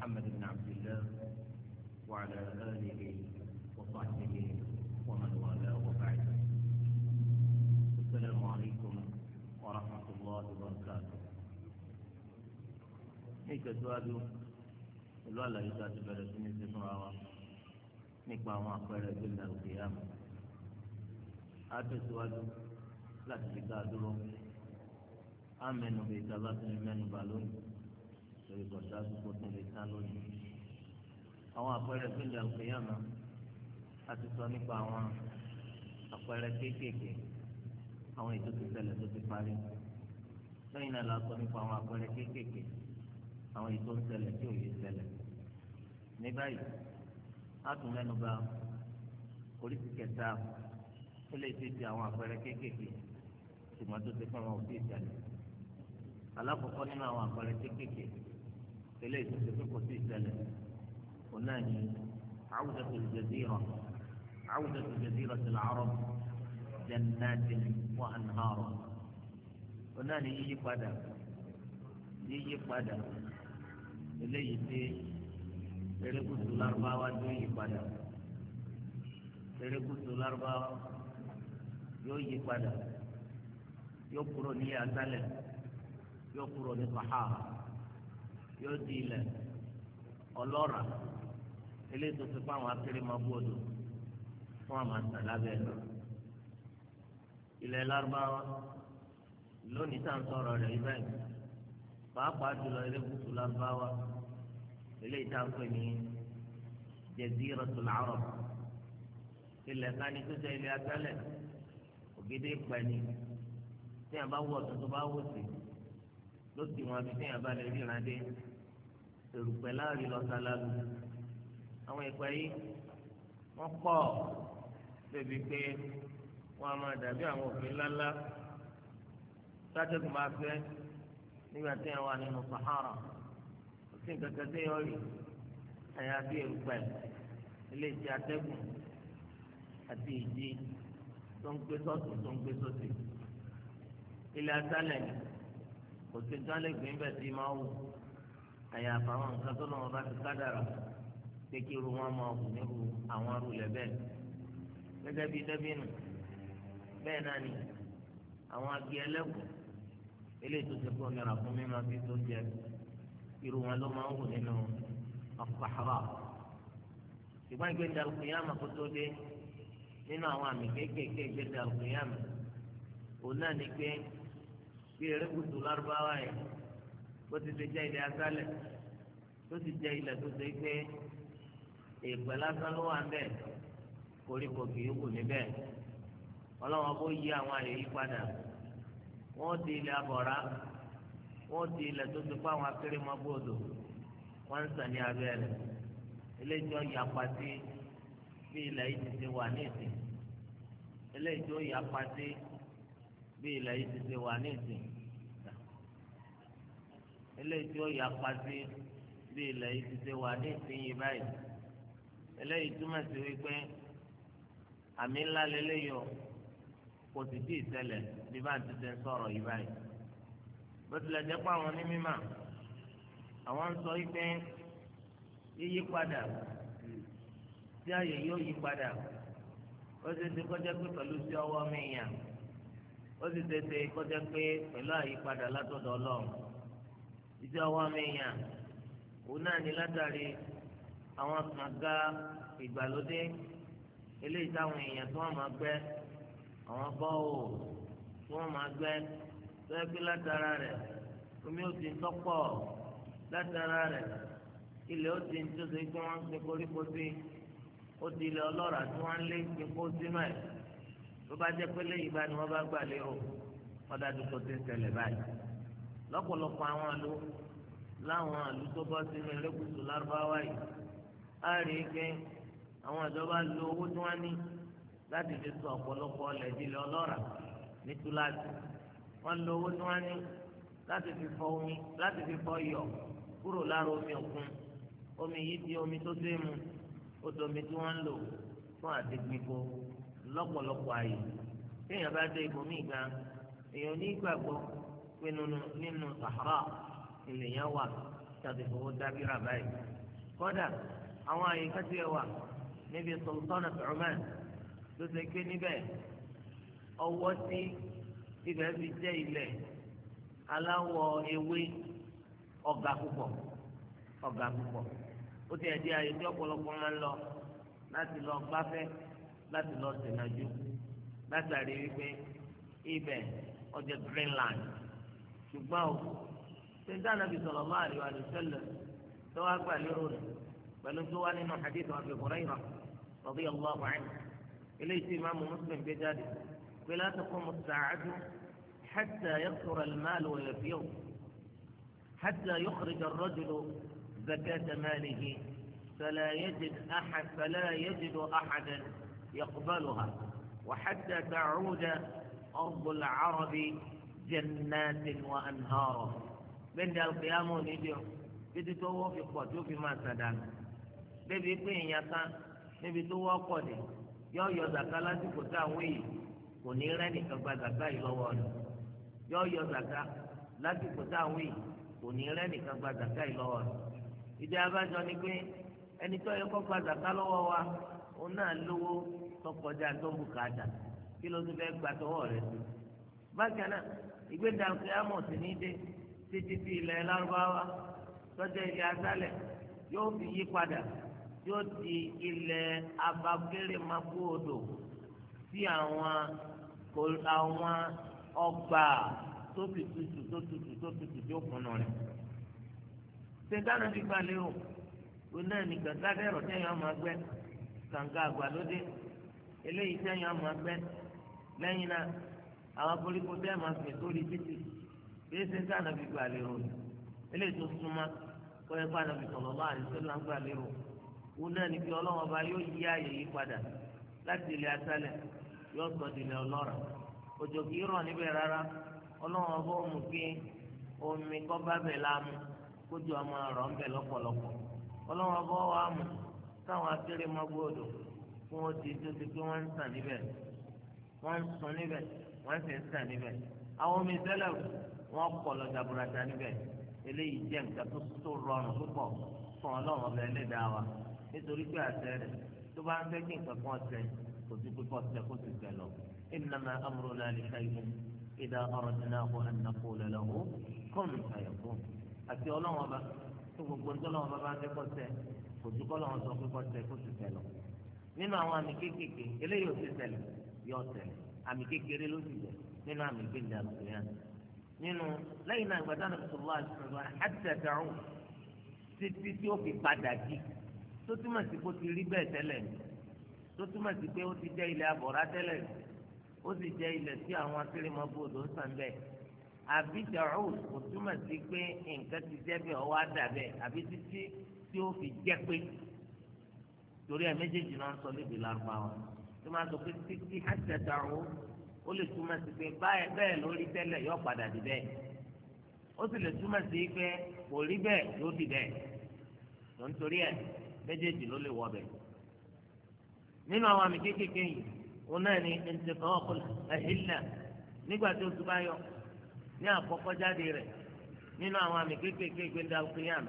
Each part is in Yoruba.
محمد بن عبد الله وعلى آله وصحبه ومن والاه وبعد السلام عليكم ورحمة الله وبركاته هيك السؤال الولا يساعد بلسنة سنوة نقبع ما أخبر جلنا القيامة هذا السؤال لا تتكادلون أمنوا بإتباط من بالون. torí kọjá gbogbo tó lè tán lónìí. àwọn àpẹẹrẹ gbẹ̀dẹ̀ àgbéyàmá a ti sọ nípa àwọn àpẹẹrẹ kéékèèké àwọn ètò ti ṣẹlẹ̀ tó ti parí lẹ́yìn náà la sọ nípa àwọn àpẹẹrẹ kéékèèké àwọn ètò ń ṣẹlẹ̀ tí ò yé ṣẹlẹ̀ ní báyìí a tún mẹ́nu bà oríṣi kẹta ó lè ti di àwọn àpẹẹrẹ kéékèèké ṣùgbọ́n tó ti fún wọn ò tí ì ṣẹlẹ̀ alákọ̀ọ́kọ́ nínú àwọn àpẹẹrẹ kéékèèké. إليك في فقه في السلام قلناني عودة الجزيرة عودة جزيرة العرب جنات وأنهار قلناني يجي قدا يجي قدا إليه في تركوا سلار باوا يجي قدا تركوا سلار باوا يجي قدا يقرني أتلم يقرني صحاها yóò di ilẹ̀ ọlọ́ra eléyìí tó ti pa àwọn akéré máa bú odò fún àwọn àtàlábẹ́ lọ. ilẹ̀ lárúbáwá lónìí tá à ń sọ̀rọ̀ rẹ̀ ibẹ̀ pàápàá jùlọ erékùsù lárúbáwá eléyìí tá à ń pè ní Jaziratul Arab ilẹ̀ kání tó jẹ́ ilẹ̀ atẹ́lẹ̀ ògidì pẹ̀lú tí a bá wọ̀ tó tó bá wò sí ló ti tí a bá lè ríran dé erùpẹ̀ láàrin lọ́sàlálù àwọn ìpẹ́ yìí wọ́n pọ̀ débi pé wọ́n á máa dàbí àwọn òfin ńláńlá sátẹ́gùn bá fẹ́ nígbà tí wọ́n wà nínú Sahara kò sí nǹkan kan tí yọ̀ọ́ rí àyà bí erùpẹ̀ iléeṣẹ́ atẹ́gùn àti ìdí tó ń gbé sọ́ọ̀tù tó ń gbé sọ́ọ̀tù ilé asálẹ̀ kò sí nǹkan lè tí máa wù àyàfà àwọn nǹkan tó lọ́wọ́ bá ti kádàrà pé kí irú wọn máa wù nírú àwọn arúlẹ̀ bẹ́ẹ̀ gẹ́gẹ́ bíi dẹ́bìnù bẹ́ẹ̀ náà ni àwọn agi ẹlẹ́kùn eléyìí tó ti kó nira fún mi máa fi tó jẹ irú wọn ló máa ń wù nínú ọ̀pọ̀ ṣùgbọ́n ìgbéga òkúnyàmà kó tó dé nínú àwọn àmì kéékèèké ìgbéga òkúnyàmà òun náà ni pé bí erékùtù lárúbáwá yẹn bó ti ṣe jẹ́ ilẹ̀ asálẹ̀ tó ti jẹ́ ilẹ̀ tó ṣe pé èèpẹ̀ lásán ló wà níbẹ̀ koríko kì í wù níbẹ̀ ọlọ́wọ́n bó yí àwọn àyè yí padà wọ́n di ilẹ̀ abọ̀rá wọ́n di ilẹ̀ tó ti kó àwọn akérèmọ́gbòdò wọ́n ń sàn ní abẹ́ rẹ̀ eléjọ́ yàpàtì bí ilẹ̀ yìí ti ti wà ní ìsìn eléjọ́ yàpàtì bí ilẹ̀ yìí ti ti wà ní ìsìn eléyìí tí ó yà pàṣẹ bí ilẹ̀ yìí ti ṣe wà ní ìsinyìí báyìí eléyìí túmọ̀ sí wípé àmì ńlá lélẹ́yìí o kò sì tí ì ṣẹlẹ̀ bí bá ti ṣe ń sọ̀rọ̀ yìí báyìí bó tilẹ̀ jẹ́ pé àwọn onímọ̀ àwọn ń sọ wípé yíyípadà tí ààyè yóò yípadà ó ṣe ṣe kọjá pé pẹ̀lú sí ọwọ́ mi yàn ó sì ṣe ṣe kọjá pé pẹ̀lú àyípadà látọ̀dọ̀ ọlọ́run ìjọ àwọn ọmọ èèyàn òun náà ní látàrí àwọn kànga ìgbàlódé eléyìí táwọn èèyàn tí wọ́n máa gbẹ́ àwọn bọ́ọ̀ tí wọ́n máa gbẹ́ bẹ́ẹ̀ bí látara rẹ̀ omi ó ti ń tọ́pọ̀ látara rẹ̀ ilẹ̀ ó ti ń tóso pé wọ́n ń pin koríko sí ó ti ilẹ̀ ọlọ́ràá tí wọ́n ń lé kíkó sínú ẹ̀ ló bá jẹ́ pé léyìí bá ni wọ́n bá gbà lérò wọ́n dájú kó ti ń tẹ̀lé báyìí lọ́pọ̀lọpọ̀ àwọn àlọ́ láwọn àlọ́ tó bá sínú ẹlẹ́kùsù lárúbáwá yìí á rí i pé àwọn ìjọba lo owó tí wọ́n ní láti fi sọ ọ̀pọ̀lọpọ̀ ọlẹ̀ ìdílé ọlọ́ra ní túláàsì wọ́n lo owó tí wọ́n ní láti fi fọ omi láti fi fọ iyọ̀ kúrò lára omi òkun omi yìí di omi tó dé mu ó di omi tí wọ́n ń lò fún àti gbígbó lọ́pọ̀lọpọ̀ ààyè téèyàn bá dé ibòmíì gan èèyàn ní ìgbàgbọ́ pé nínú sahara ènìyàn wà tàbí fowó dábìrà báyìí kódà àwọn àyíká tiẹ̀ wà níbi sultanat Oman tó ṣe pé níbẹ̀ ọwọ́ sí ibẹ̀ fi jẹ́ ilẹ̀ aláwọ̀ ewé ọ̀gá púpọ̀ ọ̀gá púpọ̀ ó ti ẹ̀dí ayé tí ọ̀pọ̀lọpọ̀ máa ń lọ láti lọ gbáfẹ́ láti lọ sèǹdàjú látàrí wípé ibẹ̀ ó Greenland ṣùgbọ́n o bí nàbì máa rí wa ṣẹlẹ̀ tó wá gbà lérò rẹ̀ pẹ̀lú tó wá nínú hadith Abi Hurayrah radiyallahu anhu eléyìí tí mu Muslim gbé jáde pé la taqumu as-sa'atu hatta yakthura al-mal wa yafiyu hatta yukhrija ar-rajulu zakata malihi فلا يجد أحد فلا يجد أحدا يقبلها وحتى تعود أرض العرب jannatin wa anhara bẹ́ẹ̀ni alùpùpù onídìí o títí tó wọ́ fi pọ̀ tó fi máa sàdánù bẹ́ẹ̀ni pé èèyàn kan níbi tó wọ́ pọ̀ dé yọ yọ zàká lásìkò táwọn èyí kò ní rẹ́ nìkan gba zàká yìí lọ́wọ́ rẹ̀ yọ yọ zàká lásìkò táwọn èyí kò ní rẹ́ nìkan gba zàká yìí lọ́wọ́ rẹ̀ ìdí abájọ ni pé ẹni tó yẹ kó gba zàká lọ́wọ́ wa òun náà lówó tó kọjá tó ń bùkátà kí ló tún fẹ́ gbàtọ́wọ́ rẹ̀ sí bákan náà ìgbéga kíámọ̀ sí ní dé títí tí ilẹ̀ lárúbáwá sọ́jọ́ ilẹ̀ asálẹ̀ yóò fi yí padà yóò di ilẹ̀ abakérèmákú odò sí àwọn àwọn ọgbà tó ti tutù tó tutù tó tutù tó kùnà rẹ̀. sèǹtàna ti gbalẹ̀ o òun náà ní gàgá dẹ̀rọ̀ tẹ̀yìn ọmọ agbẹ́ kàǹgà àgbàlódé eléyìí tẹ̀yìn ọmọ agbẹ́ lẹ́yìn náà. àwọn koríko tẹ́ máa gbìn sórí títì kìí ṣe tí ànábì ola lérò ni eléyìí tó súnmọ́ kó ẹ bá ànábì sọ̀rọ̀ bá àdìsẹ́ là ń lérò wù náà ni pé ọlọ́wọ́n ọba yóò yí ààyè yí padà láti ilẹ̀ asálẹ̀ yóò sọ dìlẹ̀ ọlọ́ra òjò kìí rọ̀ níbẹ̀ rárá ọlọ́wọ́n kí omi kọ́ bá bẹ̀ láàmú kójú ọmọ rọ̀ ń wọ́n sì ń sàn níbẹ̀ àwọn omi tẹ́lẹ̀ wọ́n pọ̀ lọ jaburata níbẹ̀ eléyìí jẹ́ nǹkan tó tó rọrùn púpọ̀ fún ọlọ́run ọbẹ̀ ẹlẹ́dàá wa nítorí pé àṣẹ rẹ̀ tó bá ń fẹ́ kí nǹkan kan ṣẹ kò sí pé kọ́ kó sì ṣẹ lọ innama amruna li shay'in idha aradnahu an naqula lahu kun fayakun àti ọlọ́run ọba tó gbogbo ńtọ́lọ́run ọba bá ń fẹ́ kọ́ ṣẹ kò sí kọ́ sọ pé kọ́ kó sì ṣẹ lọ nínú àwọn àmì kéékèèké eléyìí ò àmì kékeré ló sì jẹ nínú àmì gbẹ̀ndà àlùfẹ́yà nínú lẹ́yìn náà ìgbà dáná tó wá àṣùwọ̀n àtẹ̀dáhùn títí tí ó fi padà jì tó túmọ̀ sí kó ti rí bẹ́ẹ̀ tẹ́lẹ̀ tó túmọ̀ sí pé ó ti jẹ́ ilẹ̀ àbọ̀rá tẹ́lẹ̀ ó sì jẹ́ ilẹ̀ tí àwọn akérèmọ́bù odò ń sàn bẹ́ẹ̀ àbí dàrúù kò túmọ̀ sí pé nǹkan ti jẹ́ bẹ́ẹ̀ ọwọ́ àdà bẹ́ẹ̀ àbí títí tí ó fi jẹ́ pé torí ẹ̀ méjèèjì náà ń sọ lébi lárúbáwá tó máa sọ pé títí àtẹ̀tà o ó lè túmọ̀ sí pé báyẹ̀ bẹ́ẹ̀ lórí tẹ́lẹ̀ yóò padà di bẹ́ẹ̀ ó sì lè túmọ̀ sí pé kò rí bẹ́ẹ̀ yóò di bẹ́ẹ̀ tó ń torí ẹ̀ méjèèjì ló lè wọ bẹ́ẹ̀ nínú àwọn àmì kéékèèké yìí òun náà ni ẹnìtẹ̀kọ́ ẹ̀hìnlá nígbà tó tún bá yọ ní àkọ́kọ́ jáde rẹ̀ nínú àwọn àmì kéékèèké gbẹ̀ndà òkèèyàn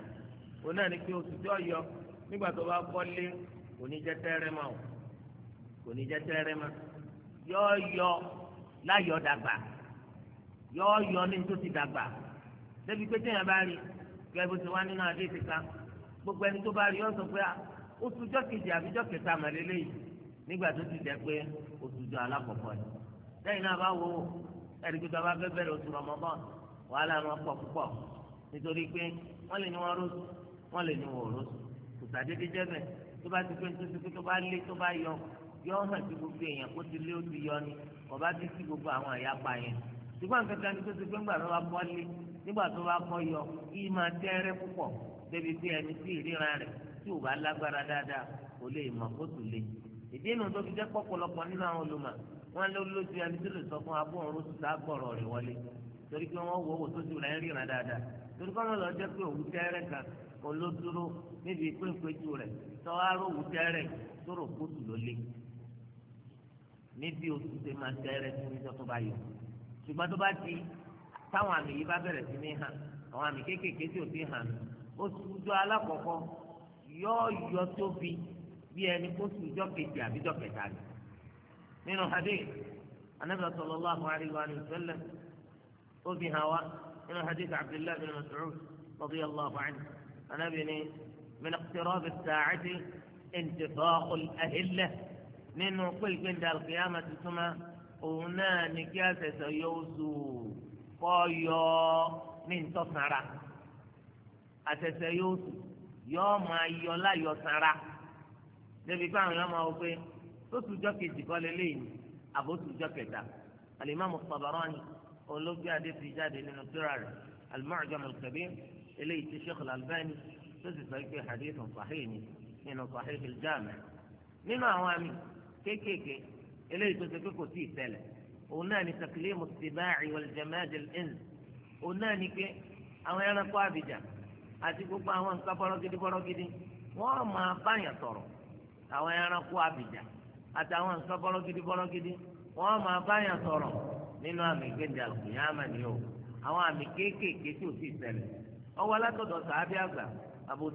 òun náà ni pé oṣù tó yọ nígbà tó bá kọ́lé kò jẹ́ tẹ́rẹ́ mọ́ ọ́ kò ní jẹ́ tẹ́rẹ́ mọ́ yọ yọ láyọ̀ dàgbà yọ yọ ní tó ti dàgbà débi pé téèyàn bá rí gẹ́gẹ́ bó ti wá nínú adé ti ká gbogbo ẹni tó bá rí ọ̀sán pé ó sujọ́ kejì àbíjọ́ kẹta màlélẹ́ yìí nígbà tó ti jẹ́ pé ó sujọ́ alákọ̀ọ́kọ́ ni lẹ́yìn náà bá wo ẹ̀rí pé tó a bá fẹ́ bẹ̀rẹ̀ oṣù Ramadan wàhálà wọn pọ̀ púpọ̀ nítorí pé wọ́n lè ní wọn rọ́ọ̀sù wọ́n lè ní wọn rọ́ọ̀sù kò sàdédé jẹ́ bẹ́ẹ̀ tó bá ti pé tó ti pé tó bá lé tó bá yọ yọ hàn sí gbogbo èèyàn kó ti lé ó ti yọ ni kò bá ti sí gbogbo àwọn àyàpá yẹn ṣùgbọ́n kankan ni tó ti pé ńgbà tó bá kọ́ lé nígbà tó bá kọ́ yọ yìí máa tẹ́rẹ́ púpọ̀ débi pé ẹni tí ìríran rẹ̀ tí ò bá lágbára dáadáa kò lè mọ̀ kó tù lé ìdí inú tó fi jẹ́ pọ̀pọ̀lọpọ̀ nínú àwọn olùmọ̀ wọn lé olóṣù ẹni tó lè sọ fún abóhùnrún tó sáàgbọ̀rọ̀ rẹ̀ wọlé torí pé wọ́n wò ní bí oṣù ṣe máa tẹ́rẹ̀ sí níjọ́ tó bá yọ ṣùgbọ́n tó bá ti táwọn àmì yìí bá bẹ̀rẹ̀ sí ní hàn àwọn àmì kéékèèké tí ò ti hàn oṣù ọjọ́ alákọ̀ọ́kọ́ yóò yọ tóbi bí ẹni kó oṣù ọjọ́ kejì àbíjọ́ kẹta rẹ̀ nínú hadith anabi sallallahu alayhi wa sallam ó fi hàn wá nínú hadith abdullahi bin mas'ud radiyallahu nínú pèlúpèlú dàlùkìyàmà tuntun ma òun náà ní kí àṣẹṣẹ yọ oṣù kọ́ yọ ní ntọ́sánra àṣẹṣẹ yọ oṣù yọ máa yọ láyọ sanra débi báwọn yọ máa wọ pé oṣù jọ kejì kọ́ lélẹ́yìn àbóṣù jọ kẹta alimami Tabarani olóògbé adéfi jáde nínú tírà rẹ̀ al-Mu'jam eléyìí ti Sheikh al-Albani tó sì hadith sahih nínú Sahih al nínú àwọn àmì. kéékèèké eléyìí tó ṣe pé kò tíì ṣẹlẹ̀ òun náà ni taklimu sibaaci wàlìjàmáàdì ins òun náà ni pé àwọn ẹranko àbìjà àti gbogbo àwọn nǹkan bọ́rọ́gidi bọ́rọ́gidi wọ́n máa báyàn sọ̀rọ̀ àwọn ẹranko àbìjà àtàwọn nǹkan bọ́rọ́gidi bọ́rọ́gidi wọ́n máa báyàn sọ̀rọ̀ nínú àmì gbẹ̀dẹ̀ àlùkùnyàmà ni o àwọn àmì kéékèèké tí ò sì ṣẹlẹ̀ àgbà Abu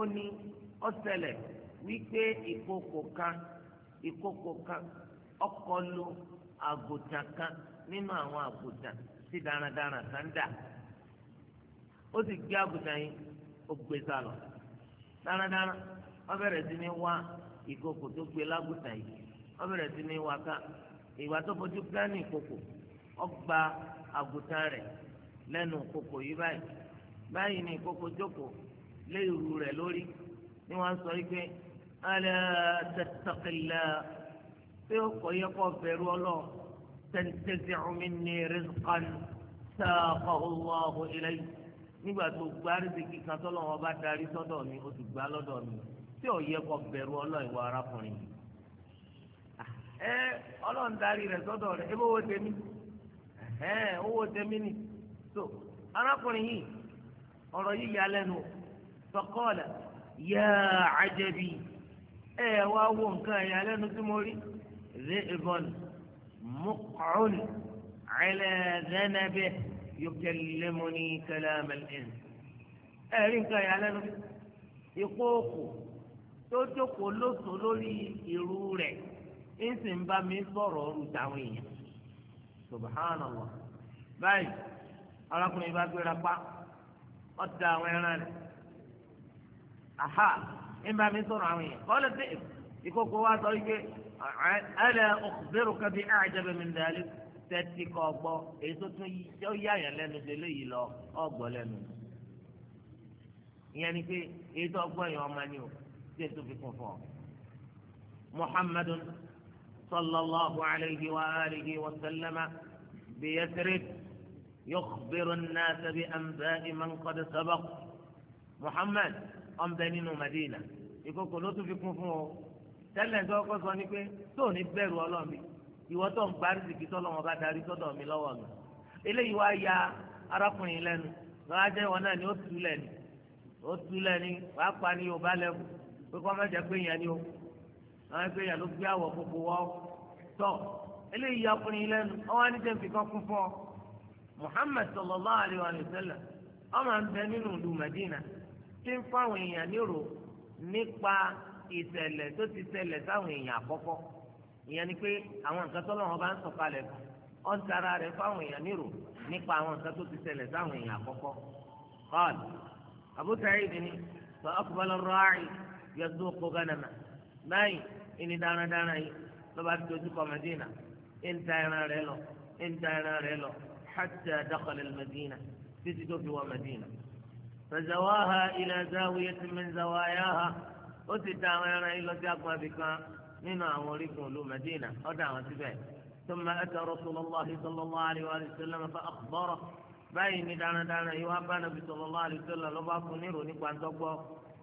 ó ní wípé ìkókò kan ìkókò kan ọkọlù àgùntàn kan nínú àwọn àgùntàn tí darandaran kan dà ó sì gbé àgùntàn yìí ó gbé lọ darandaran wọ́n bẹ̀rẹ̀ sí ní wá ìkókò tó gbé lágùntàn yìí wọ́n bẹ̀rẹ̀ sí wá ká ìwà tó fojú ó gba àgùntàn rẹ̀ lẹ́nu ìkókò yìí báyìí báyìí ni ìkókò jókòó lé ìrù rẹ̀ lórí ni wọ́n sọ ألا tattaqillah الله؟ ó kọ̀ تنتزع مني bẹ̀rù ọlọ́ الله minni rizqan saaqahu Allahu ilayhi nígbà tó gba arísìkì kan tó lọ́wọ́ bá darí sọ́dọ̀ mi ó ti gbà lọ́dọ̀ mi tí ò yẹ kó bẹ̀rù ọlọ́ ìwà arákùnrin yìí ẹ ọlọ́run darí rẹ̀ sọ́dọ̀ rẹ̀ ẹ bó wo tèmi ẹ owó tèmi ni so arákùnrin yìí ọ̀rọ̀ yìí yà lẹ́nu faqala ya ajabi. ẹ wá wo nǹkan ẹ̀yà lẹ́nu tí mo rí ṣe ìbọn mọ́kàrún ẹlẹ́dẹ́nẹ́bẹ́ yukallimuni kalam al-ins ẹ rí nǹkan ẹ̀yà lẹ́nu ìkóòkò tó jókòó lóṣù lórí ìrù rẹ̀ ń sì ń bá mi sọ̀rọ̀ ọ̀rù táwọn èèyàn subhanallah báyìí aha. إما من صنع مين قال الذئب يكون قوات ألا أخبرك بأعجب من ذلك تتك الله إيسوس يو يايا لنو دلي لا أبا لنو يعني في إيسو أبا يومانيو تتو في كفار محمد صلى الله عليه وآله وسلم بيسرد يخبر الناس بأنباء من قد سبق محمد أم بنين مدينة ìkòkò ló tún fi kún fún ọ tẹ́lẹ̀ ni pé tó ní bẹ̀rù ọlọ́run ìwọ tó ń bá darí mi lọwọ mi eléyìí wá ya arákùnrin wọn náà ni ó tu lẹ́ni ó tu o wàá pa ni yorùbá lẹ́bù pé pé yẹn ni ó àwọn ẹgbẹ́ yẹn ló gbé àwọ̀ gbogbo wọ́ ya ọkùnrin lẹ́nu ọwọ́ ní kún fún ọ alayhi wa sallam ọmọ nbẹ nínú ìlú Madina tí nípa ìṣẹ̀lẹ̀ tó ti ṣẹlẹ̀ sáwọn èèyàn àkọ́kọ́ ìyẹn ni pé àwọn nǹkan tọ́lọ́run bá ń sọ̀kalẹ̀ fún ọ́n tara rẹ̀ fáwọn èèyàn nírò nípa àwọn nǹkan tó ti ṣẹlẹ̀ sáwọn èèyàn àkọ́kọ́ qal Abu Sa'id ni fa báyìí ìní dáradára yìí ti dojú Madina ẹran lọ ẹran lọ títí tó fi Madina. فزواها إلى زاوية من زواياها وتتاوينا إلى تقوى بك مما أولكم لو مدينة أدعوا تبعي ثم أتى رسول الله صلى الله عليه وآله وسلم فأخبره بين دانا دانا يوابا النبي صلى الله عليه وسلم لباكو نيرو نيكوان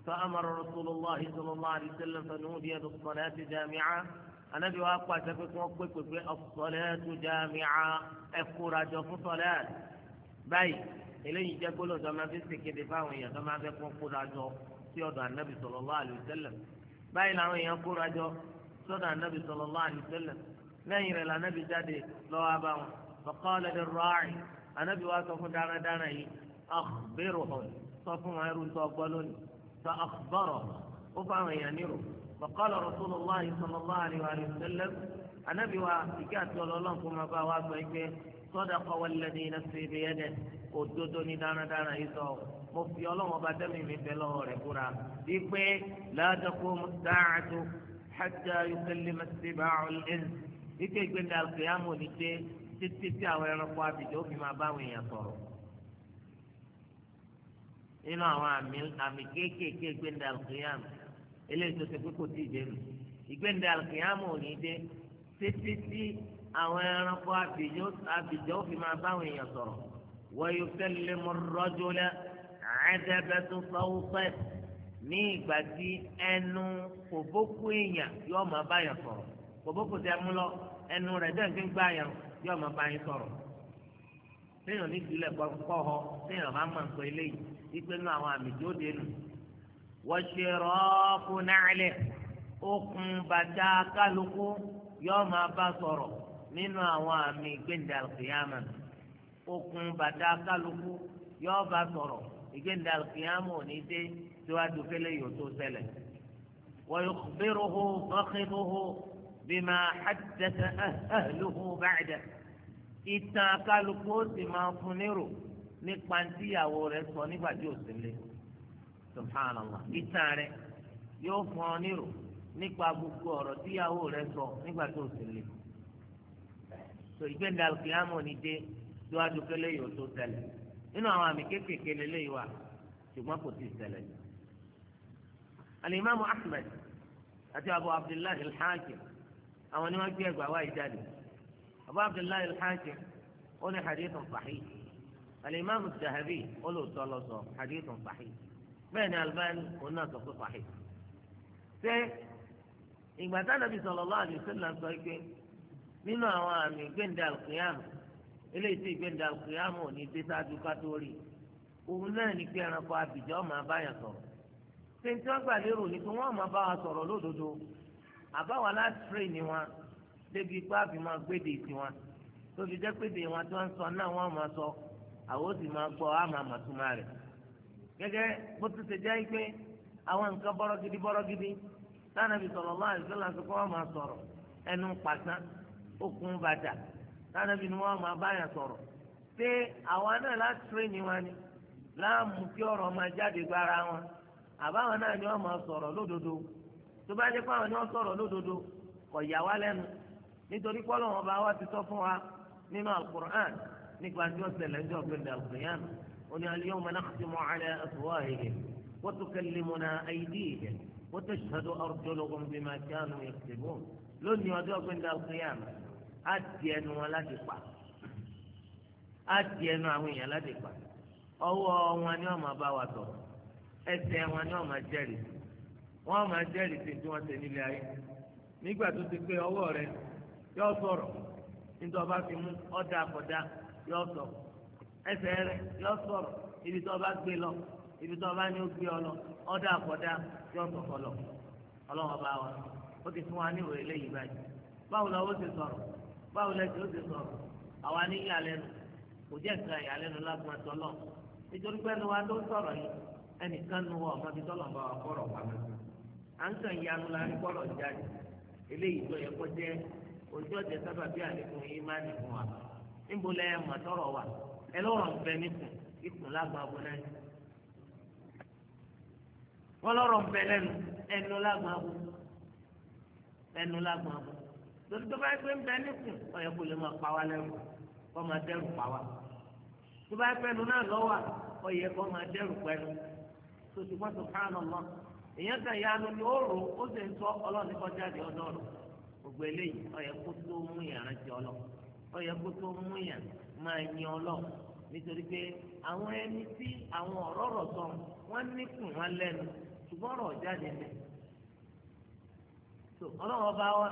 فأمر رسول الله صلى الله عليه وسلم فنودي بالصلاة جامعة أنا واقع تفكوا كويكو الصلاة جامعة أفكوا رجل صلاة بين eléyìí jẹ́ gbólóhùn tó máa fi ṣèkéde fáwọn èèyàn tó máa fẹ́ kó kóra jọ sí ọ̀dọ̀ ànábì sallallahu alaihi wasallam báyìí làwọn èèyàn kóra jọ sọ́dọ̀ ànábì sallallahu alaihi wasallam lẹ́yìn rẹ̀ lànábì jáde lọ́wọ́ bá wọn faqala lir-ra'i ànábì wa sọ fún dáradára yìí akhbirhum sọ fún wọn ẹrú tó gbọ́ lónìí fa akhbarahum ó fáwọn èèyàn nírò faqala rasulullah sallallahu alaihi wasallam ànábì wa ìkẹ́ àti ọlọ́lọ́ òdodo ní dáradára yìí sọ mo fi ọlọ́wọ́ bá tẹ́lẹ̀ mi bẹ lọ́wọ́ rẹ̀ kúra wípé láàdọ́kọ́ mùsáàtú hajjá yukẹ́lẹ́ mẹsìlẹ́bà ọ̀lẹ́n wípé ìgbéni alùpùpù òní dé títí tí àwọn ẹranko àbìjọ òfin máa bá àwọn èèyàn sọ̀rọ̀ nínú àwọn àmì kéékèèké ìgbéni alùpùpù eléyìí tó ṣe pé kò tí dé nù ìgbéǹde alùkìyàmù ní dé títí tí àwọn ẹranko àbìjọ fi máa báwọn èèyàn sọ̀rọ̀ ويكلم الرجل عذبة صوته ní ìgbà tí ẹnu kòbókù èèyàn yóò máa bá yàn sọ̀rọ̀ kòbókù tẹ mú lọ ẹnu rẹ̀ dẹ́n fi ń gbá yàn yóò máa bá yín sọ̀rọ̀ téèyàn ní ìdílé kọ́ ọ téèyàn bá máa ń sọ eléyìí wípé nínú àwọn àmì tí ó dé nù. wọ́n ṣe rọ́ọ̀kù náàlẹ̀ okùn bàtà kálukú yóò máa bá sọ̀rọ̀ nínú àwọn àmì gbẹ̀ndàlùkìyàmà nù okùn bàtà kálukú yóò bá sọ̀rọ̀ ìgbéǹda kìámù ní dé síwájú kẹlẹ́ yóò tó ṣẹlẹ̀. ويخبره فخذه بما حدث أهله بعده ìtàn akálukú ó sì máa fún nírò nípa tíyàwó rẹ̀ sọ nígbà tí ó sì lé subhanallah ìtàn rẹ̀ yóò fún ọ nírò nípa gbogbo ọ̀rọ̀ tíyàwó rẹ̀ sọ nígbà tí ó sì lé so ìgbéǹda ní dé síwájú pé léyìí ò tó ṣẹlẹ̀ nínú àwọn àmì kéékèèké lélẹ́yìí wà ṣùgbọ́n kò tí ì ṣẹlẹ̀ yìí. alimami ahmed àti abu abdullahi alhaji àwọn ni wọ́n gbé ẹgbàá wáyé jáde abu abdullahi alhaji ó ní hadithun sahih alimami zahabi ó lò tọ́ lọ sọ hadithun sahih bẹ́ẹ̀ ni albani òun náà sọ pé sahih. ṣé ìgbà táwọn nàbì sallallahu alaihi wasallam sọ pé nínú àwọn àmì gbẹ̀ǹdà al eléyìí tí ìgbéǹda kìámù ní dé sáájú kátólì òun náà ní pé ẹranko àbìjọ máa báyàn sọ̀rọ̀ sèǹtì wọn gbà lérò ní pé wọn máa bá wa sọ̀rọ̀ lódodo àbáwa láti tírè ni wọn débi pé àfi máa gbéde sí wọn tó fi jẹ́ wọn tí wọ́n ń sọ náà wọ́n máa sọ àwọn ó sì máa gbọ́ màtúmá rẹ̀ gẹ́gẹ́ bó ti ṣe jẹ́ pé àwọn nǹkan tánàbí ni wọ́n máa báyà sọ̀rọ̀ ṣé àwa náà láti tírẹ́nì wọn ni láàmú kí ọ̀rọ̀ máa jáde gbára wọn àbáwọn náà ni wọ́n máa sọ̀rọ̀ lódodo tó bá jẹ́ pé àwọn ni wọ́n sọ̀rọ̀ lódodo kò yà wá lẹ́nu nítorí pé Ọlọ́run bá wá ti sọ fún wa nínú alukur'an nípa tí wọ́n ṣẹlẹ̀ ní ọ̀gbìn dàgbìyàn oní al-yawma nakhtimu ala afwahihim wa tukallimuna aydihim wa tashhadu arjuluhum bima kanu yaktubun lónìí ọjọ́ ọ̀gbìn dàgbìyàn á di ẹnu wọn láti pa á di ẹnu àwọn èèyàn láti pa ọwọ́ wọn ni wọ́n máa bá wa tọ̀ ẹsẹ̀ wọn ni wọ́n máa jẹ́rìí wọ́n máa jẹ́rìí sí tí wọ́n ṣe nílé ayé nígbà tó ti pé ọwọ́ rẹ yọ sọ̀rọ̀ ọba fi mú ọ̀dà àkọ́dá yọ sọ ẹsẹ̀ rẹ yọ sọ̀rọ̀ ibi tó ọba gbé lọ ibi tó ọba ní ó gbé ọ lọ ọ̀dà àkọ́dá yọ sọ̀kọ̀ lọ bá wa ó ti fún wa ní ìwé eléyìí báyìí báwo lẹ́sìn ó ti sọ àwa ní ìyàlẹ́nu kò jẹ́ nǹkan ìyàlẹ́nu lágbọ́n tọ́lọ̀ nítorí pé ẹnu wa ló ń sọ̀rọ̀ yìí ẹnìkan nu ọmọ bíi tọ́lọ̀ ń bá wa kọ̀rọ̀ pamọ́ à ń kàn yanu la rí kọ̀rọ̀ jáde eléyìí tó yẹ kó jẹ́ ojú ọ̀jẹ̀ sábà bí àlékún yìí má nìkún wa níbo lẹ́ ẹ mọ̀ tọ́rọ̀ wa ẹ lọ́rọ̀ ń bẹ níkùn ikùn lágbàá lẹ́nu wọ́n lọ́rọ̀ ń torí tó bá yẹ pé ń bẹ níkùn ọyọ kò lè máa pa wá lẹ́rù kó máa dẹ́rù pa wa tó bá pé ẹnu lọ́wọ́ ti èèyàn ya nu ni ó rò ó sì ń sọ ọlọ́ọ̀ni di ọdọ rẹ gbogbo eléyìí ọyẹ kó ti ọlọ ọyẹ kó tó mú yàrá máa yin ọlọ nítorí pé àwọn ẹni tí àwọn ọ̀rọ̀ rọ̀ sọ wọn lẹ́nu tó ọlọ́run ọba wa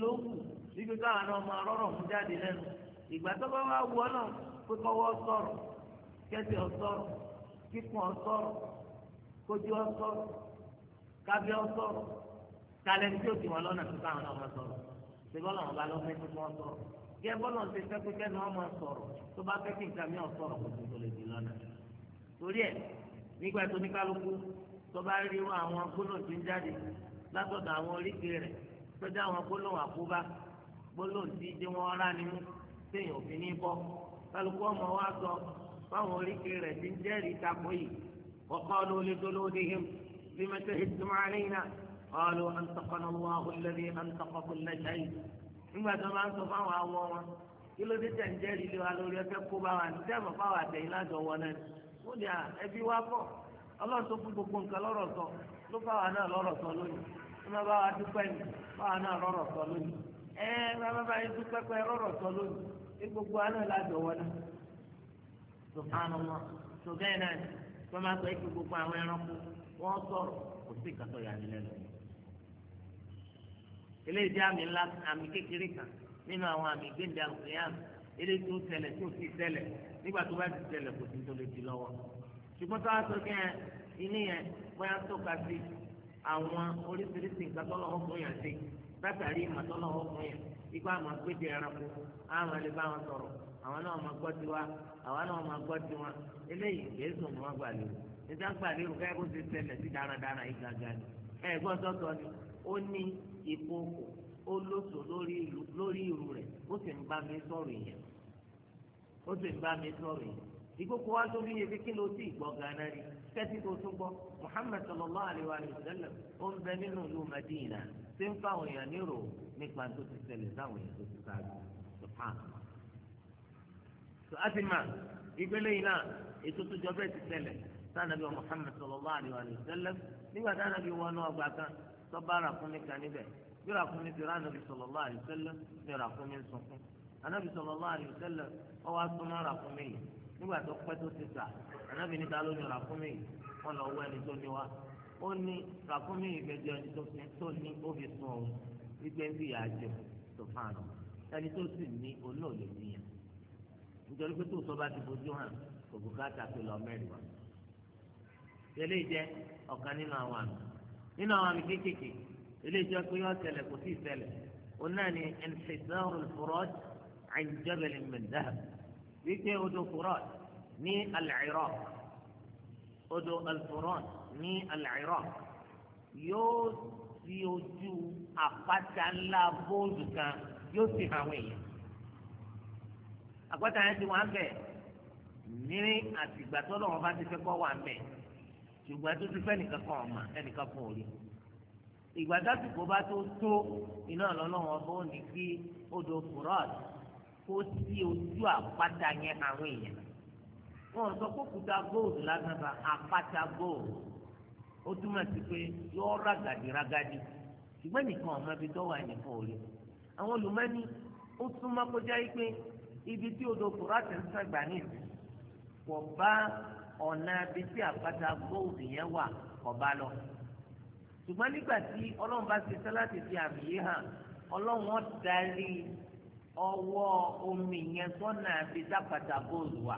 ló wù wípé káwọn náà máa rọrọ̀ mú jáde lẹ́nu ìgbà tó bá wà wù ọlọ́run pé kọ́wọ́ sọ̀rọ̀ kẹsẹ̀ ọ̀sọ̀rọ̀ kíkùn ọ̀sọ̀rọ̀ kójú ọ̀sọ̀rọ̀ kábíọ́ sọ̀rọ̀ kálẹ̀ tí ó ti wọn lọ́nà tó káwọn náà máa sọ̀rọ̀ ṣùgbọ́n làwọn bá lọ́ fẹ́ kí wọ́n sọ̀rọ̀ kí ẹ bọ́lọ̀ ṣe fẹ́ pé kẹ́nu ọmọ sọ̀rọ̀ tó bá fẹ́ kí nǹkan mi ọ̀ kò tó lè di lọ́nà torí ẹ̀ nígbà tó ní kálukú tó bá rí wọn àwọn gbólóhùn tí ń jáde látọ̀dọ̀ àwọn oríkèé rẹ̀ tó dá àwọn gbólóhùn àkóbá gbólóhùn tí dé wọn rá ni mú téèyàn òfin ní bọ́ kálukú ọmọ wa sọ fáwọn oríkèé rẹ̀ tí ń jẹ́rìí takò yìí kọ́kọ́ ló lè tó lóde him bí mẹ́tẹ́ ìtumọ̀ àlẹ́yìn náà ọ̀lù àǹtọ̀kọ̀nà wọn àhùlẹ́bí àǹtọ̀kọ̀kọ̀ nígbà tó ọlọ́run tó fún gbogbo nǹkan lọ́rọ̀ sọ ló bá wa náà lọ́rọ̀ sọ lónìí ló má bá wa dúpẹ́ ní bá wa náà lọ́rọ̀ sọ lónìí ẹ bàbá bá yẹn dúpẹ́ pẹ́ lọ́rọ̀ sọ lónìí ní gbogbo aná lájọ wọlé subhanallah sọgẹ́ náà ni wọ́n máa sọ ikú gbogbo àwọn ẹranko wọ́n sọ̀rọ̀ kò sí ìkàtọ̀ yanilẹ́nu eléyìí jẹ́ àmì ńlá àmì kékeré kan nínú àwọn àmì gbẹ̀ndẹ̀ àmì eléyìí tó ṣẹlẹ̀ tó ti ṣẹlẹ̀ nígbà tó bá ti ṣẹlẹ̀ kò sí tó lè di lọ́wọ́. ṣùgbọ́n tó a sọ kí ẹ ilé yẹn bóyá tọ́ka sí àwọn oríṣiríṣi nǹkan tọ́lọ̀ ọkùnrin yẹn sí látàrí ìmọ̀ tọ́lọ̀ ọkùnrin ẹranko àwọn bá wọn sọ̀rọ̀ àwọn náà máa gbọ́ tiwa àwọn náà máa gbọ́ tiwa eléyìí kìí sùn ní wọn gbà lérò níta gbà lérò káyọ̀ kó ti ṣẹlẹ̀ sí dáradára yìí gàgà ni sọ́tọ̀ ni ó ní ó lóso lórí rẹ̀ ó sì ń bá mi sọ̀rọ̀ ìyẹn ó sì ń bá mi sọ̀rọ̀ ìyẹn ìgbókò wa tó bí ebi kí ló ti gbọ́ gánà rí kẹ́tí tó tún gbọ́ Muhammad sallallahu alayhi wa sallam ó ń bẹ nínú ìlú Madina tí ń fa àwọn èèyàn nírò nípa tó ti ṣẹlẹ̀ sáwọn èèyàn tó ti sáájú subhanallah. tó a ti mà ìgbélé yìí náà ètò tó jọ bẹ́ẹ̀ ti ṣẹlẹ̀ sànàbí wa Muhammad sallallahu alayhi wa sallam nígbà sànàbí wọnú ọgbà kan tó bá fún mi kan níbẹ̀ bí rà fún mi ti rà nàbí sallallahu alayhi wa sallam ní rà fún mi sunkún nígbà tó pẹ́ tó ti sà ànábì níta ló ní ràkúnmí yìí wọ́n lọ wọ ẹni tó ní wa ó ní ràkúnmí yìí gbẹjọ ẹni tó fi tó ní ó fi sùn òun wípé ń bì yà á jẹ tó fàànù ẹni tó sì ní olóòlè nìyẹn nítorí pé tó sọba ti fojú hàn kò bùkátà pé lọ mẹ́rin wa eléyìí jẹ́ ọ̀kan nínú àwọn àmì nínú àwọn àmì kéékèèké eléyìí jẹ́ pé yọ ṣẹlẹ̀ kò sí ìṣẹlẹ̀ òun náà ni ẹnìfẹsẹ ọrùn fúrọd àìjọbẹlẹ mẹdáàbù wípé odò furat ní al-Iraq odò al-furat ní al-Iraq yóò fi ojú àpáta ńlá bóòlù kan yóò fi hàn wẹ̀yìn àpáta yẹn ti wà ń bẹ̀ ní àtìgbà tó lọ́wọ́ bá ti fẹ́ kọ́ wà ń bẹ̀ ṣùgbọ́n tó ti fẹ́ nìkan kan ọ̀mà ẹnìkan kan ò ìgbà dásìkò bá tó tó iná lọ́lọ́wọ́ bó ní kí odò furat. kó sí ojú àpáta yẹn àwọn èèyàn wọn sọ pé òkúta góòlù lásán àpáta góòlù ó túmọ̀ sí pé yọ ragadi ragadi ṣùgbọ́n nìkan ọmọ ibi tó wà nìkan ò lè àwọn olùmọ́ni ó túmọ̀ ibi tí odò kùrátì ń sàgbà nìyí kò bá ọ̀nà ibi tí àpáta góòlù yẹn wà kò bá lọ ṣùgbọ́n nígbà tí ọlọ́run ọwọ́ omi yẹn sọ́nà àti sápàtà bóòlù wa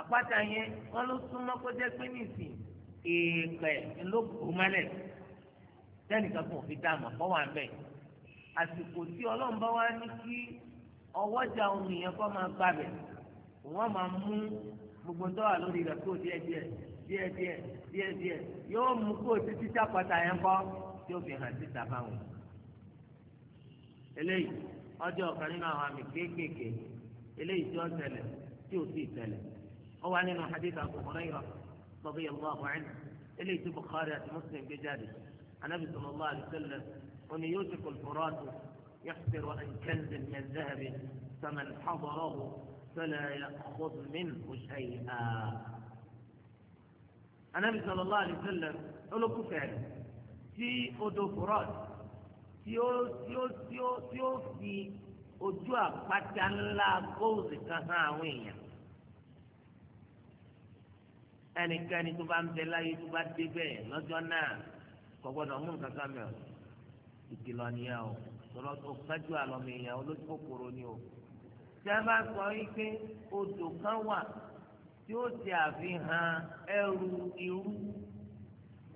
àpáta yẹn wọ́n ló súnmọ́ jẹ́ pé nìsín èèpẹ̀ ló bò mọ́lẹ̀ sẹ́nìkan kò fi dáàmú wà tí ọlọ́run bá wá ní kí ọwọ́jà omi yẹn kọ́ máa gbàbẹ̀ wọ́n máa gbogbo lórí rẹ̀ kó díẹ̀ díẹ̀ díẹ̀ díẹ̀ díẹ̀ díẹ̀ yóò mú kó títí sápàtà yẹn ọjọ́ ọ̀kan nínú àwọn àmì kéékèèké eléyìí tí ó tele tí ó sì tele ó wà nínú hadith Abu Hurairah radiyallahu anhu eléyìí tí Bukhari àti Muslim gbé jáde anabi sallallahu alayhi wa sallam oní yóò ti kọ̀ fúrọ́ọ̀tù يحفر عن كنز من ذهب فمن حضره ko يأخذ منه شيئا anabi sallallahu alayhi wa sallam olókùfẹ́ tí odò fúrọ́ọ̀tù tí ó tí ó tí ó tí ó fi ojú àpáta ńlá góòsì kan hàn àwọn èèyàn ẹnikẹ́ni tó bá ń bẹ láyé tó bá dé bẹ́ẹ̀ lọ́jọ́ náà kò gbọ́dọ̀ mú nǹkan kan mẹ́ o ìkìlọ̀ nìyẹn o tọ́lọ́ tó kájú àlọ́mọ èèyàn olójú kòkòrò ni o tẹ́ bá sọ wípé odò kan wà tí ó ti àfihàn ẹrù irú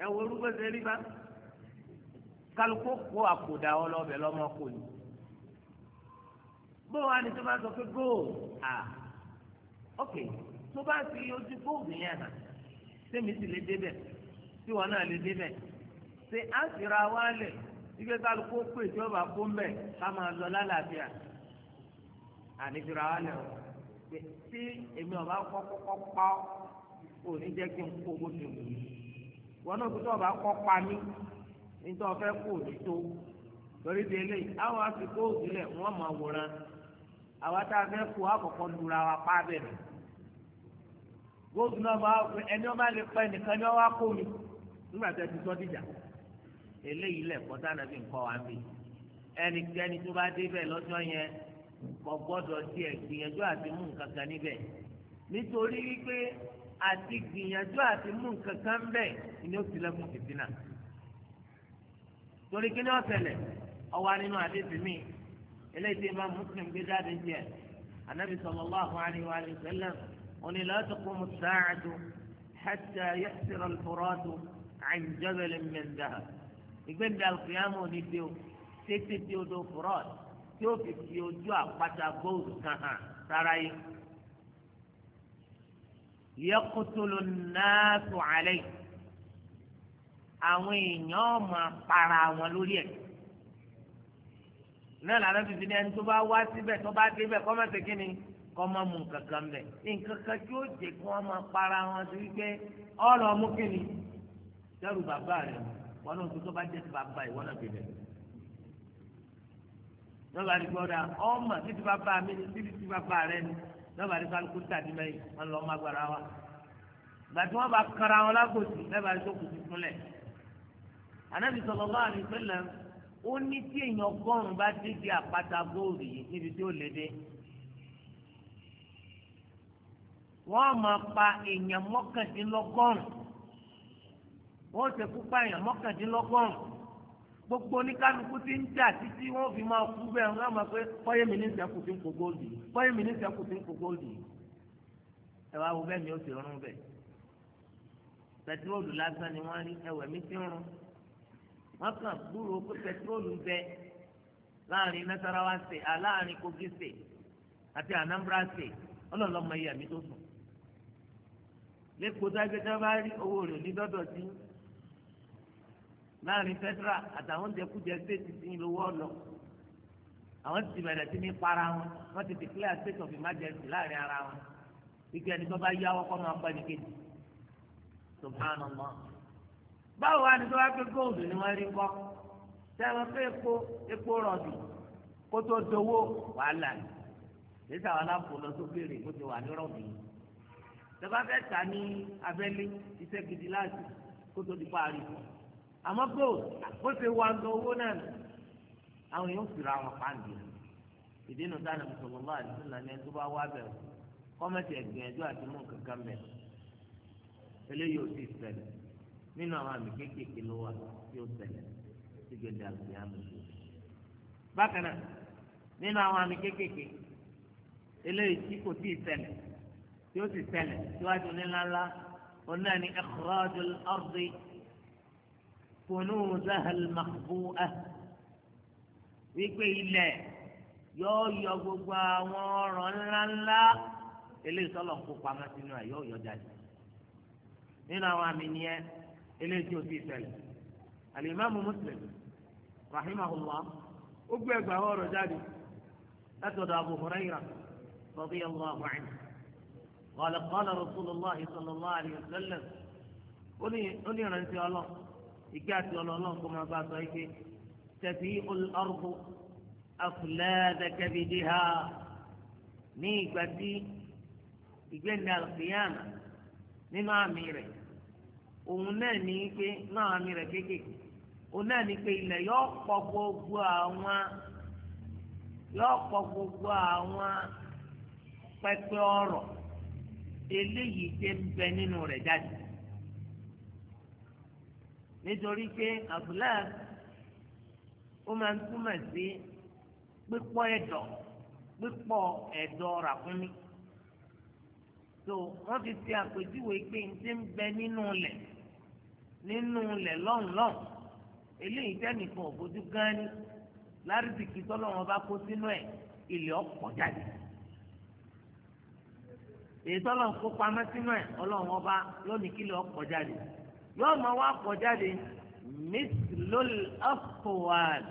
ẹ̀wọ̀ orúkọ ṣe rí bá kálukú kó àkùdà ọlọ́bẹ̀ lọ́mọkò ni bó wa ni tó bá sọ pé gold ah ok tó bá fi ojú gold yẹn hàn sẹ́mi sì lè débẹ̀ tí wọn náà lè débẹ̀ ṣe á sì ra wá lẹ̀ ike kálukú pé ìjọba kó mbẹ̀ ká máa lọ lálàáfíà àní fi ra wá lẹ̀ o tí èmi ọba kọ́kọ́ pa ọ́ òní jẹ́ kí n kó gbódò wọn náà tó ọba kọ́ pa mí nítorí ọ̀fẹ́ kò ní tó torí di eléyìí àwọn àsìkò òsìlẹ̀ wọ́n máa wòran àwa tá a fẹ́ kó àkọ́kọ́ lura wa pa bẹ̀rẹ̀ góòtù náà bá ẹni ọba lè pẹ́ nìkan ni ọba kó ni nígbà tó ti sọ dìjà eléyìí lẹ̀kọ́ tá nàbí nǹkan wa bí ẹnikẹ́ni tó bá débẹ̀ lọ́jọ́ yẹn kò gbọ́dọ̀ tiẹ̀ gbìyànjú àti mú nǹkan kan níbẹ̀ nítorí wípé àti gbìyànjú àti mú nǹkan kan bẹ̀ ni ó ti lẹ́kùn fìtínà torí kí ni ó ṣẹlẹ̀ ọwọ́ nínú àdéhùn mi eléyìí tí Imam Muslim gbé jáde jẹ anabi sallallahu alayhi wa sallam oní la taqumu as-sa'atu hatta yahsira al-furatu 'an jabalin min dhahab ìgbéǹda al-qiyamah òní dé o tètè dé o do furat tí ó fi fi ojú àpáta góòlù kan hàn sára yìí yaqtulu an-nasu alayhi àwọn èèyàn máa para wọn lórí ẹ̀ náà lànà fífi ní ẹni tó bá wá síbẹ̀ tó bá débẹ̀ kọ́ máa ṣe ni kọ́ máa mú nǹkan kan bẹ̀ nǹkan kan tí ó jẹ́ kí wọ́n máa para wọn sí wípé ọ̀rọ̀ mú kí ni dẹ́rù bàbá rẹ̀ wọn náà tó tó bá jẹ́ ti bàbá ìwọ náà bẹ̀rẹ̀ lọ́ba ní gbọ́dọ̀ ọmọ títí bàbá mi ni títí tí bàbá rẹ ni lọ́ba ní kálukú tàbí mẹ́yìn wọn lọ́ọ́ má gbára wa gbàtí wọ́n bá kara wọn lágòsì lẹ́bàá ní tó kùtù anabi sallallahu alaihi wasallam ó ní tí èèyàn ọgọ́rùn bá dé di àpáta góòlù yìí níbi tí ó lè dé wọ́n máa pa èèyàn mọ́kàndínlọ́gọ́rùn wọ́n ṣe kú pa èèyàn mọ́kàndínlọ́gọ́rùn gbogbo oníkálukú ti ń jà títí wọ́n fi máa kú bẹ́ẹ̀ wọ́n máa pé pọ́yé mi ní sẹ́kù tí ń kó góòlù yìí pọ́yé mi ní sẹ́kù tí ń kó góòlù yìí ẹ wá wo bẹ́ẹ̀ mi ó ti rún bẹ́ẹ̀ pẹtrólù lásán ni wọ́n rí ẹwẹ̀ mi ti rún wọn kàn gbúròó pé pẹtrólù ń bẹ láàrin nasarawa ṣe aláàrin kogi ṣe àti anambra ṣe ọlọlọmọ iye àmì tó sùn lẹkọọ dágbẹjọ bá rí owó rẹ ní dọdọ sí láàrin federal àtàwọn jẹkújẹ state ti ń lówó ọlọ àwọn ti bẹ̀rẹ̀ sí ní para wọn wọn ti declare state of emergency láàrin ara wọn ike ẹni tó bá yáwó kọ́ máa ń pẹ́ ní kejì subhanallah báwo wá ní tó wá pé góòlù ni wọ́n rí kọ́ sẹ́wọ́n pé epo epo rọ̀bì kó tó dowó wàhálà ni nígbà wọn lápò lọ sókè rè kó ti wà ní rọ̀bì yìí tẹ́fà fẹ́ ta ní abẹ́lé iṣẹ́ gidi láti kó tó di parí àmọ́ góòlù bó ṣe wà ń owó náà nù àwọn èèyàn fìrà wọn pàǹdì ìdí nu dáná mùsùlùmá àdìsílà ni ẹtú bá wá bẹ̀rù kọ́mẹ́tì ẹ̀gbìyànjú àti mú nǹkan kan eléyìí ò nínú àwọn àmì kéékèèké ló wà tí ó ṣẹlẹ̀ tí gbèdé àgbè àmì tó. bákan náà nínú àwọn àmì kéékèèké eléyìí tí kò tí ì ṣẹlẹ̀ tí ó sì ṣẹlẹ̀ síwájú níláńlá oná ni ikhraj al-ard kunuzah al-makhbu'ah wípé ilẹ̀ yóò yọ gbogbo àwọn ọ̀rọ̀ ńláńlá eléyìí sọ́lọ̀ kó pamọ́ sínú ẹ̀ yóò yọ jáde nínú àwọn àmì nìyẹn eléyìí tí o ti ṣẹlẹ̀ alimami muslim rahimahullah ó gbé ẹgbàá ọ̀rọ̀ jáde látọ̀dọ̀ abu huraira radiyallahu anhu qala qala rasulillah sallallahu alayhi wa sallam ó ní ìrántí ọlọ ìgbé àti ọlọlọ́n kó máa bá a sọ yìí pé tẹ̀sí ọlọ́rùkù afúlẹ́dẹ́kẹ́bìdìhà ní ìgbà tí ìgbéǹde alùpùpù yàrá nínú àmì rẹ̀. òun náà ní pé náà àmì rẹ̀ kéékèèké òun náà ní pé ilẹ̀ yóò pọ̀ gbogbo àwọn gbogbo àwọn pẹpẹ ọrọ̀ eléyìí bẹ nínú rẹ̀ jáde nítorí pé àbúlá ó máa ń túmọ̀ sí pípọ̀ ẹ̀dọ̀ pípọ̀ ẹ̀dọ̀ ràkúnmí tó wọ́n ti àpèjúwe n ti ń bẹ nínú ilẹ̀. nínú ilẹ̀ lọ́nlọ́n eléyìí tẹ́nìkan òbójú gan ni lárídìkì tọ́lọ́wọ́n bá kó sínú ẹ̀ ilẹ̀ ọ̀pọ̀ jáde èyí tọ́lọ́wọ́n kó pamẹ́ sínú ẹ̀ ọlọ́wọ́n bá lónìí kílẹ̀ ọ̀pọ̀ jáde yóò máa wá pọ̀ jáde mislol afowal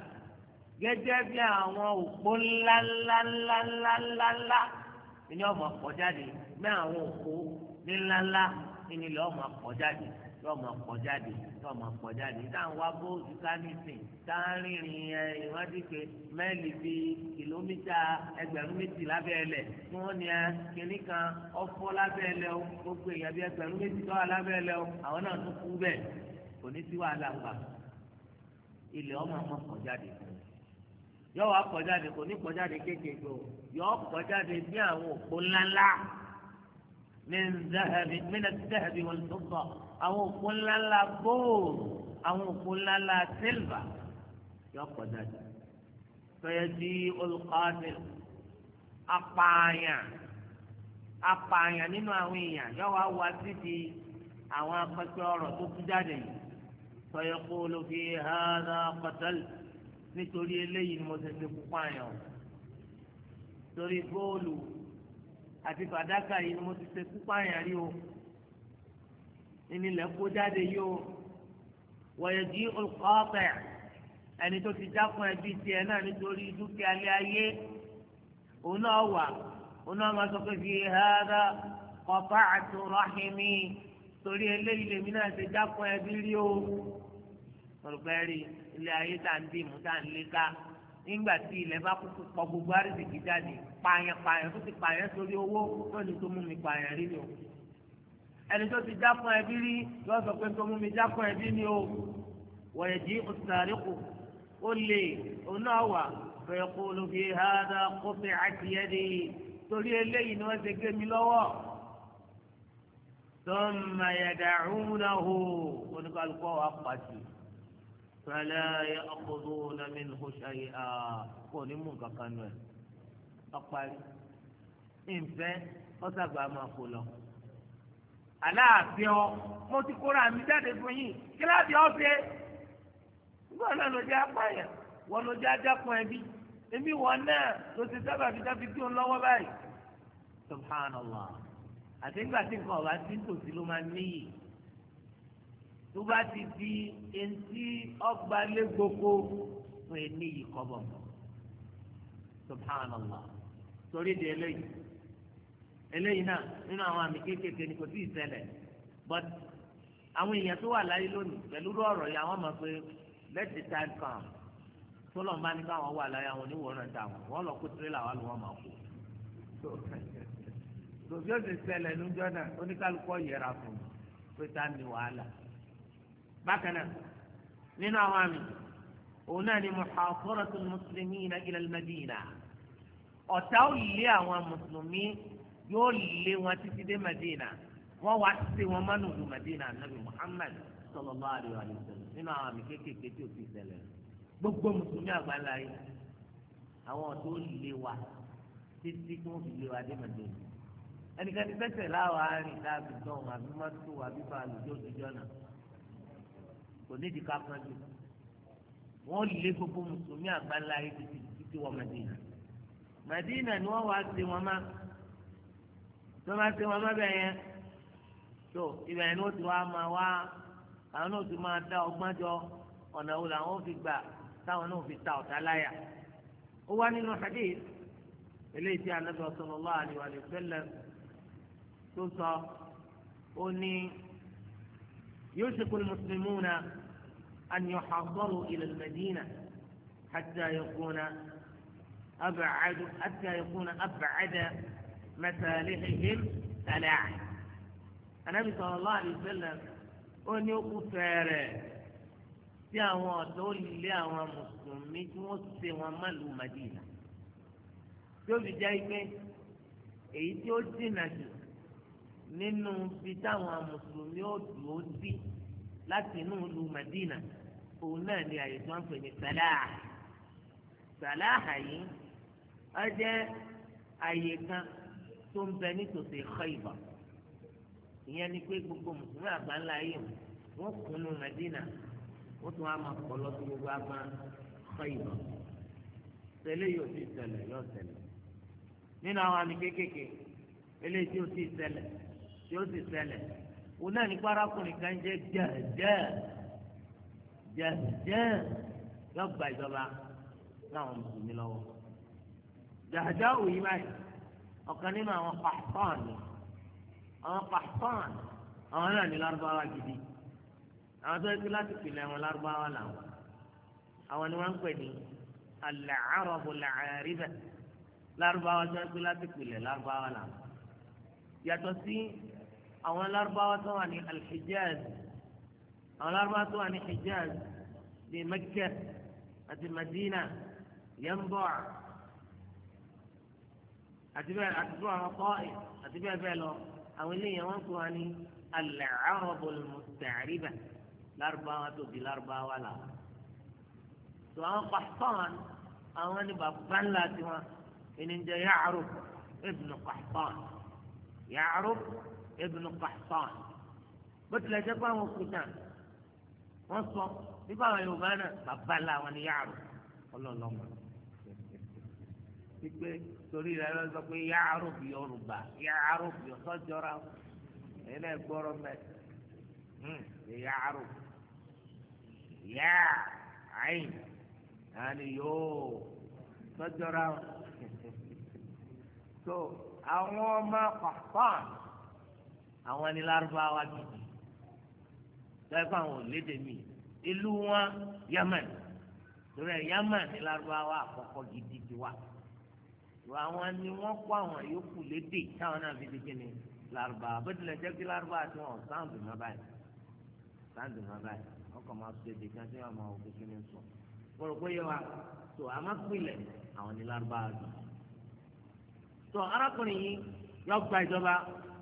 gẹ́gẹ́ bí àwọn òpó ńláńláńláńláńlá ni ọmọ pọ̀ jáde bí àwọn òpó ńláńlá ni ilẹ̀ ọmọ jáde yóò máa pọ̀ jáde yóò máa pọ̀ jáde táwọn wá bóòdù ká nísìn tá a rìnrìn ẹ ìrántí pé mẹ́ẹ̀lì bí kìlómítà ẹgbẹ̀rún méjì lábẹ́ ẹlẹ̀ tí wọ́n ní ẹ kínní kan ọ̀fọ́ lábẹ́ ẹlẹ̀ o gbogbo èèyàn bí ẹgbẹ̀rún méjì tó wà lábẹ́ ẹlẹ̀ o àwọn náà tún kú bẹ́ẹ̀ kò ní sí wàhálà gbà ilẹ̀ ọmọ ọmọ pọ̀ jáde yóò wá pọ̀ jáde kò ní pọ̀ jáde kéékèèké o yóò pọ̀ jáde bí àwọn òpó ńláńlá àwọn òpó ńláńlá góòlù àwọn òpó ńláńlá sílvà yọ kọjá jù tọ́yẹ di olùkọ́ni apààyàn apààyàn nínú àwọn èèyàn yọ wá wá síbi àwọn apẹ́pẹ́ ọ̀rọ̀ tó kú jáde yìí tọ́yẹ kó ló fi hàdà kọ́tẹ́lì nítorí eléyìí ni mo ti fi kú pààyàn o torí góòlù àti fàdákà yìí ni mo ti fi kú pààyàn rí o ẹni lẹ kó jáde yìí o wọ̀nyẹ jí olùkọ́ọ̀bẹ̀ ẹni tó ti dákun ẹbí tiẹ̀ náà nítorí dúkìá lé ayé òun náà wà òun náà máa sọ pé fi hàdà kọfà àti rọ́ọ̀hìnmí torí eléyìí lèmi náà ti dákun ẹbí rí o olùbẹ́rì ilé ayé tá ń dìmú tá ń léka nígbà tí ilẹ̀ bá kúkú pọ̀ gbogbo àrísìkí jáde pààyàn pààyàn tó ti pààyàn sórí owó lónìí tó mú mi pààyàn rí ni o ẹni tó ti jákun ẹbí rí yóò sọ pé tó mú mi jákun ẹbí ni o wọ̀nyẹ̀ jí òsàríkù ó lè oná wà bẹ̀rẹ̀ kó ló fi hàdà kófẹ́ àti ẹ̀dì torí eléyìí ni wọ́n ti gé mi lọ́wọ́ tó mayẹ̀dà rúnà hù oníkàlùkọ́ wa pàṣẹ fẹlẹ ọkọọdọ namin hosayi aa kò ní mú nǹkan nù ẹ ọparí ìfẹ́ ọsàgbà máa kó lọ aláàfin ọ mo ti kóra mi jáde fún yín kíláàsì ọ̀fẹ́ wọn náà ló jẹ́ apáyà wọn ló jẹ́ ajákun ẹbí èmi wọn náà ló ti sábà fi dábì tí ń lọ́wọ́ báyìí subhanallah àtẹ̀gbà tí nǹkan ọ̀bá tí tòsí ló máa níyì tó bá ti di eŋti ọgbà lé gbogbo fún ẹ níyì kọ́bọ̀ subhanallah torí di eléyìí eléyìí náà nínú àwọn àmì kéékèèké ni kò tí ì ṣẹlẹ̀ but àwọn èèyàn tó wà láyé lónìí pẹ̀lú ọ̀rọ̀ yìí àwọn mọ̀ pé let the time come tọ́lọ̀ bá ní káwọn wà láyé àwọn oníwòran dà wọ́n wọ́n lọ kó tirẹ́là wà lọ́wọ́ máa kó. tòbí ó ti ṣẹlẹ̀ lójọ́ náà oníkálukọ́ yẹra fún pé tá ní wàhálà. bákan náà nínú àwọn àmì òun náà ni muhasaratul muslimina ila madina ọ̀tá ò yóò lé wọn títí dé Madina wọ́n wá sí wọn mọ́nú ìlú Madina anabi Muhammad sallallahu alaihi wa sallam nínú àwọn àmì kéékèèké tí ó ti ṣẹlẹ̀ gbogbo mùsùlùmí àgbáńlá yìí àwọn tó lé wa títí tí wọ́n fi lé wa dé Madina ẹnikẹ́ni fẹsẹ̀ láwa rìn láàbì tán àbí mọ́tò àbí bàálù tó ti jọ́nà kò ní ìdíkà kan jù wọ́n lé gbogbo mùsùlùmí àgbáńlá yìí títí wọ Madina Madina ni wọ́n wá sí wọn máa. tó máa ṣe wọn bẹ̀ yẹn tó ibẹ̀ yẹn ní o ti wa máa wá àwọn náà ti máa dá ọgbọ́n jọ ọ̀nà wo làwọn ò fi gbà táwọn náà fi ta ọ̀tá láyà ó wá nínú hadith eléyìí tí anabi sallallahu alaihi wa sallam tó sọ ó ní yushiku al-muslimuna an yuhadaru ila al-madina hatta yakuna àti hatta yakuna ab'ad. masalihihim tàlẹ́à anabi sallallahu alaihi wasallam ó ní okú fẹ́ẹ́rẹ́ tí àwọn ọ̀dọ́ lé àwọn mùsùlùmí tí wọ́n ṣe wọn má lu Madina tí ó fi jẹ́ pé èyí tí ó dìnnà jù nínú bí táwọn mùsùlùmí ó dùn ó sí láti inú lu Madina òun náà ni àyè pè ní sàláà sàláà yìí ó àyè kan tó ń bẹ nítòsí Khaybar ìyẹn ni pé gbogbo mùsùlùmí àgbáńlá yìí wọ́n kùnú Mẹ́dínà ó tún á máa kọ́ lọ́dún gbogbo agbá Khaybar tẹ́lẹ̀ yóò ti ṣẹlẹ̀ yóò ṣẹlẹ̀ nínú àwọn àmì kéékèèké eléyìí tí ó ti ṣẹlẹ̀ tí ó ti ṣẹlẹ̀ wò náà ní kpárakùnrin kan jẹ́ jẹ́ẹ̀jẹ́ jẹ́ẹ̀jẹ́ yọ gba ìjọba láwọn mùsùlùmí lọ́wọ́ jàdá òyìnbá yìí ọ̀kan nínú àwọn pàṣán ni àwọn pàṣán àwọn náà ní lárúbáwá gidi àwọn tó yẹ kí láti pìlẹ̀ àwọn lárúbáwá làwọn àwọn ni wọ́n ń pè ní alàárọ̀bù làárìbẹ̀ lárúbáwá tó yẹ kí láti pìlẹ̀ lárúbáwá làwọn yàtọ̀ sí àwọn lárúbáwá tó wà ní alhijaz àwọn lárúbáwá tó wà ní hijaz ní mẹ́kẹ́ àti madina yẹ́nbọ̀ọ́ àti bẹ́ẹ̀ àti tó àwọn kọ́ ẹ̀ àti bẹ́ẹ̀ bẹ́ẹ̀ lọ àwọn eléyìí wọ́n kó wa ní al-arabul musta'riba lárúbáwá tóbi lárúbáwá là tó àwọn Qahtan àwọn ní bàbá ńlá tiwọn ẹni jẹ Ya'rub ibn Qahtan Ya'rub ibn Qahtan bó tilẹ̀ jẹ́ pé àwọn kùtà wọ́n sọ bí báwọn Yorùbá náà bàbá ńlá wọn ni Ya'rub ọlọ́ọ̀lọ́mọ pípé torí rẹ lọ sọ pé yá arúgbó yorùbá yá arúgbó sọjọra èyí náà gbọrọ mẹ hmm, yá arúgbó yá àyìn àni yóò sọjọra so àwọn ọmọ pàpàn àwọn ni, lárúbáwá gidi lọ́yẹ̀kọ́ àwọn òlédè mi ìlú wọn yamani torí ẹ̀ yamani lárúbáwá àkọ́kọ́ gidi ti wá àwọn ni wọ́n kó àwọn yòókù lédè táwọn náà fi dìgbì ní larubá abẹ́tẹ̀lẹ̀ jẹ́ kí larubá àti wọn sáǹdù má báyìí sáǹdù má báyìí wọ́n kàn máa sọ èdè kan tí wọ́n máa wò kékeré ní sọ. kúrò pé yẹ wa tó a máa pilẹ̀ àwọn ni larubá àgbà. tó arákùnrin yìí yọ gba ìjọba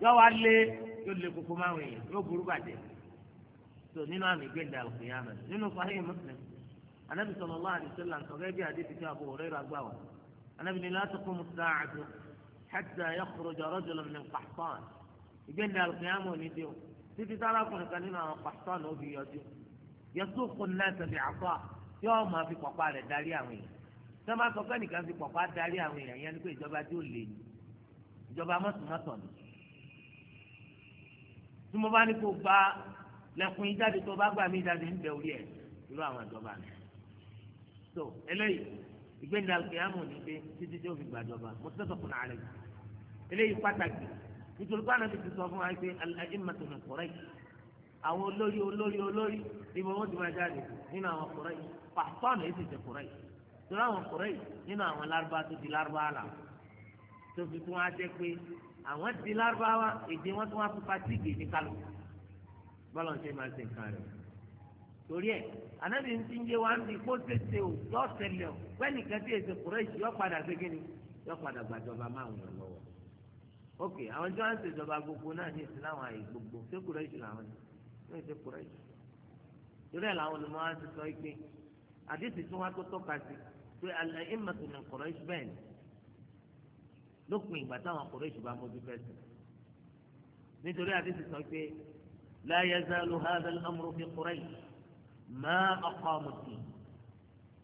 yọ wá lé yóò lé koko márùn yìí yóò burú bàjẹ́. tó nínú àmì gbẹ̀dẹ̀ àlùkìyàmẹ̀ nínú Sahih Muslim Ànábì sallallahu alaihi wasallam anabi ni la taqumu as-sa'atu hatta yakhruja rajulun min Qahtan ìgbẹ́ni alùpùpù ní dé o títí sárakùnrin kan nínú àwọn Qahtan ó fi yọjú yasuqu an-nasa bi'asa yóò máa fi pọ̀pá rẹ̀ darí àwọn èèyàn tó máa sọ pé nìkan fi pọ̀pá darí àwọn èèyàn yẹn ni pé ìjọba tí ó lè ní ìjọba mọ̀tòmọ́tò ni tí mo bá ní kó gba lẹ́kùn yín jáde tó bá gbà mí jáde ń bẹ orí ẹ̀ irú àwọn ìjọba mi so eléyìí ìgbéǹda kìámù ní pé títí tí ó fi gbàjọba muttafaqun alayhi eléyìí pàtàkì nítorí pé ànábi ti sọ fún wa pé al-a'immatu min Quraysh àwọn olórí olórí olórí ìbọn wọn ti máa jáde nínú àwọn Quraysh pàtọ́ọ̀nù èsì ti Quraysh torí àwọn Quraysh nínú àwọn lárúbá tó di lárúbá là tó fi tún wá jẹ́ pé àwọn di lárúbáwá èdè wọn tún wá fún patíkì torí ẹ anabi ń ti ń yé wa ń bi kó tètè o yọ ṣẹlẹ̀ o wẹni kẹtí èsè kúrẹ́sì yọ padà gbégé ni yọ padà gbàjọba máa ń yàn lọ́wọ́ ok àwọn tí wọn ń ṣèjọba gbogbo náà ní ìsìn láwọn àyè gbogbo ṣé kúrẹ́sì làwọn ni wọn ń ṣe kúrẹ́sì torí ẹ làwọn olùmọ̀ wa ti sọ pé àdìsí tí wọn tó tọ́ka sí pé alẹ́ ìmọ̀tò ní kúrẹ́sì bẹ́ẹ̀ ni lópin ìgbà táwọn kúrẹ́sì bá mójú fẹ́ sùn nítorí àdìsí fi Quraysh máa ọkọ ọmọdé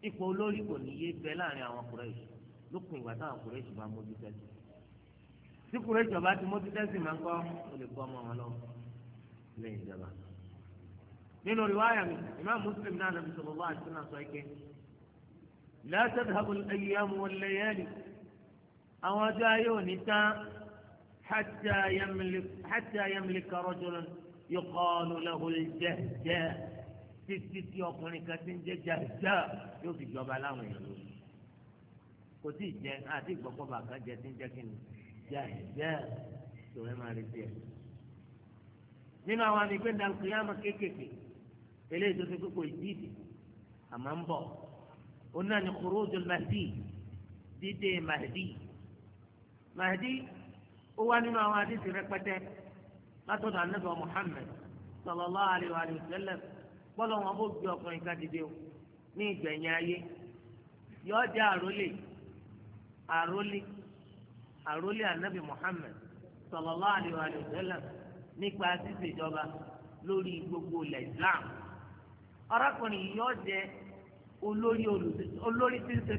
ipò olórí kò ní yé bẹ láàrin àwọn kùrẹ́ẹ̀sì lókun ìgbà táwọn kùrẹ́ẹ̀sì bá mójú tẹ́sí tí kùrẹ́ẹ̀sì ọba ti mójú tẹ́sí máa ń kọ́ ó lè kọ́ ọmọ wọn lọ lẹ́yìn ìjọba. nínú riwaya mi Imam Muslim náà nàbí sallallahu alaihi wasallam sọ ike la tadhhabu al-ayyamu wal àwọn ọjọ́ ayé òní tán hatta yamlika rajulun yuqalu lahu al-jahjah títí tí ọkùnrin kan ti ń jẹ́ jàjà yóò fi jọba láwọn èèyàn lórí kò tí ì jẹ àti ìgbọ́kọ̀bà kan jẹ ti ń jẹ́ kí ni jàjà tó ẹ máa retí ẹ. nínú àwọn àmì pé dàlùkìyàmù kéékèèké eléyìí tó ti kókò ìdíje àmọ́ ń bọ̀ ó náà ní khurujul mahdi dídé mahdi mahdi ó wá nínú àwọn àdìsí rẹpẹtẹ látọ̀dọ̀ anábọ̀ Muhammad sallallahu alaihi wa sallam. bọ́lọ̀ wọn bó gbé ọkùnrin kan dìde o ní ìgbẹ̀yìn ayé yọ jẹ́ àrólé àrólé àrólé ànábì muhammed sọlọlọ alaihi wa sallam nípa ṣíṣèjọba lórí gbogbo ilẹ̀ Islam yọ jẹ́ olórí olórí tí ń ṣe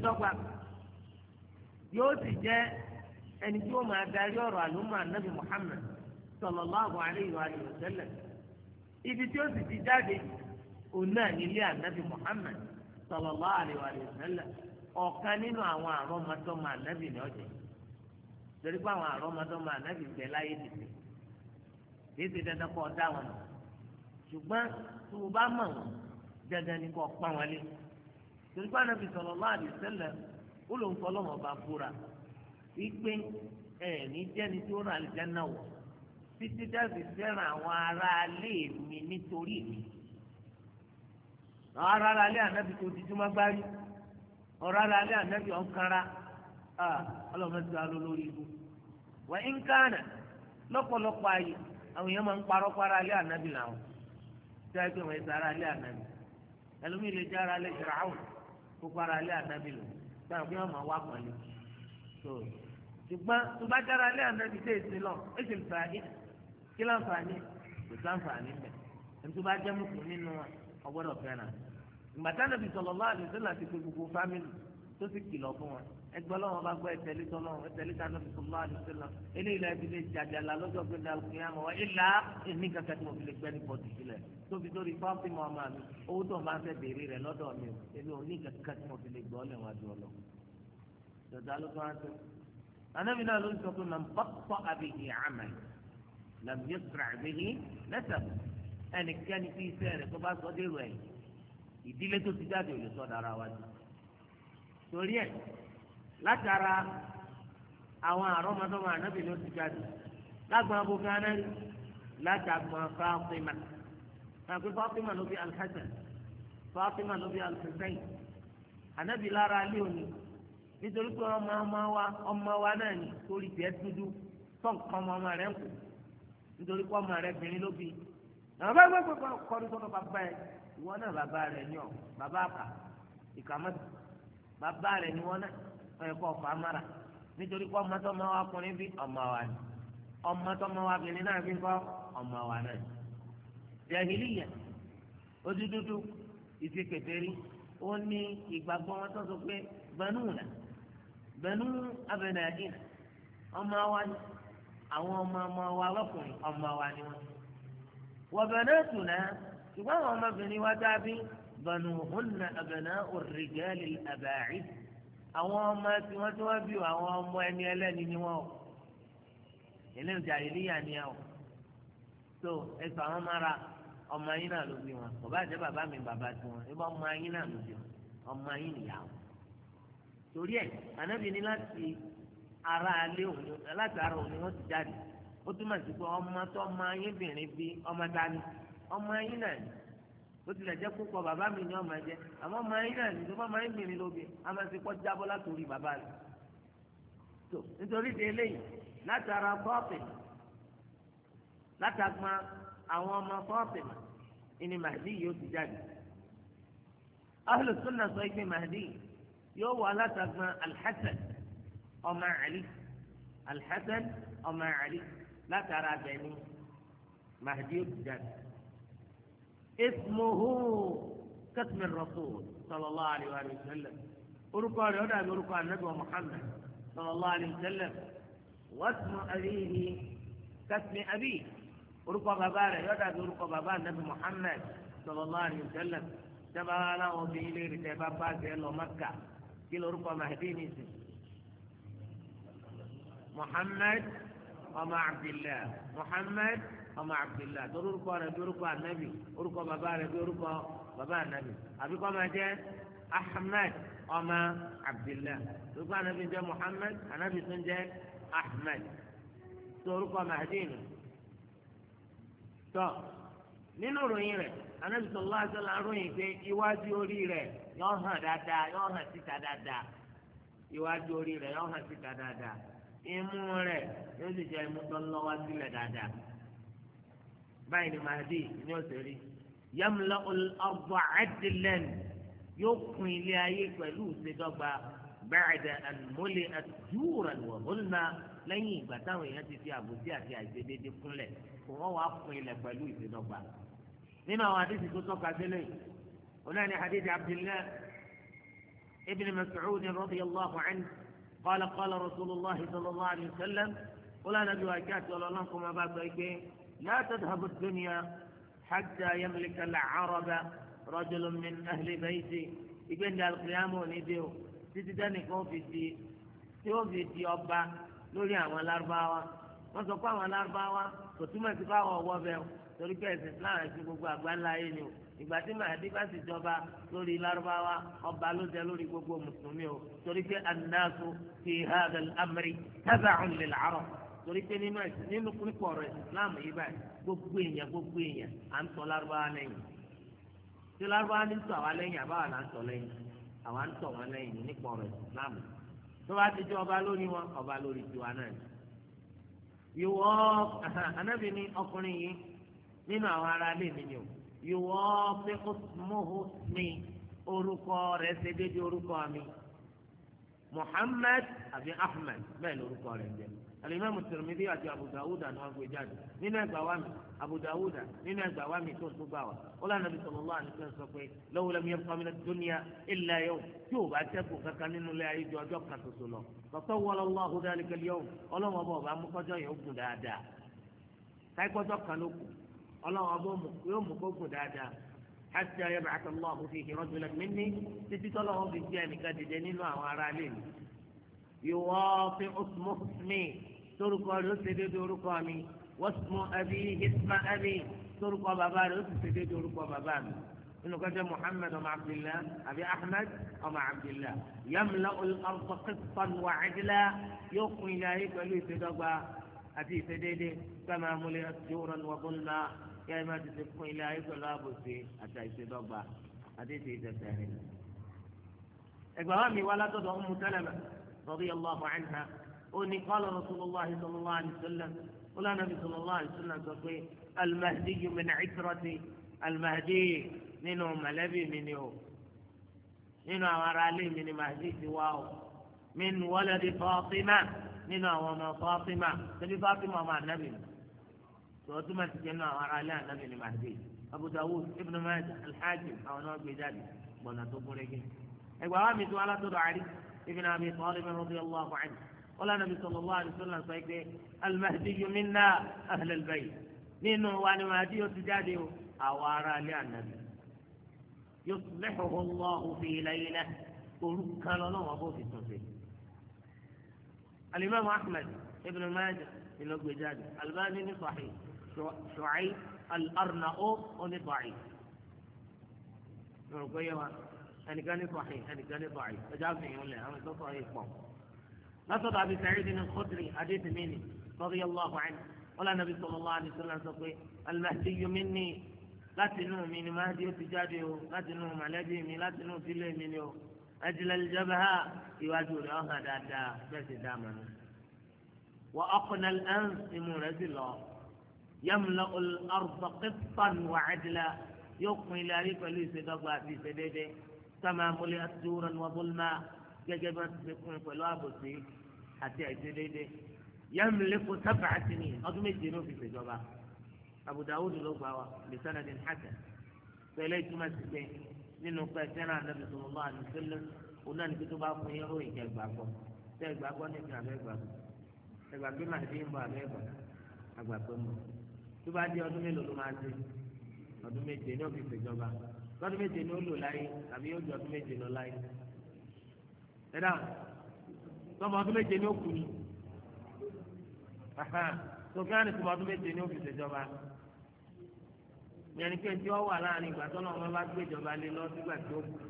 yóò sì jẹ ẹni tí ó máa darí ọrọ àlùmọ́ annabi muhammed sọlọlọ wa ibi tí ó sì ti jáde Ona náà ilé ànábì Muhammad sallallahu alaihi wa sallam nínú àwọn àrọ́mọdọ́mọ ànábì ní ọ̀jẹ̀ torí pé àwọn àrọ́mọdọ́mọ ànábì gbẹ láyé dìde kìí ṣe dandan kọ ọ̀dá wọn ṣùgbọ́n tó o bá mọ̀ wọn dandan ni kò pa wọn lé torí pé rà ọ ara alẹ́ ànábì kò ti jùmọ̀ gbárí ọ̀rọ̀ ara alẹ́ ànábì ọ̀nkara ọlọ́mọ ti alọ lórí ibu wà ń kánà lọ́pọ̀lọpọ̀ ayé àwọn èèyàn máa ń parọ́ para alẹ́ ànábì làwọn tí wọ́n pè wọ́n ẹ̀sẹ̀ ara alẹ́ ànábì ẹlòmíì lè alẹ́ àwọn kó para alẹ́ ànábì wọ́n máa wá ṣùgbọ́n tó bá alẹ́ ànábì lọ èsì kí kò mẹ́ tó bá jẹ́ ìgbàtà nàbì sallallahu alaihi wasallam ti pé gbogbo fámìlì tó sì kìlọ̀ fún wọn ẹgbẹ́ lọ́wọ́ bá gbọ́ ẹ̀tẹ́lẹ́ tọ́lọ́wọ́ ẹ̀tẹ́lẹ́ tá nàbì sallallahu alaihi wasallam eléyìí láti lè jàjàlá lọ́jọ́ pé dàrú kí á mọ̀ wá ìlà èmi kankan tí mo fi lè gbẹ́ ní pọ̀jù sílẹ̀ tóbi tó rí fáwọn mọ́ ọmọ mi owó tó máa ń fẹ́ béèrè rẹ̀ lọ́dọ̀ mi o èmi ò ní kankan tí mo fi lè gbọ́ lẹ́wọ̀n àjọ lọ. dọ̀dọ̀ alókò ẹnikẹ́ni tí iṣẹ́ rẹ̀ tó bá sọ dé rẹ̀ ìdílé tó ti jáde ò lè sọ dára wa jù torí ẹ látara àwọn àrọmọdọ́mọ ànábì ló ti jáde lágbọn abó gánà látàgbọn Fátímà àgbẹ Fátímà ló bí Al-Hasan Fátímà ló bí Al-Husayn ànábì lára alẹ́ òní nítorí pé ọmọ ọmọ wa ọmọ wa náà ní torí tiẹ̀ dúdú tọ̀nkàn ọmọ ọmọ rẹ̀ ń kù nítorí pé ọmọ rẹ̀ bìnrin ló bí àwọn bá gbàgbọ́ kọ́ ní sọ́dọ̀ bàbá yẹn ìwọ náà bàbá rẹ̀ ní ọ̀ bàbá àpà ìkàmọ́tò bàbá rẹ̀ ní wọ́n náà wọ́n yẹ kó ọ̀fà amára nítorí pé ọmọ tó máa wá ọkùnrin bí ọmọ wa ni ọmọ tó máa wá obìnrin náà bí kọ́ ọmọ wa náà ni. jahiliya ojú ó ní ìgbàgbọ́ wọn tó sọ pé bẹnú nà bẹnú abẹnàdínà ọmọ wa ni àwọn ọmọ ọmọ wa lọkùnrin ọmọ wa ni wọn. wọ́n bẹ̀rẹ̀ tù náà ṣùgbọ́n àwọn ọmọbìnrin wa dábí banuhunna abana orijali aba'i àwọn ọmọ tí wọ́n tí wọ́n bí àwọn ọmọ ẹni ẹlẹ́ni ni wọ́n eléyìí jàìlíyà ni ẹ o so ẹsọ àwọn mara ọmọ yín náà ló bí wọn kò bá jẹ bàbá mi bàbá tiwọn ẹbí ọmọ yín náà ló bí wọn ọmọ yín nìyàwó torí ẹ ànábì ní láti ara alẹ òun láti ara òun wọ́n ti jáde ó túmọ̀ sí pé ọmọ tó ọmọ yín bí ọmọ dání ọmọ ẹyin náà ni ó ti lè jẹ́ púpọ̀ bàbá mi ni ọmọ ẹ jẹ́ àmọ́ ọmọ ẹyin náà ni tó bá máa ń gbìnrin lóbi a máa ti kọ́ jábọ́ látòrí bàbá rẹ̀ tó nítorí di eléyìí látara kọ́ọ̀pì látàgbọ́n àwọn ọmọ kọ́ọ̀pì ìní màdí yóò ti jáde ahlu sunna sọ pé màdí yóò wà látàgbọ́n alḥasan ọmọ àlì alḥasan ọmọ àlì látara bẹ̀ni màdí yóò ti jáde. اسمه كتم الرسول صلى الله عليه وآله وسلم أرقى لهذا أرقى النبي محمد صلى الله عليه وسلم واسم أبيه كتم أبيه أرقى بابا هذا أرقى بابا النبي محمد صلى الله عليه وسلم تبع له بإليه بتباب بازي له مكة كل أرقى مهدي نسي محمد وما عبد الله محمد ọmọ abdullahi torí orúkọ rẹ̀ bí orúkọ anabi orúkọ bàbá rẹ̀ bí orúkọ bàbá anabi àbí kọ́ máa jẹ́ ahmed ọmọ abdullahi orúkọ anabi jẹ́ muhammed anabi tún jẹ́ ahmed tó orúkọ mahdi nù tọ́ nínú ìròyìn rẹ̀ anabi sallallahu alaihi wasallam ròyìn pé iwájú orí rẹ̀ yọ hàn dáadáa yọ hàn síta dáadáa iwájú orí rẹ̀ yọ hàn síta dáadáa imú rẹ̀ yóò sì jẹ́ imú tó ń lọ́wọ́ sílẹ̀ dáadáa. báyìí ni mahdi ní ọ̀sẹ̀ rí yamla ọ̀rọ̀ adìlẹ́n yóò kun ilé ayé pẹ̀lú ìṣèdọ́gba ba'da an muli'at juran wa zulma lẹ́yìn ìgbà táwọn èèyàn ti fi àbòsí àti àìṣedéédé kúnlẹ̀ kò wọ́n wá kun ilẹ̀ pẹ̀lú ìṣèdọ́gba. nínú àwọn àdéhì tó tọ́ka sílẹ̀ onáni àdéhì abdullahi ibn mas'ud radiyallahu anhu qala qala rasulillah sallallahu alayhi wa sallam onáni àbí wàjú àti ọlọ́lọ́kùnrin bá gbọ́ لا تذهب الدنيا حتى يملك العرب رجل من أهل بيتي يقول القيام ونيديو تتدني كوفي تي كوفي تي أبا lórí àwọn alárúbáwá wọn sọ pé àwọn alárúbáwá kò túmọ̀ sí fáwọn ọwọ́ bẹ́ẹ̀ o torí pé ẹ̀sìn Islam ẹ̀sìn gbogbo àgbáńlá yìí ni o ìgbà tí màdí bá sì jọba lórí lárúbáwá ọba ló jẹ lórí gbogbo mùsùlùmí o torí pé anáàtú fi hàdà amri tábàcùn lè làárọ̀ torí pé nínú ẹ̀sìn nínú pípọ̀ rẹ̀ islam yìí báyìí gbogbo èèyàn gbogbo èèyàn à ń tọ́ lárúbáwá lẹ́yìn tí lárúbáwá ní tọ́ àwa lẹ́yìn àbáwá là ń tọ́ lẹ́yìn àwa ń tọ́ wọn lẹ́yìn nípọ̀ rẹ̀ islam tó bá ti jẹ́ ọba lórí wọn ọba lórí tiwa náà ìwọ anábì ni ọkùnrin yìí nínú àwọn ará ilé mi ni o ìwọ pé ó mọ̀hó mi orúkọ rẹ̀ ṣe déédéé orúkọ mi Muhammad àbí Ahmed bẹ́ẹ̀ lórúkọ rẹ̀ ń jẹ́ mi alimami tirimidi àti abudawuda ni wọn gbé jáde nínú ẹgbàá wa mi abudawuda nínú ẹgbàá wa mi tó ń tún bá wa wọn lànà bí sọlọ lọ́wọ́ àti sọ pé lọ́wọ́ lẹ́mu yẹn fami dúnìá ilà yẹn tí o bá tẹ́kù kankan nínú ilé ayé ju ọjọ́ kan ṣoṣo lọ tọ́tọ́ wọlé ọlọ́hu dáni kẹlẹ́ yẹn ọlọ́wọ́ bọ̀ bá mọ́kọ́jọ́ yẹn ó gùn dáadáa káyikọ́jọ́ kan ló kù ọlọ́wọ́ bọ̀ yóò mú kó gùn dáadáa hàtí ayé bàtà lọ́wọ́ fi يوافق اسمه اسمي تركوا لسدد رقامي واسم أبيه اسم أبي تركوا بابا لسدد رقام بابامي إنه كذا محمد ومع عبد الله أبي أحمد ومع عبد الله يملأ الأرض قسطا وعدلا يقوي إلهي قالوا يتدقى أتي سديدي كما ملئت جورا وظلما يا ما تسبقوا إلهي قالوا أبو سي أتي يتدقى أتي سيدة ثانية إقبال مي ولا تدعو أم سلمة رضي الله عنها أني قال رسول الله صلى الله عليه وسلم ولا نبي صلى الله عليه وسلم تقول المهدي من عترتي المهدي منه ملبي من منه منه ورالي من مهدي سواه من ولد فاطمة من وما فاطمة تبي فاطمة مع النبي وثم تجمع ورالي النبي المهدي أبو داود ابن ماجه الحاكم أو نوع بذلك بنا تقول إيه أيوة وامي سؤالات عليه ابن أبي طالب رضي الله عنه ولا نبي صلى الله عليه وسلم سيكي المهدي منا أهل البيت نينو وأنا مهدي وتجادي أوارى لأنه يصلحه الله في ليلة وركا نوعه في التنفيذ الإمام أحمد ابن ماجه من الجداد الباني صحيح شعيب الأرنؤوط ضعيف ẹnìkan ní sọ̀hìn ẹnìkan ní sọ̀hìn ẹja fi yín lẹ̀ àwọn ìtọ́sọ̀ yìí pọ̀. lọ́sọ̀dọ̀ àbí sẹ́yìn dín ní kọ́tìrì adétìmínì sọ́dọ̀ yẹn lọ́wọ́ àbáyé wọ́n nàbí sallallahu alaihi wasallam sọ pé al-Mahdi minni láti inú mi ni Mahdi ó ti jáde o láti inú mọ̀lẹ́bí mi láti inú ìdílé mi ni o ajla al-jabha iwájú rẹ̀ ọ̀hàn dáadáa bẹ́ẹ̀ sì dá àmọ́ kama múlẹ̀ àtúrọ̀ ní wàbúlmá gẹ́gẹ́ bá ti kún un pẹ̀lú àbòsí àti àìṣedéédé yamliku sab'a sinin ọdún méje ló fi ṣèjọba Abu Dawud ló gbà wá bisanadin hasan pẹ̀lú ìtumọ̀ sí pé nínú pẹ̀ sẹ́nà àdàbí sọ̀rọ̀ àti sílẹ̀ oná ní kíkó bá fún yẹ́rọ ìjà ìgbàgbọ́ tẹ́ ìgbàgbọ́ níbi àbẹ́ ìgbàgbọ́ ìgbàgbé máa dín bọ́ àbẹ́ ìgbàgbọ́ àgbàgbọ́ mọ́ tó bá dé ọdún mélòó ló máa dé ọdún méje ní òfìsè ìjọba lọ́dún méje ni ó lò láyé tàbí yóò ju ọdún méje lọ láyé ẹ dáhùn tọmọ ọdún méje ni ó kú ni sọfíàní tọmọ ọdún méje ni ó fi ṣèjọba yẹn ni pé tí ó wà láàrin ìgbà tó náà wọn bá gbéjọba lé lọ sígbà tí ó kú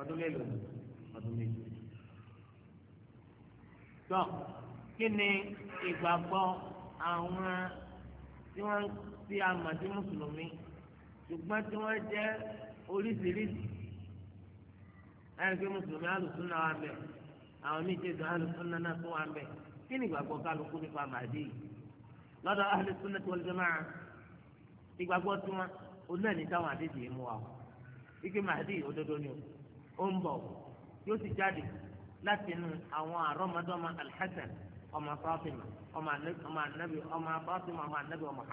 ọdún mélòó ọdún méje tọ kí ni ìgbàgbọ́ àwọn tí wọ́n ti àmọ̀ sí mùsùlùmí ṣùgbọ́n tí wọ́n jẹ́ oríṣiríṣi láyé pé mùsùlùmí alùsùnà wà bẹ àwọn méjèèjì alùsùnà náà tún wà bẹ kí ni ìgbàgbọ́ kálukú nípa màdí lọ́dọ̀ alùsùnà tó lè máa ìgbàgbọ́ tún wa òun náà ní táwọn àdéjì yìí mú wa o ike màdí òdodo ni o ń bọ̀ yóò jáde láti àwọn àrọ́mọdọ́mọ alḥasan ọmọ fatima ọmọ anabi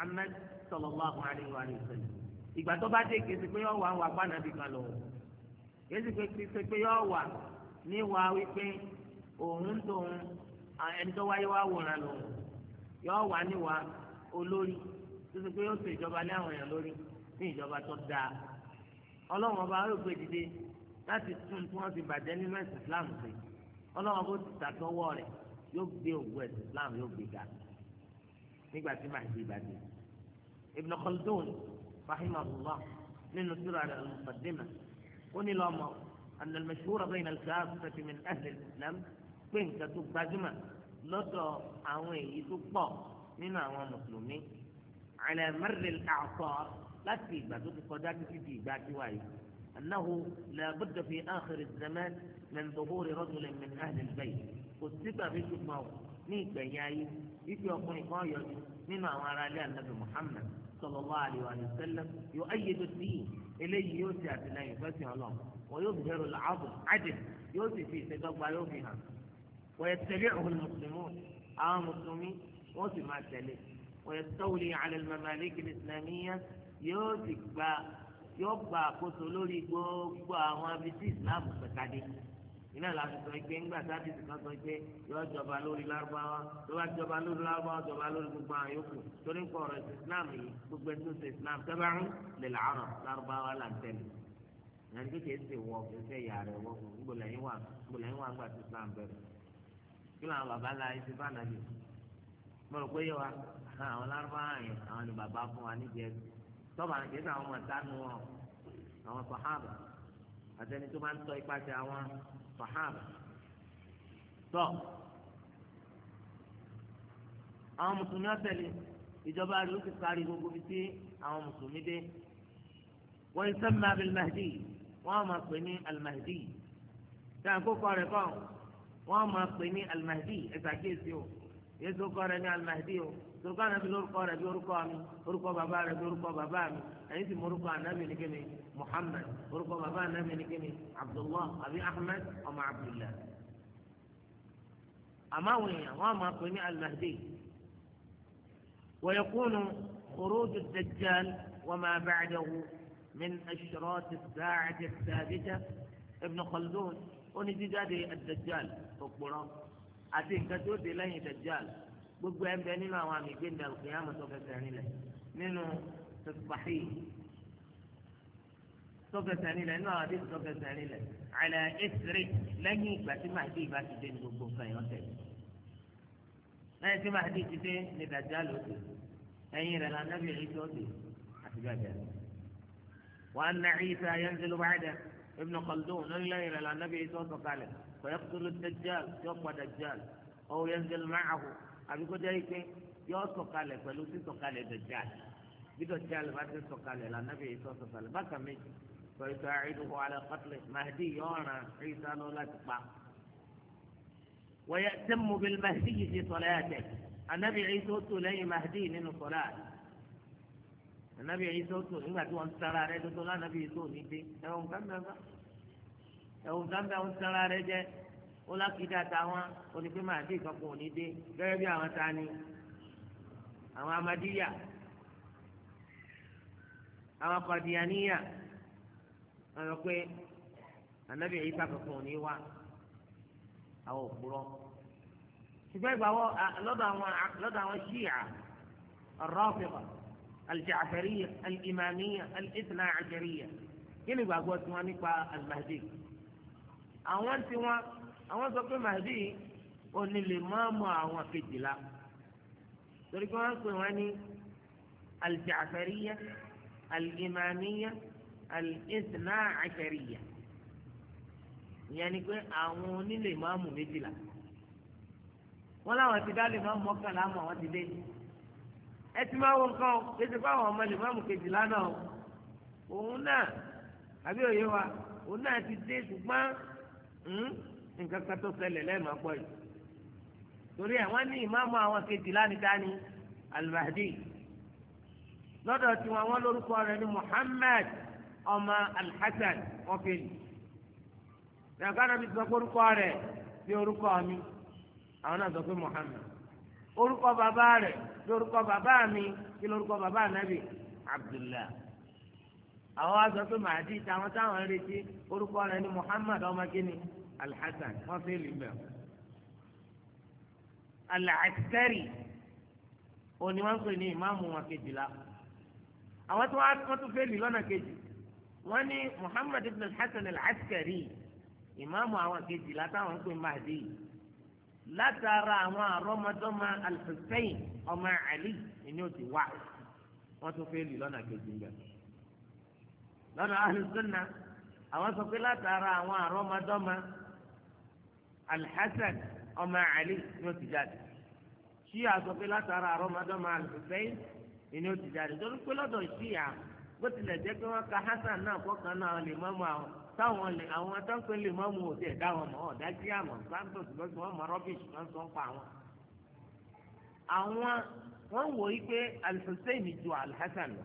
anabi ìgbà tó bá dé kése pé yọ wà wà pànàbí kan lọ kése pé kése pé yọ wà ní wà wípé òun tóun ẹni tó wáyé wá wòran lòun yọ wà ní wà olórí kése pé yóò tó ìjọba lé àwọn èèyàn lórí ní ìjọba tó dáa ọlọ́run ọba yóò gbé dìde láti tún tí wọ́n ti bàjẹ́ nínú ẹ̀sìn Islam sí ọlọ́run ọba ti tàtọ́wọ́ rẹ̀ yóò gbé òwú ẹ̀sìn Islam yóò gbé ga nígbà tí màá di ìbàdí Ibn Khaldun رحمه الله لأنه على المقدمة قل أن المشهور بين الكافة من أهل الإسلام بين كتب باجمة لطا أوي يتبع من أوي مسلمين على مر الأعصار لا تيبا تتقدر تتيبا تواي أنه لا بد في آخر الزمان من ظهور رجل من أهل البيت والسبب في موت ní ìgbẹ̀yìn يتوقع wípé من kan yọjú nínú sallallahu alaihi wa sallam yu'ayyidu ad-din eléyìí yóò ṣe àtìlẹ́yìn fẹsẹ̀ Ọlọ́run wọn yóò bẹ̀rù làábù àjẹ yóò sì fi ìṣèdọ́gba yóò fi hàn wọ́n yẹ tẹ̀lé òun mùsùlùmí àwọn mùsùlùmí wọ́n sì máa tẹ̀lé wọ́n yẹ tọ́wọ́lì alẹ́ mamaliki islamiyya yóò sì gba yóò gba àkóso lórí gbogbo àwọn abisí ìsìlámù pẹ̀tàdé iná la sọ pé ńgbà sáàdì ti kan sọ pé yọ jọba lórí lárúbáwá tó bá jọba lórí lárúbáwá jọba lórí gbogbo àwọn yòókù torí nǹkan ọ̀rọ̀ ẹ̀sìn islam yìí gbogbo ẹ̀sìn ìsìn islam tẹ́bàrún lè làárọ̀ lárúbáwá là ń tẹ̀lé nàìjíríà kìí ṣe wọ kìí ṣe ìyá rẹ̀ wọ gbọ̀lẹ̀ yín wà gbọ̀lẹ̀ yín wà ńgbà tí islam bẹ̀rẹ̀ kí làwọn bàbá la ẹ bá nàbì mo rò pé yẹ àwọn lárúbáwá ni bàbá fún wa níjẹ tọ́ba kìí ṣe àwọn sàhábà tọ́ àwọn mùsùlùmí ọ̀tẹ̀lẹ̀ ìjọba rẹ̀ ó ti kárí gbogbo ibi tí àwọn mùsùlùmí dé wọ́n ń sẹ́mi abilmahdi wọ́n á máa pè ní alimahdi táwọn kókó rẹ̀ kọ́ wọ́n á máa pè ní alimahdi ẹ̀ka kéèsì o yéésù kọ́ rẹ̀ ní alimahdi o. torúkọ anabi lórúkọ rẹ bí orúkọ mi orúkọ bàbá rẹ bí orúkọ bàbá mi ẹyin sì mọ orúkọ anabi ni kíni muhammed orúkọ bàbá anabi ni kíni abdullah àbí ahmed ọmọ abdullah àmọ́ àwọn èèyàn wọn máa pè ní alimahdi wọ̀yẹ̀kúnnu kòrójú dajjal wọn máa bá àjẹwò min ti ashrati saacati saabita ibn khaldun ó ní jíjáde dajjal òpùrọ́ àti nǹkan tó dé lẹ́yìn dajjal. gbogbo ẹbẹ bẹ nínú àwọn àmì gbẹ̀ndà al-qiyamah tó fẹsẹ̀ nílẹ̀ nínú Sahih tó fẹsẹ̀ nílẹ̀ nínú àwọn àdéhùn tó fẹsẹ̀ nílẹ̀ ala tí lẹ́yìn ìgbà tí Mahdi bá ti dé ti ní gbogbo nǹkan yọtẹ lẹ́yìn tí màá di ti dé ní Dajjal ló dé ẹ̀yìn rẹ̀ la Nabi tó dé àti bàjẹ́. wa anna Isa yanzilu ba'da Ibn Khaldun lẹ́yìn rẹ̀ la Nabi Isa sọ̀kalẹ̀ fa yaqtulu Dajjal yọ̀pọ̀ Dajjal aw yanzil ọ àbí kó jẹ́ pé yọ sọ̀kalẹ̀ pẹ̀lú sísọ̀kalẹ̀ dọ̀jà bí dọ̀jà lè bá ti sọ̀kalẹ̀ lànà bí èso sọ̀kalẹ̀ bákan méjì pẹ̀lú àìdùkú alẹ́ kọ́tìlẹ̀ mahdi yọ ọ̀ràn ìsá lọ láti pa. wọ́yẹ tẹ́mu bí mahdi yìí ti sọ̀lẹ́ àtẹ̀ anabi ìsó tó lẹ́yìn mahdi nínú sọ̀lá anabi ìsó tó nígbà tí wọ́n sara rẹ̀ tuntun lánàbí ìsó ní dé ó lákìdá táwọn onífẹ́ máa dé ìkọ̀kọ̀ òní dé gẹ́gẹ́ bí àwọn ta ni àwọn amadíyà àwọn kọ̀díyaníyà wọ́n sọ pé ànábì Ìsá kankan òní wá àwọn òpùrọ̀ ṣùgbọ́n ìgbà wọ lọ́dọ̀ àwọn lọ́dọ̀ àwọn ṣíà Rāfidah al-Ja'fariyya al-Imāmiyya kí ni ìgbàgbọ́ tiwọn nípa al àwọn tiwọn àwọn sọ pé Mahdi òní lè máa mọ àwọn kejìlá torí pé wọ́n pè wọ́n ní al-Ja'fariyya al-Imamiyya al-Ithna Ashariyya ìyẹn ni pé àwọn onílè máa mú méjìlá wọ́n láwọn ti dá lè máa mọ́kànlá mọ́ àwọn ti dé ẹ ti máa wọ nǹkan o kí ẹ ọmọ lè máa mú kejìlá náà òun náà àbí òye wa òun náà ti dé ṣùgbọ́n hmm, nǹkan kan tó ṣẹlẹ̀ lẹ́ẹ̀mọ́ pọ̀ yìí torí ẹ̀ wọ́n ní ìmáàmù àwọn kejì lánìkan ní al-Mahdi lọ́dọ̀ tiwọn wọ́n lórúkọ rẹ̀ ní Muhammad ọmọ al-Hasan ọ̀fẹ́lì ìyàgbọ́n náà bí sọ pé orúkọ rẹ̀ bí orúkọ mi àwọn náà sọ pé Muhammad orúkọ bàbá rẹ̀ bí orúkọ bàbá mi bí orúkọ bàbá nàbì Abdullah àwọn wa pé Mahdi táwọn táwọn retí orúkọ rẹ̀ ní Muhammad ọmọ kínní. الحسن ما في lè العسكري alaskari òní wọ́n pè ní ìmáàmù wọn kejìlá àwọn tó wọ́n tún fẹ́ lè lọ́nà kejì wọ́n ní muhammad ibn alhassan alaskari ìmáàmù àwọn kejìlá táwọn ń pè máàdì látara àwọn àrọ́mọdọ́mọ alhussein ọmọ ali ni ó ti wá wọ́n tún fẹ́ lè lọ́nà kejì ńlẹ̀ lọ́nà ahlùsùnà àwọn sọ pé látara àwọn àrọ́mọdọ́mọ. alhassan ọmọ ali ni ó ti jáde ṣíà sọ látara àrọ́mọdọ́mọ ni ó ti jáde torí pé lọ́dọ̀ ṣíà bó ka hassan náà kọ́kan náà lè mọ́mú àwọn táwọn lè àwọn atáǹpé lè mọ́mú òtí ẹ̀dá wọn mọ́ ọ̀dá sí àmọ́ sáńtò wọ́n rọ́bìṣì sọ ń pa àwọn. àwọn wò yí pé ju alhassan lọ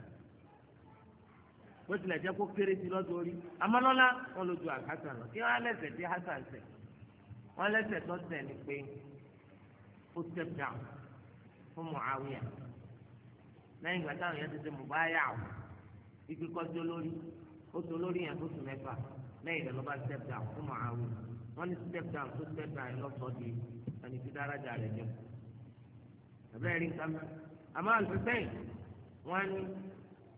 bó tilẹ̀ jẹ́ kó kéré sí lọ́dọ̀ orí wọn lẹ́sẹ̀ tó tẹ̀ ní pé ó step down fún Muawiya lẹ́yìn ìgbà táwọn yẹn ti ṣe mùbáyà o ikú kọjú olórí ó tó olórí yẹn tó tún mẹ́fà lẹ́yìn ìgbà ló bá step down fún Muawiya wọ́n ní step down tó step down yẹn lọ́sọ̀ọ́ di ẹni tí dáradà rẹ̀ jẹ́ abẹ́rẹ́ rí nǹkan mẹ́rin àmọ́ àlùfẹ́sẹ́yìn wọ́n ní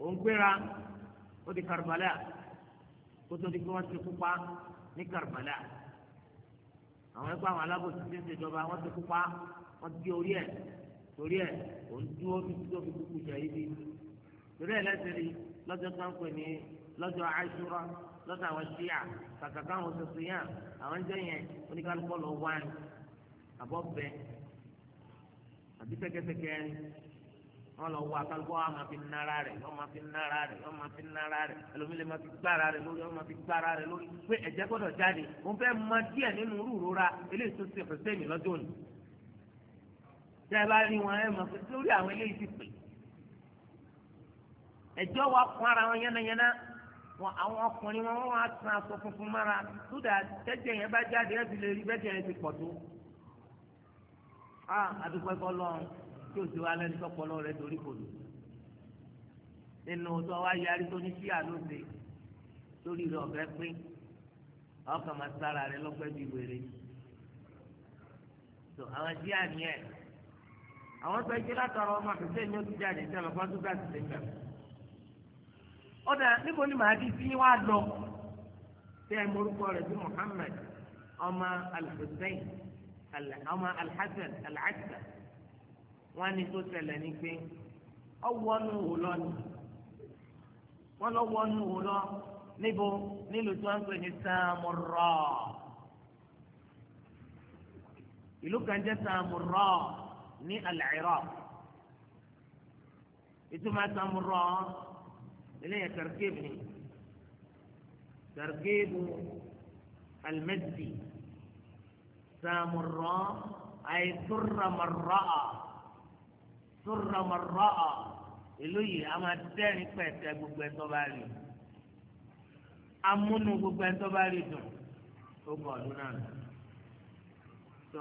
òun gbéra ó di Karbala kótó di pé wọ́n ti kópa ní Karbala àwọn ẹgbẹ́ àwọn alábòsí ti ń ṣèjọba wọ́n ti kópa wọ́n ti gé orí ẹ̀ torí ẹ̀ òun dúró fi dúró fi kúkú jẹ ibi torí ẹ̀ lẹ́sẹ̀ rí lọ́jọ́ tó ń pè ní lọ́jọ́ àṣúrà lọ́jọ́ àwọn ṣíà kàkà káwọn tuntun yàn àwọn jẹ́ yẹn oníkálukọ́ lọ wá ní àbọ̀bẹ àbí tẹ́kẹ́tẹ́kẹ́ wọn lọ wá kálukọ wọn máa fi nára rẹ wọn máa fi nára rẹ wọn máa fi nára rẹ ẹlòmílẹ máa fi gbára rẹ lórí wọn máa fi gbára rẹ lórí pé ẹ̀jẹ̀ gbọ́dọ̀ jáde òun fẹ́ẹ́ mọ díẹ̀ nínú rúurora eléyìí tó ṣe fẹsẹmì lọ́jọ́ òní tẹ bá rí wọn ẹ mọ pé lórí àwọn eléyìí ti pè ẹ̀jẹ̀ wa kún ara wọn yánnayánná wọn àwọn ọkùnrin wọn wọn á san aṣọ funfun mára tó tẹjẹ yẹn bá jáde ẹ fi lè rí bẹjẹ yẹn ti pọ̀ tó ah, a àdúgbò ẹgbẹ Ọlọ́run tí o ti wá lẹ́nu tọ́pọ̀lọ́ rẹ torí kò lò nínú tó wá yarí tó ní síyà ló ṣe lórí rẹ ọ̀fẹ́ pín ọkàn máa sára rẹ lọ́pẹ́ bíi wèrè tó àwọn síyà nìyẹn àwọn tó ẹjẹ látara ọmọ àtúntò ẹni ó jáde tí ọlọ́pàá tó gbà sí ẹgbẹ́ ọdà níbo ni màá di sí wá lọ tẹ morúkọ rẹ sí Muhammad ọmọ Al-Hussein ọmọ Al-Hasan wọ́n á ní tó ṣẹlẹ̀ ni to sàmúrọ̀ ìlú kan jẹ́ sàmúrọ̀ ní àlàyérọ̀ ìtumọ̀ sàmúrọ̀ eléyà kẹrìkẹ́bù lọ wọ́nù wò lọ níbo nílùú tí wọ́n ń pè ní Samurra ìlú kan jẹ́ Samurra ní al-Iraq ìtumọ̀ Samurra eléyà tarkib ni tarkib al-maddi Samurra ay turra marra'a. tó rọmọrọ ọ ìlú yìí a máa dẹ́rìn pẹ̀tẹ́ gbogbo ẹ̀ tó bá rí amúnú gbogbo ẹ̀ tó bá rí dùn ó ọdún náà tó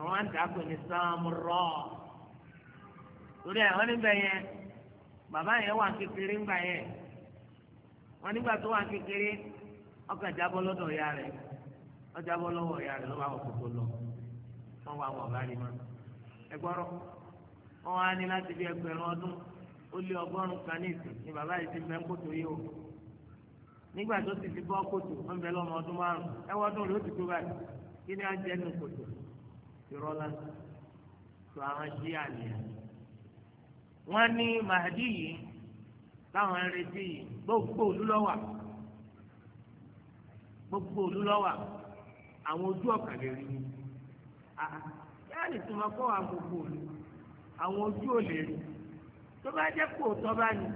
wọn ní bàbá yẹn wà kékeré ńgbà yẹn nígbà tó wà kékeré ọkàn jábọ́ lọ́dọ̀ ọjàbọ́ lọ́wọ́ lọ́wọ́ àwọn kòkó lọ wà wọ̀ bá wọn á ní láti bí ẹgbẹ̀rún ọdún ó lé ọgọ́rùn kan ní ìsìn ni bàbá yìí ti bẹ́ ń kótó yìí o nígbà tó ti fi bọ́ kótó ó ń bẹ lọ́mọ ọdún márùn ẹwọ́ ọdún rẹ̀ ti tó báyìí kí ni á jẹ́ nu kótó ìrọ́ lásán tó àwọn ṣí àníyàn. wọ́n ní Mahdi yìí táwọn ń retí yìí gbogbo òlú gbogbo òlú àwọn ojú ọ̀kàlẹ̀ rí ni. yáà ní tí wọ́n kọ́ wa gbogbo àwọn ojú ò lè rí tó bá jẹ́ kó tọ́ bá ní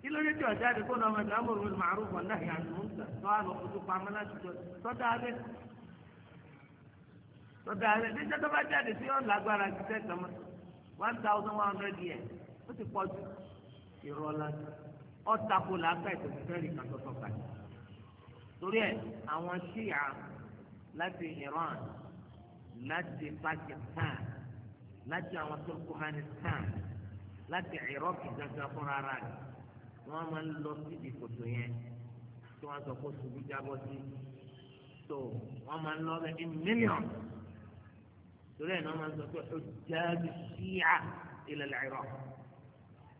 kí ló dé tí ọ̀dà àti kó náà mẹ́ta amúrò ní màrú wọn náà yà ló ń tẹ̀ tó àná ojú pamọ́ láti jọ sọ́dọ̀ abẹ́ sọ́dọ̀ abẹ́ níjẹ́ tó bá jáde sí ọ̀nà agbára ti tẹ̀sán mọ́ one thousand one hundred years ó ti pọ̀ jù ìrọ̀lá ọ̀tàkùn làákà ìtòkùtẹ́rì kan tó tọ́ka jù torí ẹ̀ àwọn ṣíyà láti Iran láti Pakistan láti àwọn tó Afghanistan láti Iraq gàgà fúnra rà ní wọ́n máa ń lọ síbi kòtò yẹn tí wọ́n sọ pé ṣubú jábọ́ sí tó wọ́n máa ń lọ bẹ́ẹ̀ ní mílíọ̀nù torí ẹ̀ náà máa ń sọ pé ó jáde síyà ilẹ̀ Iraq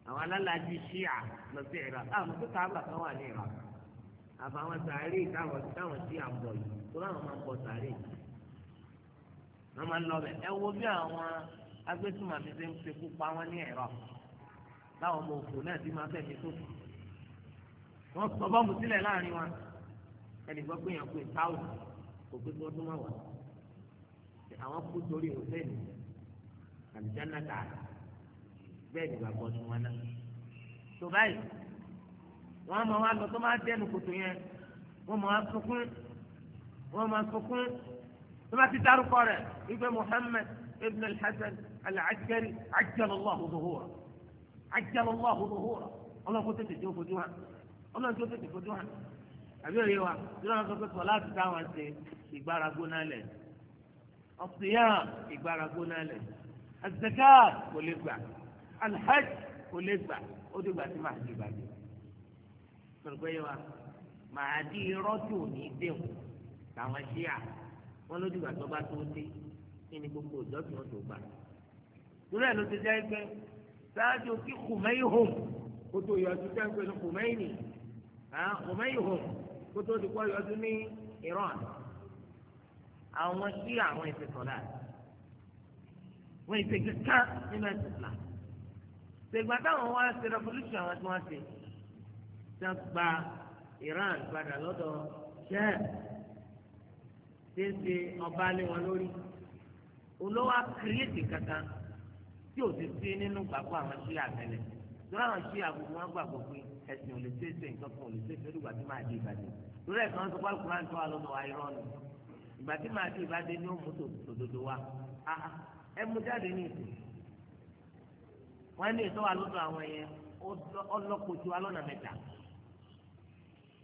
àwọn alálàájì ṣíà lọ sí Iraq àwọn tó káàbà kan wà ní Iraq àbáwọn sàárè táwọn táwọn sí àbọ̀ yìí tó láwọn máa ń bọ̀ sàárè wọ́n máa ń lọ bẹ̀ ẹ wo bí àwọn agbésùnmọ̀ mi ṣe ń fekú pa wọ́n ní ẹ̀rọ láwọn ọmọ òkú náà ti máa fẹ́ mi tó kù wọ́n sọ bọ́ọ̀mù sílẹ̀ láàrin wa ẹnì gbọ́ pé èèyàn pé táwọn kò pé kí wọ́n tún máa wà àwọn kú torí òsèlú àlùjáná tààrà bẹ́ẹ̀ ni bàbá ọdún wọn náà tó báyìí wọ́n á máa wá lọ tó máa dẹnu kòtò yẹn wọ́n máa sunkún wọ́n máa sunkún tó bá ti dárúkọ rẹ̀ wípé Muhammad ibn al-Hasan. العسكري عجل الله ظهوره عجل الله ظهوره ọlọ́run kó tètè jó fojú hàn ọlọ́run tó tètè fojú hàn àbí òye wa ìlànà sọ pé sọ láti táwọn ṣe ìgbára gbóná lẹ̀ ọ̀sìyà ìgbára gbóná lẹ̀ àzẹ̀ká kò lè gbà alhaj kò lè gbà ó dìgbà tí màá di ìbàdí sọ̀rọ̀ yẹ wa màá di rọ́jò ní dẹ́wọ̀ làwọn ṣíà wọn ló dìgbà tó bá tó dé kí ni gbogbo ìjọ́sìn ọ̀dọ̀ gbà torí ẹ̀ ló ti jẹ́ pé ṣáájú kí kùmẹ́yì hùm kó tó yọjú jẹ́ pé ní kùmẹ́yì nì kùmẹ́yì hùm kó tó ti kọ́ yọjú ní Iran àwọn sí àwọn ètò sọ̀dá wọ́n ètò kíkà nínú ẹ̀sìn Islam ṣègbà táwọn wá ṣe revolution àwọn tí wọ́n ṣe ṣe gba Iran padà lọ́dọ̀ ṣẹ́ẹ̀ ṣe ń ṣe ọba lé wọn lórí olówó akérèdè kankan tí ò ti sí nínú gbàgbọ́ àwọn ṣí àtẹlẹ lórí àwọn ṣí àgbègbè wọn gbàgbọ́ pé ẹ̀sìn ò lè ṣe é ṣe nǹkan kan ò lè ṣe é ṣe lùgbà tí máa di ìbàdí lórí ẹ̀sán tó wáá kúrán tó wà lọ́nà wa irọ́ ni ìgbà tí máa di ìbàdí ni ó mú tòdodo wa ẹ mú jáde ní ìsìn wọn ní ìtọ́ wa lọ́dọ̀ àwọn yẹn ọlọ́kọ̀tù wa lọ́nà mẹ́ta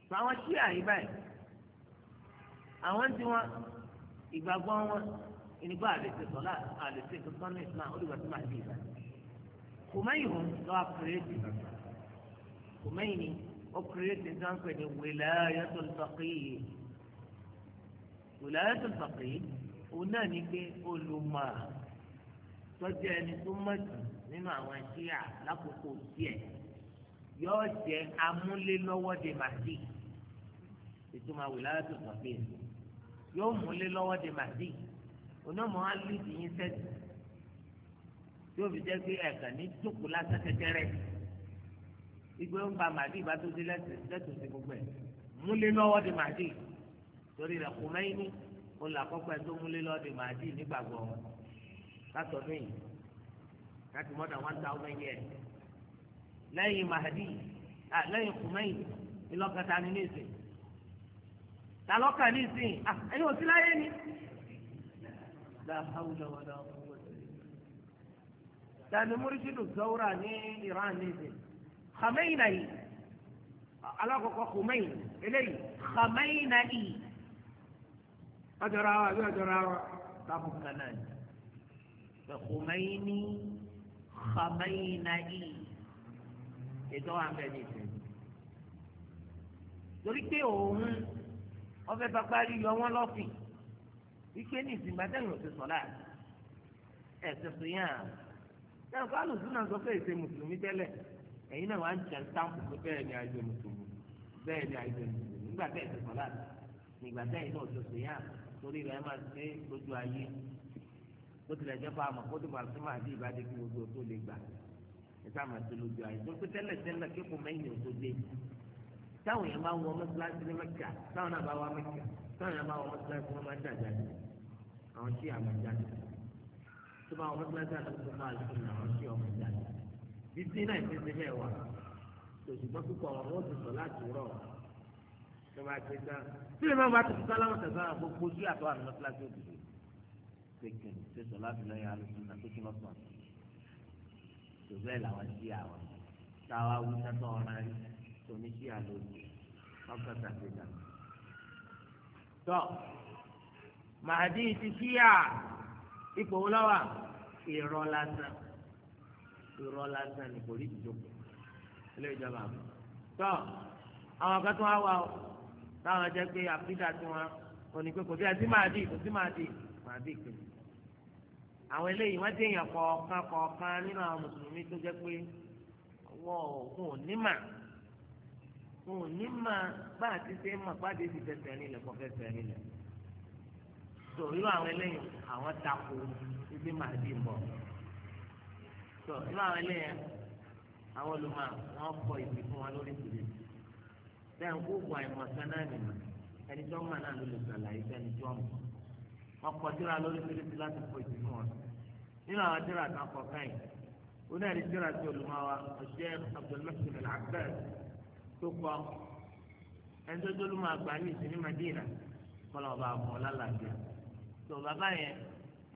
tó àwọn ṣí àyíbáyìí àwọn tí wọn ìgbàgbọ́ wọn ìnigbà àlèsè sọlá àlèsè tuntun ní islam ó lè wà sí màá di ìgbà kòmẹ́yìn hùn lọ́wọ́ kìrẹ́tì kòmẹ́yìn ni ó kìrẹ́tì ní sáńpẹ̀ ní wilayatul faqih wilayatul faqih òun náà ní pé olùmọ̀ tọ́jú ẹni tó mọ̀jù nínú àwọn ṣíà lákòókò díẹ̀ yóò jẹ́ amúlélọ́wọ́de màsí ìtumọ̀ wilayatul faqih yóò múlélọ́wọ́de màsí onímọ̀ á lù dì yín sẹ́sì yóò fi jẹ́ pé ẹ̀kàn ní jókòó lásán tẹ́tẹ́rẹ́ ìgbé ń ba màdì ìbá tó dé lẹ́tọ̀ọ́ sí gbogbo ẹ̀ múlé lọ́wọ́ di màdì torí rẹ̀ kò mẹ́yìn ní olùkọ́kọ́ ẹ̀ tó múlé lọ́wọ́ di màdì nígbàgbọ́ látọ̀dún yìí láti more than one thousand years lẹ́yìn màdì lẹ́yìn kò mẹ́yìn ìlọ́kàtà ni ní ìsìn tàlọ́kà ní ìsìn ẹ̀yìn òsínláyé ni la hawla wala quwwata tani muriṣidu zawura ní iran níbi xamẹ́yìn náà yìí alakoko xumẹ́yìn eléyìí xamẹ́yìn náà yìí ọjọ́ra wa bí ọjọ́ra wa káfọ́ kan náà yìí xumẹ́yìn ní xamẹ́yìn náà yìí ètò wa ń bẹ ní ìsìn torí pé òun ọfẹ bàbá yìí yọ wọn lọfìn ìpè ní ìsìn gbàdẹ́yìn òsè sọ̀lá ẹ̀sẹ̀ sìyàn náà kọ́ àlùsùn náà sọ pé èsè mùsùlùmí tẹ́lẹ̀ ẹ̀yin náà wà ń jẹ sáǹpù pé bẹ́ẹ̀ ni àìsè mùsùlùmí bẹ́ẹ̀ ni àìsè mùsùlùmí nígbà tẹ́ ẹ̀sẹ̀ sọ̀lá nígbà tẹ́yìn náà òsè sìyàn torí rẹ̀ máa ṣe lójú ayé bó tilẹ̀ jẹ́ pa àmọ́ kótó màsúmà àti ìbàdí kí gbogbo tó lè gbà ẹ̀sà máa ṣe lójú ayé tó pé tẹ́lẹ̀ tẹ́lẹ̀ kíkù mẹ́yìn òtó dé táwọn yẹn máa wọ mọ́sálásí ní mẹ́kà táwọn náà bá wá mẹ́kà táwọn yẹn máa wọ mọ́sálásí wọn máa dàgbà jù àwọn tí àwọn jáde tó bá wọn fẹ́ jáde tó bá àlùfẹ́ ní àwọn tí ọmọ jáde bí sí náà ti ṣe bẹ́ẹ̀ wà tòṣùgbọ́n púpọ̀ wọn ó ti sọ láti rọ̀ tó bá ti sá tí lè má bá ti sá láwọn tẹ̀sán àwọn gbogbo sí àtọ́ àwọn mọ́tíláṣí òdòdó pékin tó sọ láti lẹ́yìn alùpùpù náà tó ti lọ sàn tó bẹ́ẹ̀ làwọn sí àwọn táwa wí sátọ́ ọ̀ràn rí tó ní sí àlọ́ òdòdó wọn kọ́ sàgbéga màdí ti ṣíà ipò wọn lọ́wọ́ irọ́ lásán irọ́ lásán ni kò rí ìjókòó ilé ìjọba tó àwọn kan tó wá wà ó táwọn jẹ́ pé àfíríkà tí wọn kò ní pé kò sí àti màdí kò sí màdí màdí kejì àwọn eléyìí wọ́n déyàn kọ̀ọ̀kan kọ̀ọ̀kan nínú àwọn mùsùlùmí tó jẹ́ pé wọ́n ò ní mà wọn ò ní mà bá àti ṣe mà bá àti ṣe fẹsẹ̀ nílẹ̀ kọ́ fẹsẹ̀ nílẹ̀ tó irú àwọn eléyìí àwọn tako ibi máa di bọ̀ tó irú àwọn eléyìí àwọn olùmọ̀ wọn kọ ìdí fún wọn lórí ìdílé bẹ́ẹ̀ ń kókò àìmọ̀sán náà nìyẹn ẹni tó ń mọ̀ náà ló lè sàlàyé sẹ́ni tó ń mọ̀ wọn kọ síra lórí ìdílé tí láti kọ ìdí fún wọn nínú àwọn síra kan kọ káyìn wọn náà lè síra sí olùmọ̀ wa ọ̀ṣẹ́ Abdulmasin al tó kọ ẹni tó dólúmọ̀ àgbà ní ìsinmi Madina kọlọ̀ ọba àbọ̀ ọ̀lá làbíyà. tó bàbá yẹn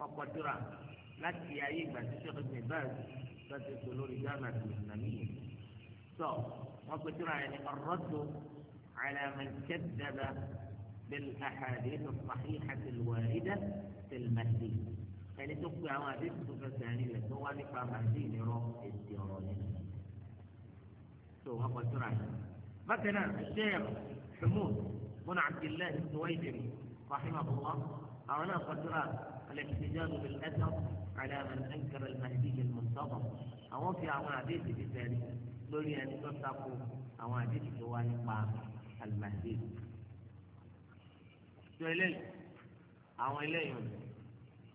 ọkọ̀ dúra láti ayé ìgbà tí sèkè ní báyìí yìí tó tó lórí yẹn tó nàmì yìí tó wọn pè dúra yẹn ní ọ̀rọ̀dù àlàmẹ̀kẹ́dàbà bẹ́ẹ̀ àhàdé tó fàáyé àti lùwàrídà tẹ̀lé màdì ẹni tó pe àwọn àdéhùn tó fẹsẹ̀ rìn lẹ̀ tó wá nípa màdì nírọ̀ èdè màdé ìnirọ́ ètè ọ̀rọ̀ yẹn tó wọ́n yẹn tó wọn pè dúra yẹn bákan náà ṣẹ́ẹ̀rù ṣùgbọ́n mọ́nà àbdìlẹ́ ìṣòwò ìdè àwọn náà kọjúra alẹ́kìtìjáde bíi ẹ̀tọ́ àlẹ́ àwọn ẹ̀ńkẹrẹ ìmọ̀lẹ́díje mọ̀tọ́bọ̀ àwọn fi àwọn àdéhùn ti tẹ̀lé lórí ẹni tó takò àwọn àdéhùn tó wá nípa àlùmáṣe. tó eléyìí àwọn eléyìí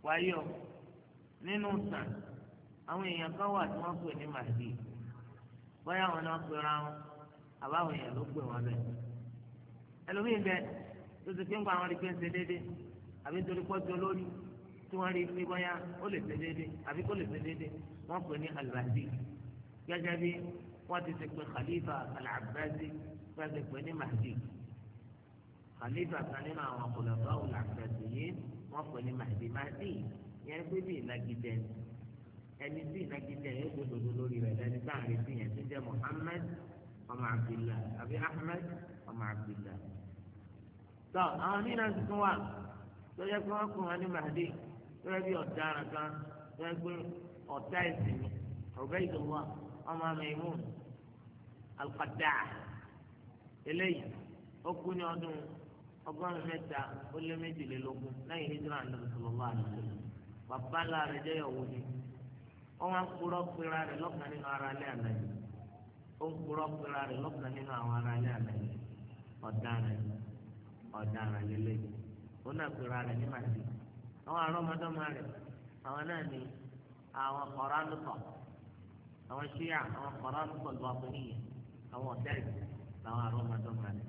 wáyé o nínú ìtàn àwọn èèyàn kan wà tí wọ́n pè ní màdì bóyá àwọn náà pera wọn àbáwọn èèyàn ló pè wọn bẹ́ẹ̀ ẹlòmíín bẹ́ẹ̀ tó ti fi ń pa àwọn rí pé ń ṣe déédéé àbí nítorí pọ́jọ lórí tí wọ́n rí pé bọ́yá ó lè ṣe déédé àbí kó lè ṣe déédé wọ́n pè ní alibasi gẹ́gẹ́ bí wọ́n ti ṣe pé khalifa alabasi wọ́n ti pè ní mahdi khalifa kan nínú àwọn akọlọ́fà olùlàbasi yìí wọ́n pè ní mahdi mahdi yẹn pé bí ìnagijẹ ẹni tí ìnagijẹ yẹn kó dodo lórí rẹ̀ lẹ́ni tá à ń yẹn ti jẹ́ muhammed ọmọ abdullah àbí ahmed ọmọ abdullah. tó àwọn mìíràn tuntun wà lọ́jọ́ pé wọ́n kún wọn ní màdé lọ́jọ́ bí ọ̀daràn kan lọ́jọ́ pé ọ̀tá ẹ̀sìn ni Ubaydullah ọmọ Maymun al-Qadda' eléyìí ó kú ní ọdún ọgọ́rùn-ún mẹ́ta ó lé méjìlélógún lẹ́yìn hijra Nabi sallallahu alaihi wasallam bàbá ńlá rẹ̀ jẹ́ ìyàwó ni wọ́n wá ń kúrọ́ pera rẹ̀ lọ́kàn nínú ara alẹ́ àná yìí ó ń kúrọ́ pera rẹ̀ lọ́kàn nínú àwọn ara alẹ́ àná yìí ọ̀daràn ọ̀daràn lélẹ́yìí òun náà pera rẹ̀ ní màsí àwọn àrọ́mọdọ́mọ rẹ̀ àwọn náà ní àwọn kọ̀ránùkọ̀ àwọn ṣíà àwọn kọ̀ránùkọ̀ lọ́wọ́ pé nìyẹn àwọn ọ̀dẹ́rì làwọn àrọ́mọdọ́mọ rẹ̀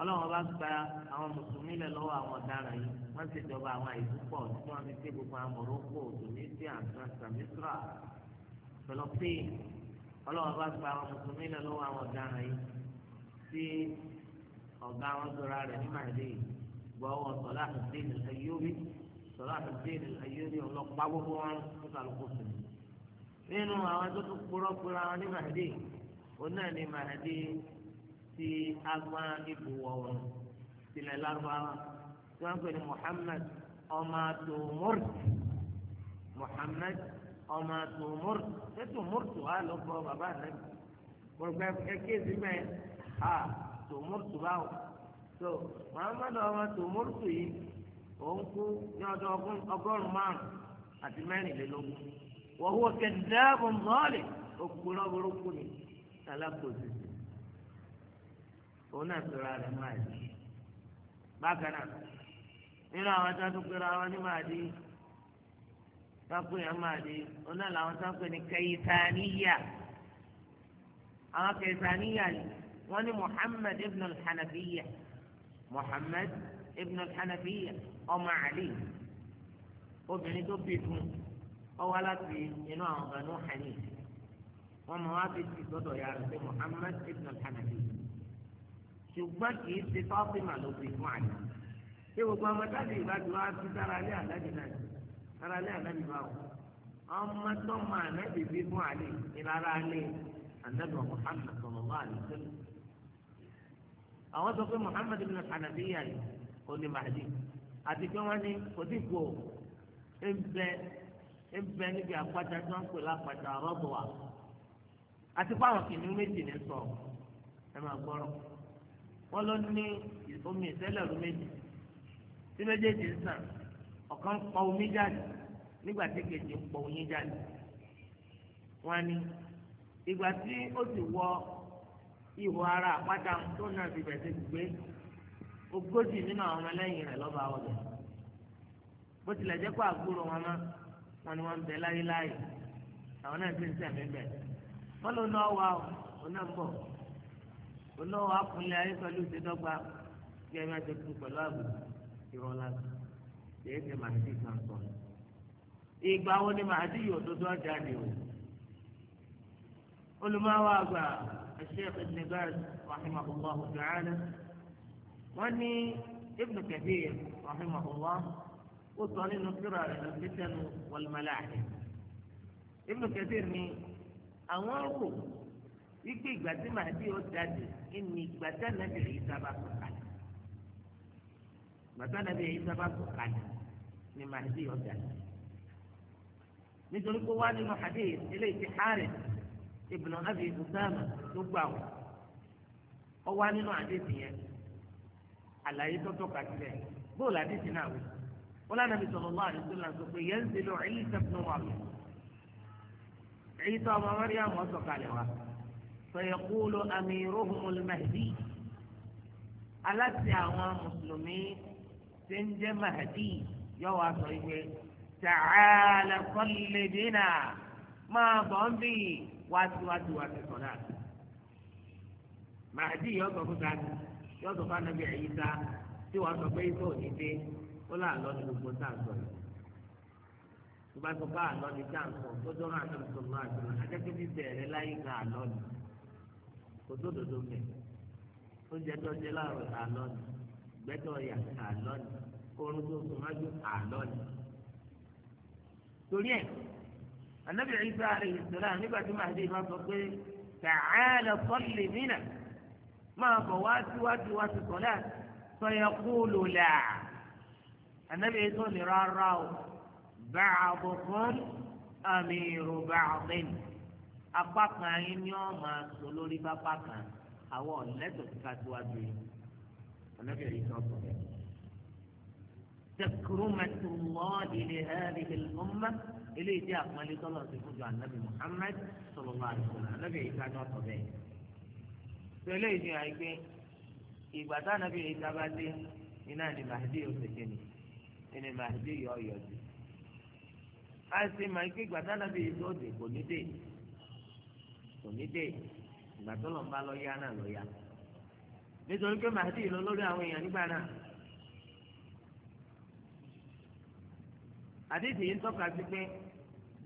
ọlọ́wọ́n bá gba àwọn mùsùlùmí lẹ lọ́wọ́ àwọn ọ̀daràn yìí wọ́n ti jọba àwọn àìsàn tí wọ́n fi dé gbogbo àwọn Morocco Tunisia Transnistria Philippines ọlọ́wọ́n bá gba àwọn mùsùlùmí lẹ lọ́wọ́ àwọn ọ̀daràn yìí tí ọ̀gá wọn sọra rẹ̀ ní màdé وهو صلاح الدين الأيوبي صلاح الدين الأيوبي ọlọ́pàá gbogbo wọn tó kálukú fún mi. nínú àwọn tó tún kúrọ́ kúrọ́ àwọn ní màdé òun náà ní màdé ti agbá ibù wọ̀wọ̀ tilẹ̀ lárúbáwá tí wọ́n ń pè ní Muhammad ọmọ àtòmọ́rì Muhammad ọmọ àtòmọ́rì tètò mọ́rìtò wà lọ́gbọ́ bàbá rẹ̀ gbọ̀gbẹ́ kékeré bẹ́ẹ̀ ha tòmọ́rìtò báwò so muhammadu ọmọ tòmórùtù yìí òun kú ní ọdún ọgọ́rùn-ún márùn-ún àti mẹ́rìnlélógún wọ́n wọ́n kẹ́ńdẹ́ẹ́bù mọ́ọ̀lì òkúrọ́ burúkú ni alákòóso òun náà sọ̀rọ̀ rẹ̀ máa yìí bákan náà nínú àwọn tó tún pera wọn ní máa di sápò yẹn máa di òun náà làwọn sápò ní kẹyìtàníyà àwọn kẹyìtàníyà yìí wọn ní muhammad ibn al-hanafiya. Muhammad ibn al-Hanafiya ọmọ Ali obìnrin tó bí fún ọ wá láti inú àwọn Banu Hanif wọn mọ wá fi ti sọ́dọ̀ ya rẹ̀ pé Muhammad ibn al-Hanafiya ṣùgbọ́n kì í ṣe Fátímà ló bí fún Ali ṣé gbogbo ọmọ tábìlì ìbájú wa ti sára ilé àlájì náà sára ilé àlájì wa o ọmọ tó máa náà bìbí fún Ali ìlara alẹ́ àdàbọ̀ Muhammad sallallahu alaihi wasallam àwọn sọ pé Muhammad ibn Hanafiya yìí kò ní Mahdi àti pé wọ́n ní kò sí kú o ń bẹ níbi àpáta tó ń pè lápáta rọ́bù wa àti pé àwọn kìnìún méjì ní sọ ẹ máa gbọ́rọ̀ wọ́n ló ní omi ìtẹ́lẹ̀ rú méjì tí méjèèjì ń sàn ọ̀kan pọ omi jáde nígbà tí kejì ń pọ oyin jáde wọ́n ní ìgbà tí ó sì wọ ihò ara àpáta tó náà ti bẹ̀sẹ̀ gbé ogójì nínú àwọn ọmọlẹ́yìn rẹ̀ lọ́ba ọ̀dọ̀ bó tilẹ̀ jẹ́ kó àgbúrò wọn mọ́ wọn ni wọ́n ń bẹ láyé láàyè àwọn náà ti ń sẹ̀mí bẹ̀ wọ́n ló náà wà ó náà ń bọ̀ ó náà wà kúnlẹ̀ ayé pẹ̀lú ìṣèdọ́gba bí ẹni àti kú pẹ̀lú àbò ìrọ̀lá kìí ṣe màdí kan sọ ìgbà wo ni màdí yòó dodo ọjà ni o olùmọ̀ àwọn àgbà. الشيخ ابن باز رحمه الله تعالى وأن ابن كثير رحمه الله وصل نصرة للفتن والملاحم ابن كثير ni àwọn rò wípé ìgbà tí màá bí ó jáde ní ìgbà tí ànábì yìí sábà sọ kalẹ̀ ìgbà tí ànábì yìí sábà sọ kalẹ̀ ni màá bí ó jáde nítorí pé wá nínú hadith eléyìí ti hárẹ̀. ibnu abi usama ló gbà wọn ọ wá nínú àdéhùn yẹn àlàyé tó tọ́ka sílẹ̀ bóòlù àdéhùn náà wò wọn lànà bí sọlọ lọ́wọ́ àdéhùn náà sọ pé yẹn ń ṣe lọ ẹ̀yìn ìṣẹ́fún tó ọmọ àwọn wa àwọn mùsùlùmí mahdi yọ wá sọ ìwé tààlà dínà wá síwájú wa ti sọ̀rọ̀ àti. màdí yọ sọ fún gani yọ sọ fún anabi Ìsá tí wọ́n sọ pé Ìsá òní dé ó là lọ ní gbogbo tá à ń sọ yìí. tó bá sọ pé àlọ́ ni tá à ń sọ tó dọ́rọ̀ àtàwọn sọ máa sọ ajẹ́pẹ́ ti bẹ̀rẹ̀ láyé ga àlọ́ ni kò tó dòdò mẹ́ oúnjẹ tó jẹ láàrọ̀ àlọ́ ni gbẹ́tọ̀ yà àlọ́ ni oorun tó sùn májú àlọ́ ni torí ẹ̀ anabi isa alayhi salam nígbà tí mahdi máa sọ pé ta'ala salli bina máa bọ̀ wá síwájú wá sí sọlá sayaqulu la anabi isa ni rárá o ba'dukum amiru ba'din apá kan yín ni wọn máa sọ lórí pápá kan àwọn ọ̀lẹ́tọ̀ ti ká síwájú yìí anabi isa sọ bẹ́ẹ̀. تكرمة الله لهذه الأمة eléyìí jẹ́ àpọ́nlé tọ́lọ̀ sí fún jọ ànábì Muhammad sallallahu ànábì yìí sọ pé ìgbà tá ànábì yìí bá dé iná ni yóò ṣe kéde ẹni yóò a sì pé ìgbà tá ànábì yìí tó dé kò ní dé kò ní dé lọ yá náà lọ yá. nítorí pé yìí lọ lórí àwọn èèyàn nígbà náà tọ́ka sí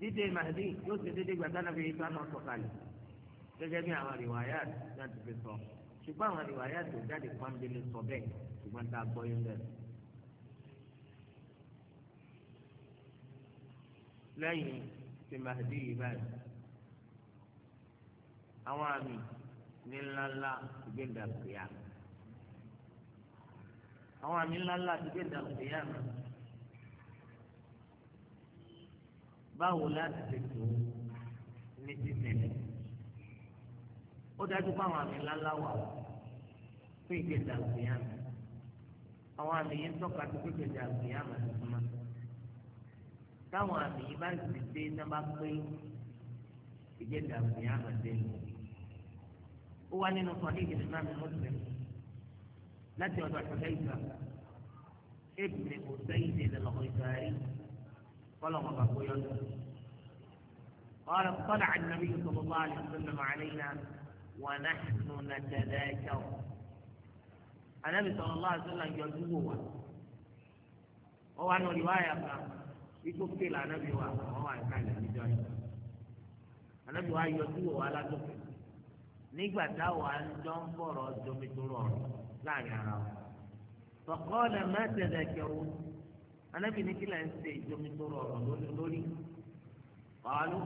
dídé Mahdi yóò ṣe dédé gbàtà nàbí yìí sánà sọ̀kalẹ̀ gẹ́gẹ́ bí àwọn àríwáyà náà ti fi sọ ṣùgbọ́n àwọn àríwáyà tó jáde pàmbélé sọ bẹ́ẹ̀ ṣùgbọ́n tá a gbọ́ yín bẹ́ẹ̀. lẹ́yìn ti Mahdi yìí báyìí àwọn àmì ní ńláńlá ìgbéǹdà kìíyà àwọn àmì ńláńlá ìgbéǹdà kìíyà náà. báwo láti ṣe tó ní títẹ̀lé ó dájú pé àwọn àmì ńláńlá wà fún ìgbésẹ̀ àgbéyàmù àwọn àmì yìí ń tọ́ka tó ìgbésẹ̀ àgbéyàmù àti súnmọ́ táwọn àmì yìí bá sì dé sábà pé ìgbésẹ̀ àgbéyàmù dé lò ó wá nínú sọ̀rọ̀ ìgbésẹ̀ náà ní mọ́tò láti ọ̀dọ̀ àtọ̀lẹ́yìn ìgbà ébùnẹ̀ kò sẹ́yìn ìdè lọ́kọ̀ ìgbà rí. قال ما قال اطلع النبي صلى الله عليه وسلم علينا ونحن نتذاكر النبي صلى الله عليه وسلم يجوه هو أنه رواية يكفي النبي وهو كان يجوه النبي وهو يجوه ولا تكفي nígbà táwa ń jọ ń bọ̀rọ̀ jomitoro láàrin ara فقال ما تذاكرون anábì ní kí là ń ṣe ìjomi tó rọrùn lórí lórí ọ̀ọ́lù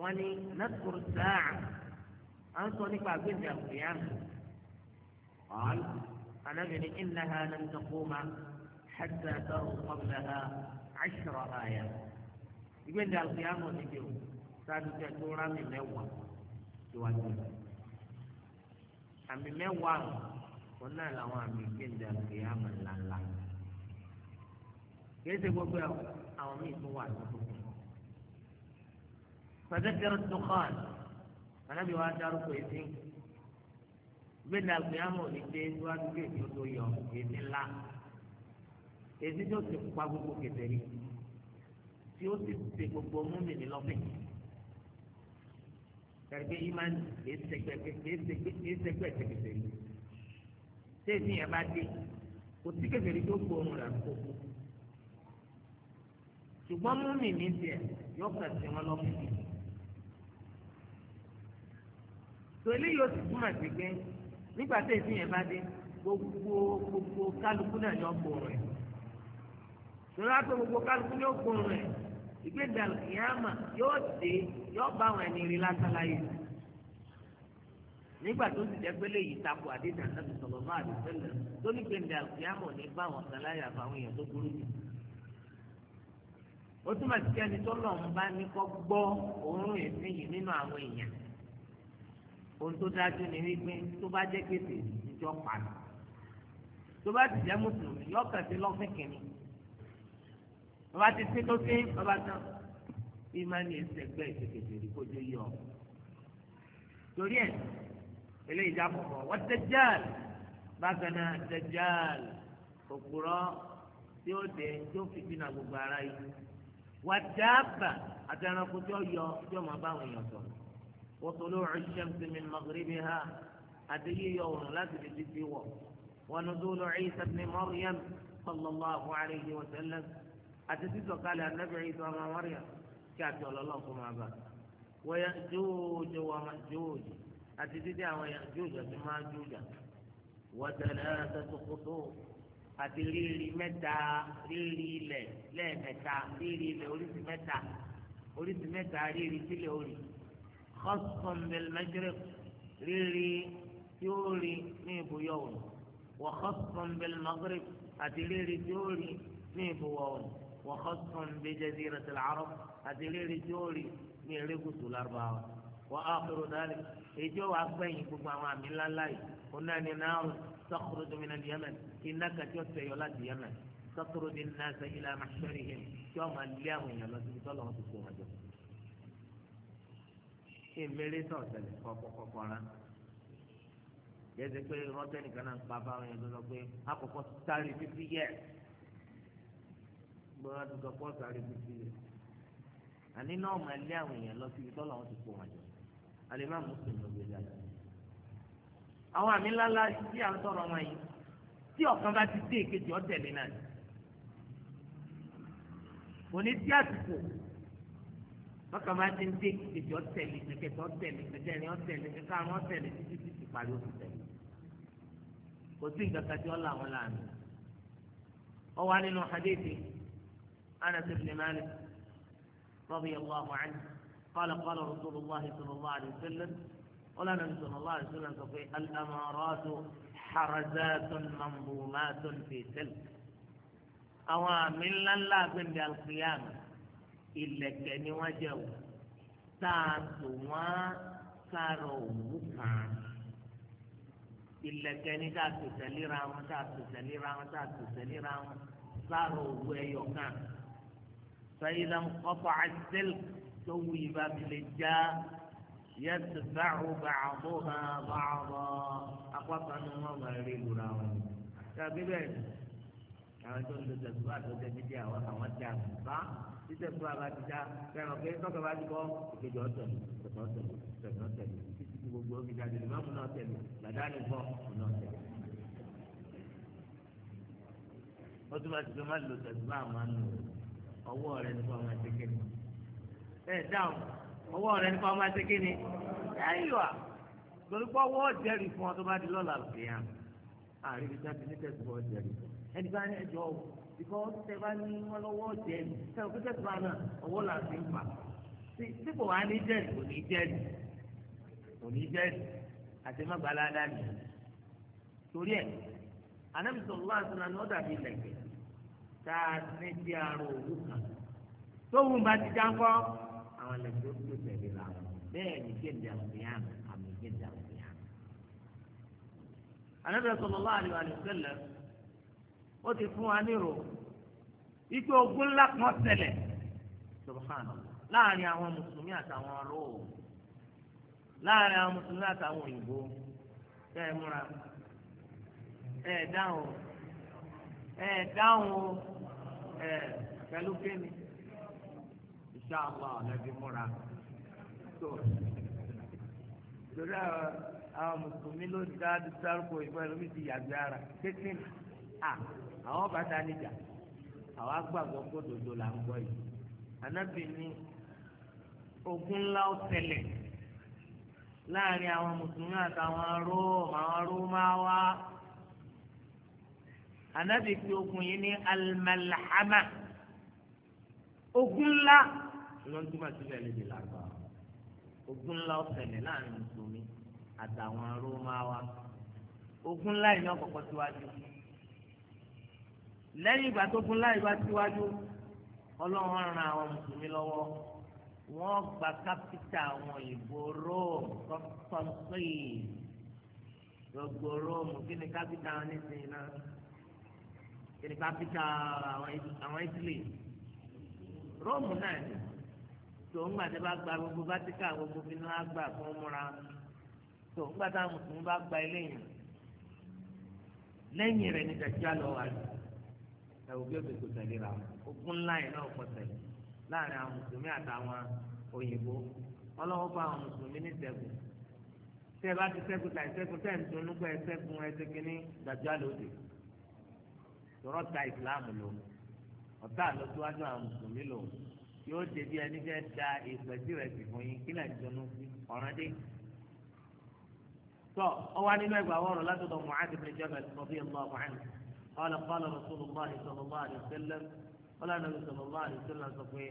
wọn ni nàkùrù sáà à ń sọ nípa àgbéǹde àkùrìyàn ọ̀ọ́lù anábì ní ìnáha nàmdàkùmá hàtà sọ̀rọ̀ kọ́bìlàhà àṣìrọ̀ àyà ìgbéǹde àkùrìyàn mọ̀ níbi o sáájú tẹ tó rámì mẹ́wàá síwájú rẹ̀ àmì mẹ́wàá wọn náà làwọn àmì ìgbéǹde àkùrìyàn mọ̀ ńláńlá kìí ṣe gbogbo ẹ̀ àwọn míì tún wà lọ́dún. fàdékèrè dùkán anábì wa dárúkọ èsì gbẹdẹ àgbéyàmọ̀ ní dé wájú kí èsì tó yọ èsì ńlá èsì tó ti pa gbogbo kẹtẹ́rì tí ó sì ṣe gbogbo múmìnì lọ́bẹ̀ kẹrìgbẹ́ ìmánì kìí ṣẹgbẹ́ kìí ṣẹgbẹ́ kẹtẹ́rì tẹ́sí yẹn bá dé kò sí kẹtẹ́rì tó gbóòórùn rẹ̀ kó kú ṣùgbọ́n múmi ní tiẹ̀ yóò kà sí wọn lọ́kùnrin. tòlí yóò sì túmọ̀ sí pé nígbà tí èsì yẹn bá dé gbogbo gbogbo kálukú náà yóò kó rẹ̀ tòlí àti gbogbo kálukú yóò kó rẹ̀ ìgbéga ìyáàmà yóò dé yóò bá àwọn ẹni rí lásán láyé nígbà tó ti dẹ́gbẹ́lẹ́ yìí takò àdéhùn àti sọ̀rọ̀ máa dùn sẹ́lẹ̀ tó ní gbẹ̀ngàn ìyáàmà ò ní bá àwọn kan láyé ó túmọ̀ sí ẹni tó lọ ń bá ní kọ́ gbọ́ òórùn èéfín yìí nínú àwọn èèyàn ohun tó dájú ni wípé tó bá jẹ́ kéde ìjọ pàdé tó bá ti jẹ́ mùsùlùmí yọ̀ọ̀kan sí lọ́fín kìíní bàbá ti sí tó sí bàbá tán ìmánì ẹsẹ̀gbẹ́ ìṣèkèsè rí kójú yọ torí ẹ̀ eléyìí dá pọ̀ wọ́n dẹ́jáàlì bákan náà dẹ́jáàlì òpùrọ́ tí ó dé tí fi bínú àgbègbè ara yìí wà dáàbà àti ẹranko tí ó yọ tí ó máa bá àwọn èèyàn sọ wa tulu'u shamsi min maghribiha àti yíyọ òrùn láti fi títí wọ̀ wa nuzulu Isa ibn Maryam sallallahu alayhi wa sallam àti sísọ kalẹ̀ anabi Isa ọmọ Maryam kí àti ọlọ́lọ́ kó máa bá wa Ya'juj wa Ma'juj àti dídí àwọn Ya'juj àti Ma'juj wa àti rírì mẹ́ta rírì ilẹ̀ lẹ́ẹ̀mẹ́ta rírì ilẹ̀ oríṣi mẹ́ta oríṣi mẹ́ta rírì sílẹ̀ orí kọ́sùn bẹ́lmẹ́tírẹ́k rírì tí ó rí ní ìbúyọ̀ òní wọ́n kọ́sùn bẹ́lmẹ́tírẹ́k àti rírì tí ó rí ní ìbúwọ̀ òní wọ́n kọ́sùn bẹ́jẹ́dì rẹ̀tẹ̀lẹ̀ àrọ́ àti rírì tí ó rí ní erékùsù lárúbáwá wọ́n á kúrò dáre èyí wàá gbẹ̀yìn gbogbo àwọn àmì ńláńlá yìí تخرج من اليمن إنك تسعي ولد اليمن تطرد الناس إلى محشرهم يوم اليوم يا لازم تطلع تسوم جو ìmẹ̀lẹ́ sọ̀tẹ̀lẹ̀ kọ̀kọ̀kọ̀kọ̀ rán yẹ́sẹ̀ pé rọ́tẹ́ nìkan náà ń pa báwọn yẹn lọ́dọ̀ pé àkọ́kọ́ sáré fífi yẹ gbọ́dọ̀ àdúgbò pọ̀ sáré fífi yẹ àní náà mọ̀ ẹ́ lé àwọn èèyàn lọ síbi tọ́lọ̀ wọn ti pò wọn jọ àlè má mú sùn lọ́gbẹ̀dẹ̀ àjọ àwọn àmì ńláńlá tí à ń sọ̀rọ̀ wọn yìí tí ọ̀kan bá ti dé èkejì ọ̀tẹ̀lẹ̀ náà ni kò ní tí àsìkò bákan bá ti ń dé èkejì ọ̀tẹ̀lẹ̀ kẹkẹtẹ ọ̀tẹ̀lẹ̀ kẹkẹrin ọ̀tẹ̀lẹ̀ kẹkẹrin ọ̀tẹ̀lẹ̀ títí títí parí oṣù tẹ̀lẹ̀ kò sí nǹkan kan tí wọ́n là wọn láàánú ọwọ́ nínú hadithi Anas ibn Malik radiyallahu anhu qala qala rasulillah sallallahu wọn lànà bí sọ̀rọ̀ láàrin sọ̀rọ̀ sọ pé al-amaratu harazatun mambumatun fi silk àwọn àmì ńláńlá gbẹ̀ndẹ̀ alqiyama ìlẹ̀kẹ̀ ni wọ́n jẹ́ wò tá a tò wọ́n sára òwú wọn tá a tò tẹ̀léra wọn tá a tò tẹ̀léra wọn sára òwú ẹyọ kan fẹ́yìlá ń kọ́kọ́ àti sẹ́lẹ̀ tó wù yìí bá fi lè já yẹtùbáwò bàbò ha bàbò akpákanu wọn máa rí lura wọn tàbí bẹ́ẹ̀ àwọn tó ń lo tẹsíwá àtọ́jọ́ dídí àwọn àwọn dà bá títẹ̀síwá bá ti dá fẹ́ràn pé tọ́ka bá ti bọ́ ìkejì ọ̀tọ̀ tẹ̀sán ọ̀tẹ̀ tẹ̀sán ọ̀tẹ̀ títí tí gbogbo omi jáde lè má mú náà tẹ̀lé làdá ni bọ́ mú náà tẹ̀lé. ó tún ti fi má lo tẹsíwá àmọ́ ọwọ́ rẹ̀ nípa ọmọ ẹ̀ṣẹ̀kẹ́ ẹ̀ dáhùn ọwọ́ rẹ nípa ọmọ ẹsẹ kí ni ẹ̀yọ́ torí pé ọwọ́ jẹ́rìí fún ọ tó bá di lọ́la lòdì yàn àárín ibi tí wọ́n ti ní tẹ̀sí bọ́ jẹ́rìí ẹni bá ní ẹjọ́ ìkọ́ tẹ bá ní wọn lọ́wọ́ jẹ́rìí tẹ òkú tẹ̀sí bá ọwọ́ là ń fà tí kò wá ní jẹ́rìí kò ní jẹ́rìí kò ní jẹ́rìí àti má gbalada ni torí ẹ Ànábì àwọn lẹ́jọ́ tó tẹ̀lé ra bẹ́ẹ̀ ni kéde àfihàn àmì kéde àfihàn. Ànábì sallallahu alaihi wa sallam ó ti fún wa ro, ikú ogun ńlá kan ṣẹlẹ̀ láàrin àwọn mùsùlùmí àtàwọn róò láàrin àwọn mùsùlùmí àtàwọn òyìnbó ẹ múra ẹ dáhùn ẹ dáhùn ẹ insha Allah ọ̀nàbí múra tó lórí àwọn mùsùlùmí ló ti dáadé sárúkọ ìfọ ẹlòmíì ti yàgbé ara kékin à àwọn bàtà níjà àwọn agbàgbọ́ kódòdó là ń gbọ́ yìí ànábì ní ogun ńlá ó ṣẹlẹ̀ láàrin àwọn mùsùlùmí àtàwọn róòmù àwọn róòmáwá ànábì pé ogun yìí ní alimalahama ogun ńlá lọ́n túmọ̀ sílẹ̀ lédè làgbà ogun ńlá ọ̀sẹ̀lẹ̀ láàrin mùsùlùmí àtàwọn rómáwa ogun ńlá ìná kọ̀kọ́ síwájú lẹ́yìn ìgbà tó ogun ńlá ìwá síwájú ọlọ́run ran àwọn mùsùlùmí lọ́wọ́ wọ́n gba kápítà àwọn òyìnbó róòmù kọ́ńtọ́ńtì gbogbo róòmù kí ni kápítà wọn ní sìn náà kí ni kápítà àwọn Italy róòmù náà ni tó ń gbà tẹ́ bá gba gbogbo bátíkà gbogbo fínú á gbà fún múra tó ń gbà táwọn mùsùlùmí bá gba eléyìí lẹ́yìn rẹ̀ ní dàjà lọ wà lọ ẹ̀wù bí òbí kò tẹ̀lé ra ogun ńlá yẹn náà pọ̀ tẹ̀lé láàrin àwọn mùsùlùmí àtàwọn òyìnbó ọlọ́wọ́ fún àwọn mùsùlùmí ní ṣẹ́gun tẹ́ ẹ bá ti ṣẹ́gun tàì ṣẹ́gun tẹ́ ń dunnú pé ẹ kínní dàjà lóde tọ́rọ́ ta ìsìláàmù lò ọ̀tá àlọ́síwájú yóò ṣe bí ẹni fẹ́ da ìpẹ́sí rẹ̀ sì fún yín kí lè jọnu ọ̀ràn dé. tọ́ ọ wá nínú ẹgbàá wọ̀rọ̀ látọ̀dọ̀ Mu'adh ibn Jabal radiyallahu anhu qala qala Rasulullah sallallahu alaihi wasallam qala Nabi sallallahu alaihi wasallam sọ pé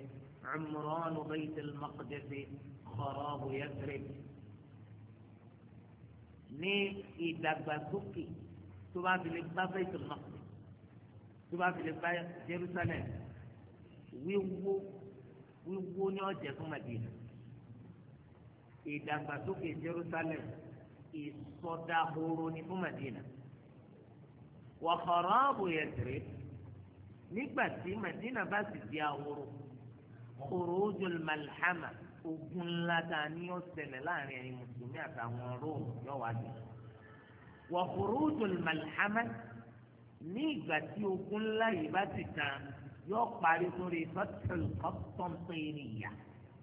Umran bayt al-Maqdis kharab Yathrib. ní ìdàgbàsókè tó bá fi lè bá bayt al tó bá fi lè bá Jerusalem wíwó wíwó ní ọ̀jẹ̀ fún Madina ìdàgbàsókè Jerusalem ìsọdahoro ni fún Madina wa kharabu Yathrib nígbà tí Madina bá sì di ahoro khurujul malhama ogun ńlá ta ni ó ṣẹlẹ̀ láàrin ẹ̀yin mùsùlùmí àtàwọn Róòmù yóò wá dé wa khurujul malhama ní ìgbà tí ogun ńlá yìí bá ti tán yóò parí sórí sọ́tìlì kọ́tọ́ǹpẹ́ẹ́nìyà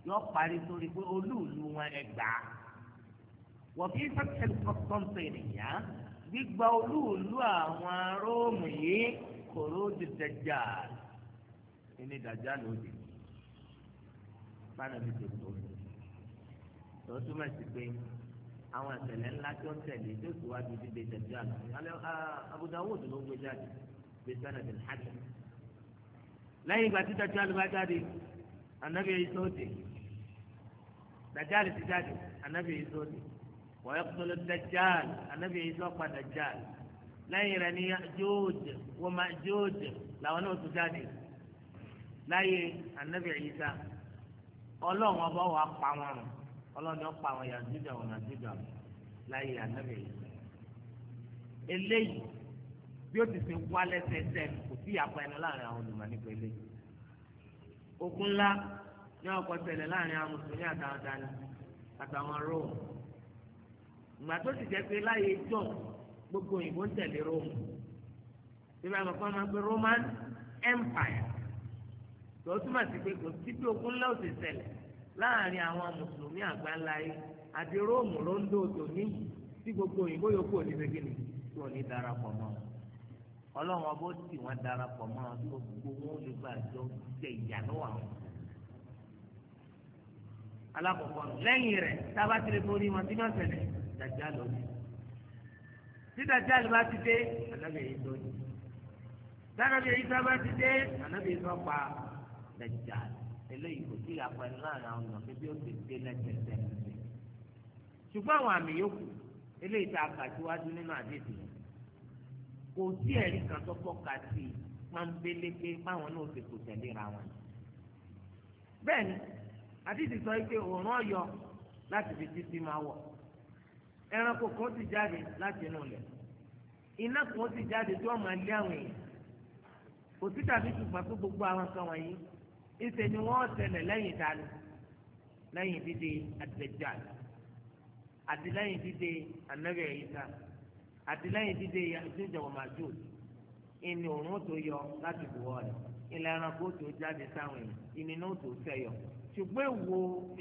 yóò parí sórí pé olúùlú wọn ẹgbàá wọ̀bí sọ́tìlì kọ́tọ́ǹpẹ́ẹ́nìyà gbígba olúùlú àwọn róòmù yìí kòró di dajàl ẹni dajàl ó di báyìí ló ti tó tó túmọ̀ sí pé àwọn ìṣẹ̀lẹ̀ ńlá tó ń tẹ̀lé tó sì wá di dídé dajàl ah, Abu Dawud ló ń gbé jáde bí sanadil hasan lẹ́yìn ìgbà tí dajali bá jáde anabi yìí sóde dajali ti jáde anabi yìí sóde wa yaqtulu dajal anabi yìí sọ́pa dajali lẹ́yìn rẹ̀ ni Ya'juj wa Ma'juj làwọn náà tún jáde láyé anabi Ìsá ọlọ́run ọba wa pa wọn rùn ọlọ́run ọba àwọn Ya'juj wa Ma'juj láyé anabi Ìsá eléyìí bí ó ti ṣe wá lẹ́sẹẹsẹ kò sí ìyapa ẹnu láàrin àwọn olùmọ̀ nípa eléyìí ogun ńlá ní ọkọ̀ ṣẹlẹ̀ láàrin àwọn mùsùlùmí àtàwọn dání àtàwọn róòmù ìgbà tó ti jẹ́ pé láyé jọ gbogbo òyìnbó ń tẹ̀lé róòmù bíbá àwọn kan máa ń pe Roman Empire tó túmọ̀ sí pé kò sí bí ogun ńlá ò ti ṣẹlẹ̀ láàrin àwọn mùsùlùmí àgbáńlá yìí àti róòmù ló ń dòdò ní tí gbogbo òyìnbó yòókù ò ni tí ọlọ́run ọbọ̀ tí wọ́n darapọ̀ mọ́ ọ tó gbogbo wọn lè gba àjọ tẹ ìyá lọ́wọ́ àwọn. alákọ̀ọ́kọ́ lẹ́yìn rẹ̀ tába ti lè borí wọn tí wọ́n ṣẹlẹ̀ dàjà lọ sí. tí dàjà lè bá ti dé ànábìyẹ yìí lọ sí. tànàbìyẹ yìí sábà ti dé ànábìyẹ sọ pa dàjà eléyìí kò sí ìyàpọ̀ ẹ̀ láàrin àwọn ọ̀nà pé bí ó ti dé lẹ́tẹ̀ẹ̀tẹ̀ ṣùgbọ́n àwọn àmì yòókù eléyìí tá a kà síwájú nínú àdéhùn kò sí ẹ̀rí kan tó tọ́ka sí i máa ń gbélégbé báwọn náà ṣe kò tẹ̀léra wọn. bẹ́ẹ̀ni àdìsí sọ pé òòrùn ọ̀yọ́ láti fi títí máa wọ̀ ẹranko kan ti jáde láti inú ilẹ̀ iná kan ti jáde tí wọ́n máa lé àwọn èèyàn kò sí tàbí ṣùgbọ́n pé gbogbo àwọn kan wọ̀nyí ìṣe ni wọ́n ṣẹlẹ̀ lẹ́yìn ìdáni lẹ́yìn dídé àtẹ̀jáde àti lẹ́yìn dídé ànábẹ̀ẹ́yìí sáà àtìlẹ́yìn dídé Yájúj wa Májúj ìní òórùn tó yọ láti bùwọ́ rẹ̀ ilẹ̀ ẹranko tó jáde sáwọn èèyàn ìní náà tó fẹ́ yọ ṣùgbọ́n èwo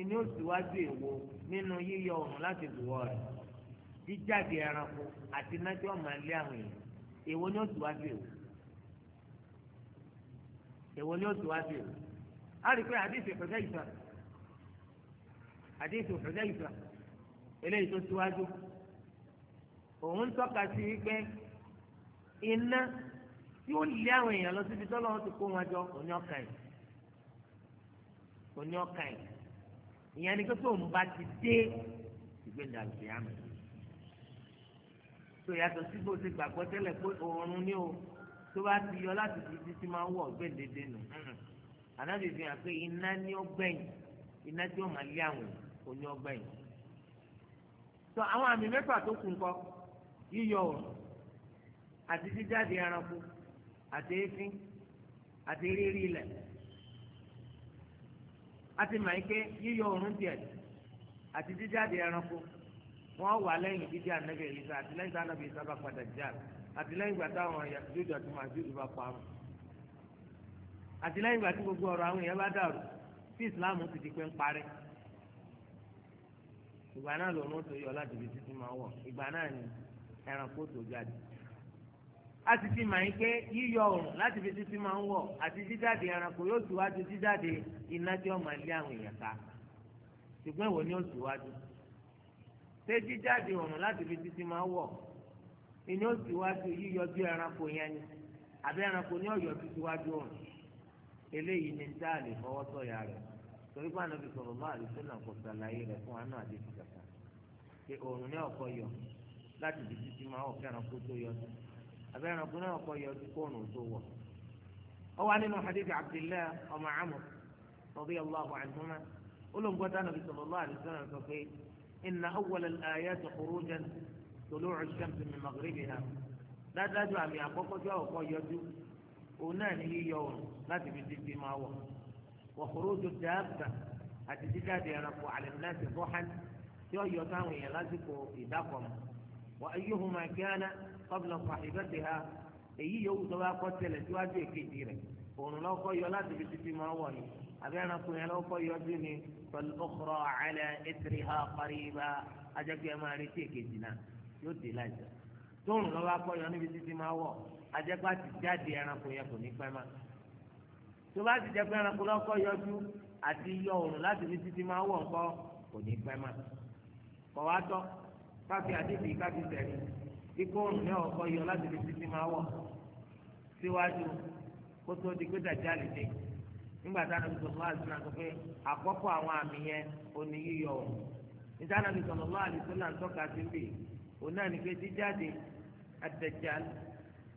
ni ó síwájú èwo nínú yíyọ òórùn láti bùwọ́ rẹ̀ jíjáde ẹranko àti nájọ́ máa lé àwọn èèyàn èwo ni ó síwájú èwo èwo ni ó síwájú èwo a rí i pé àdéhùn ìfẹ́ ìfẹ́ àdéhùn ìfẹ́ ìfẹ́ eléyìí tó síwájú òun ń tọ́ka sí wípé iná tí ó lé àwọn èèyàn lọ síbi tọ́lọ́ ti kó wọn jọ òní ọ̀ka yìí òní ọ̀ka yìí ìyẹn ni kótó ń bá ti dé ìgbéga lòdì àmì tó yàtọ̀ sí bó ti gbàgbọ́ tẹ́lẹ̀ pé oorun ni o tó bá ti yọ láti fi títí máa wọ̀ gbẹ̀dẹ̀dẹ̀ nù ànábì fi hàn pé iná ní ọgbẹ̀yìn iná tí ó máa lé àwọn òní ọgbẹ̀yìn tó àwọn àmì mẹ́fà tó kù ń kọ́ yíyọ ọ̀rọ̀ àti jíjáde ẹranko àti èéfín àti rírí ilẹ̀ àti màáké yíyọ ọ̀run díẹ̀ àti jíjáde ẹranko wọ́n wà lẹ́yìn jíjẹ́ ànábì Ìsá àti lẹ́yìn tí ànábì Ìsá bá padà jà àti lẹ́yìn ìgbà táwọn Yájúj àti Májúj bá parun àti lẹ́yìn ìgbà tí gbogbo ọ̀rọ̀ àwọn èèyàn bá dàrú tí ìsìláàmù ti di pé ń parẹ́ ìgbà náà lòun ó tó yọ láti ibi títí máa wọ̀ ìgbà náà ni ẹranko tó jáde a ti fi màá yín pé yíyọ oòrùn láti fi títí máa ń wọ̀ àti jíjáde ẹranko yóò síwájú jíjáde iná tí wọ́n máa lé àwọn èèyàn ká ṣùgbọ́n ìwọ ni ó síwájú ṣé jíjáde oòrùn láti fi títí máa wọ̀ ni ó síwájú yíyọjú ẹranko yẹn ni àbí ẹranko ni ó yọ síwájú oòrùn eléyìí ni tá a lè fọwọ́ sọ̀yà rẹ̀ torí pé Ànábì sallallahu alaihi wasallam kò ṣàlàyé rẹ̀ fún wa àdéhùn kàkà pé oòrùn ní ọ̀pọ̀ yọ láti di títí máa wọ̀ fẹ́ràn kó tó yọ ọdún abẹ́rẹ́ ọdún náà kọ́ yọ ọdún kóònù tó wọ̀. ó wà nínú hadith abdullah ọmọ amr radiyallahu anhuma olóńgbọ́tà nàbí sallallahu alaihi wasallam sọ pé inna awwala al-ayati khurujan tulu'u ash-shamsi min maghribiha dájú àmì àkọ́kọ́ tó àwọ̀kọ́ yọjú òun náà ní yíyọ òun láti fi títí máa wọ̀ wa khuruju dáàbà àti jíjáde ẹranko àlẹ́ náà ti bọ́ hàn tí ó yọ táwọn èèyàn lásìkò ìdákọ̀mọ́ وأيهما كان قبل صاحبتها èyí yòówù tó bá kọ́ tẹ̀lẹ̀ síwájú èkejì rẹ̀ òun lọ́ kọ́ yọ láti fi títí máa wọ̀ ni àbẹ́rẹ́ ọkùnrin lọ́ kọ́ yọ sí ni pẹ̀lú ọkọ̀rọ̀ àlẹ́ ẹ̀tìrì ha pariba ajẹ́kẹ́ máa retí èkejì náà yóò dé láìsẹ̀ tóun lọ́ bá kọ́ yọ níbi títí máa wọ̀ ajẹ́pá ti jáde ẹranko yẹn kò ní pẹ́ mọ́ tó bá ti jẹ́ pé ẹranko lọ́ kọ́ yọjú àti yọ òun láti fi títí máa wọ̀ ńkọ́ kò ní pẹ́ mọ́ kọ́ wá tọ́ káfí àdébì káfí tẹ̀lé kíkó òrùn ní ọ̀kọ́ yọ láti fi títí máa síwájú kó tó di pé dàjà lè dé nígbà tá a nàbì sọ̀rọ̀ láti náà sọ pé àkọ́kọ́ àwọn àmì yẹn yíyọ níta nàbì sọ̀rọ̀ tọ́ka sí bì òun náà ní pé jíjáde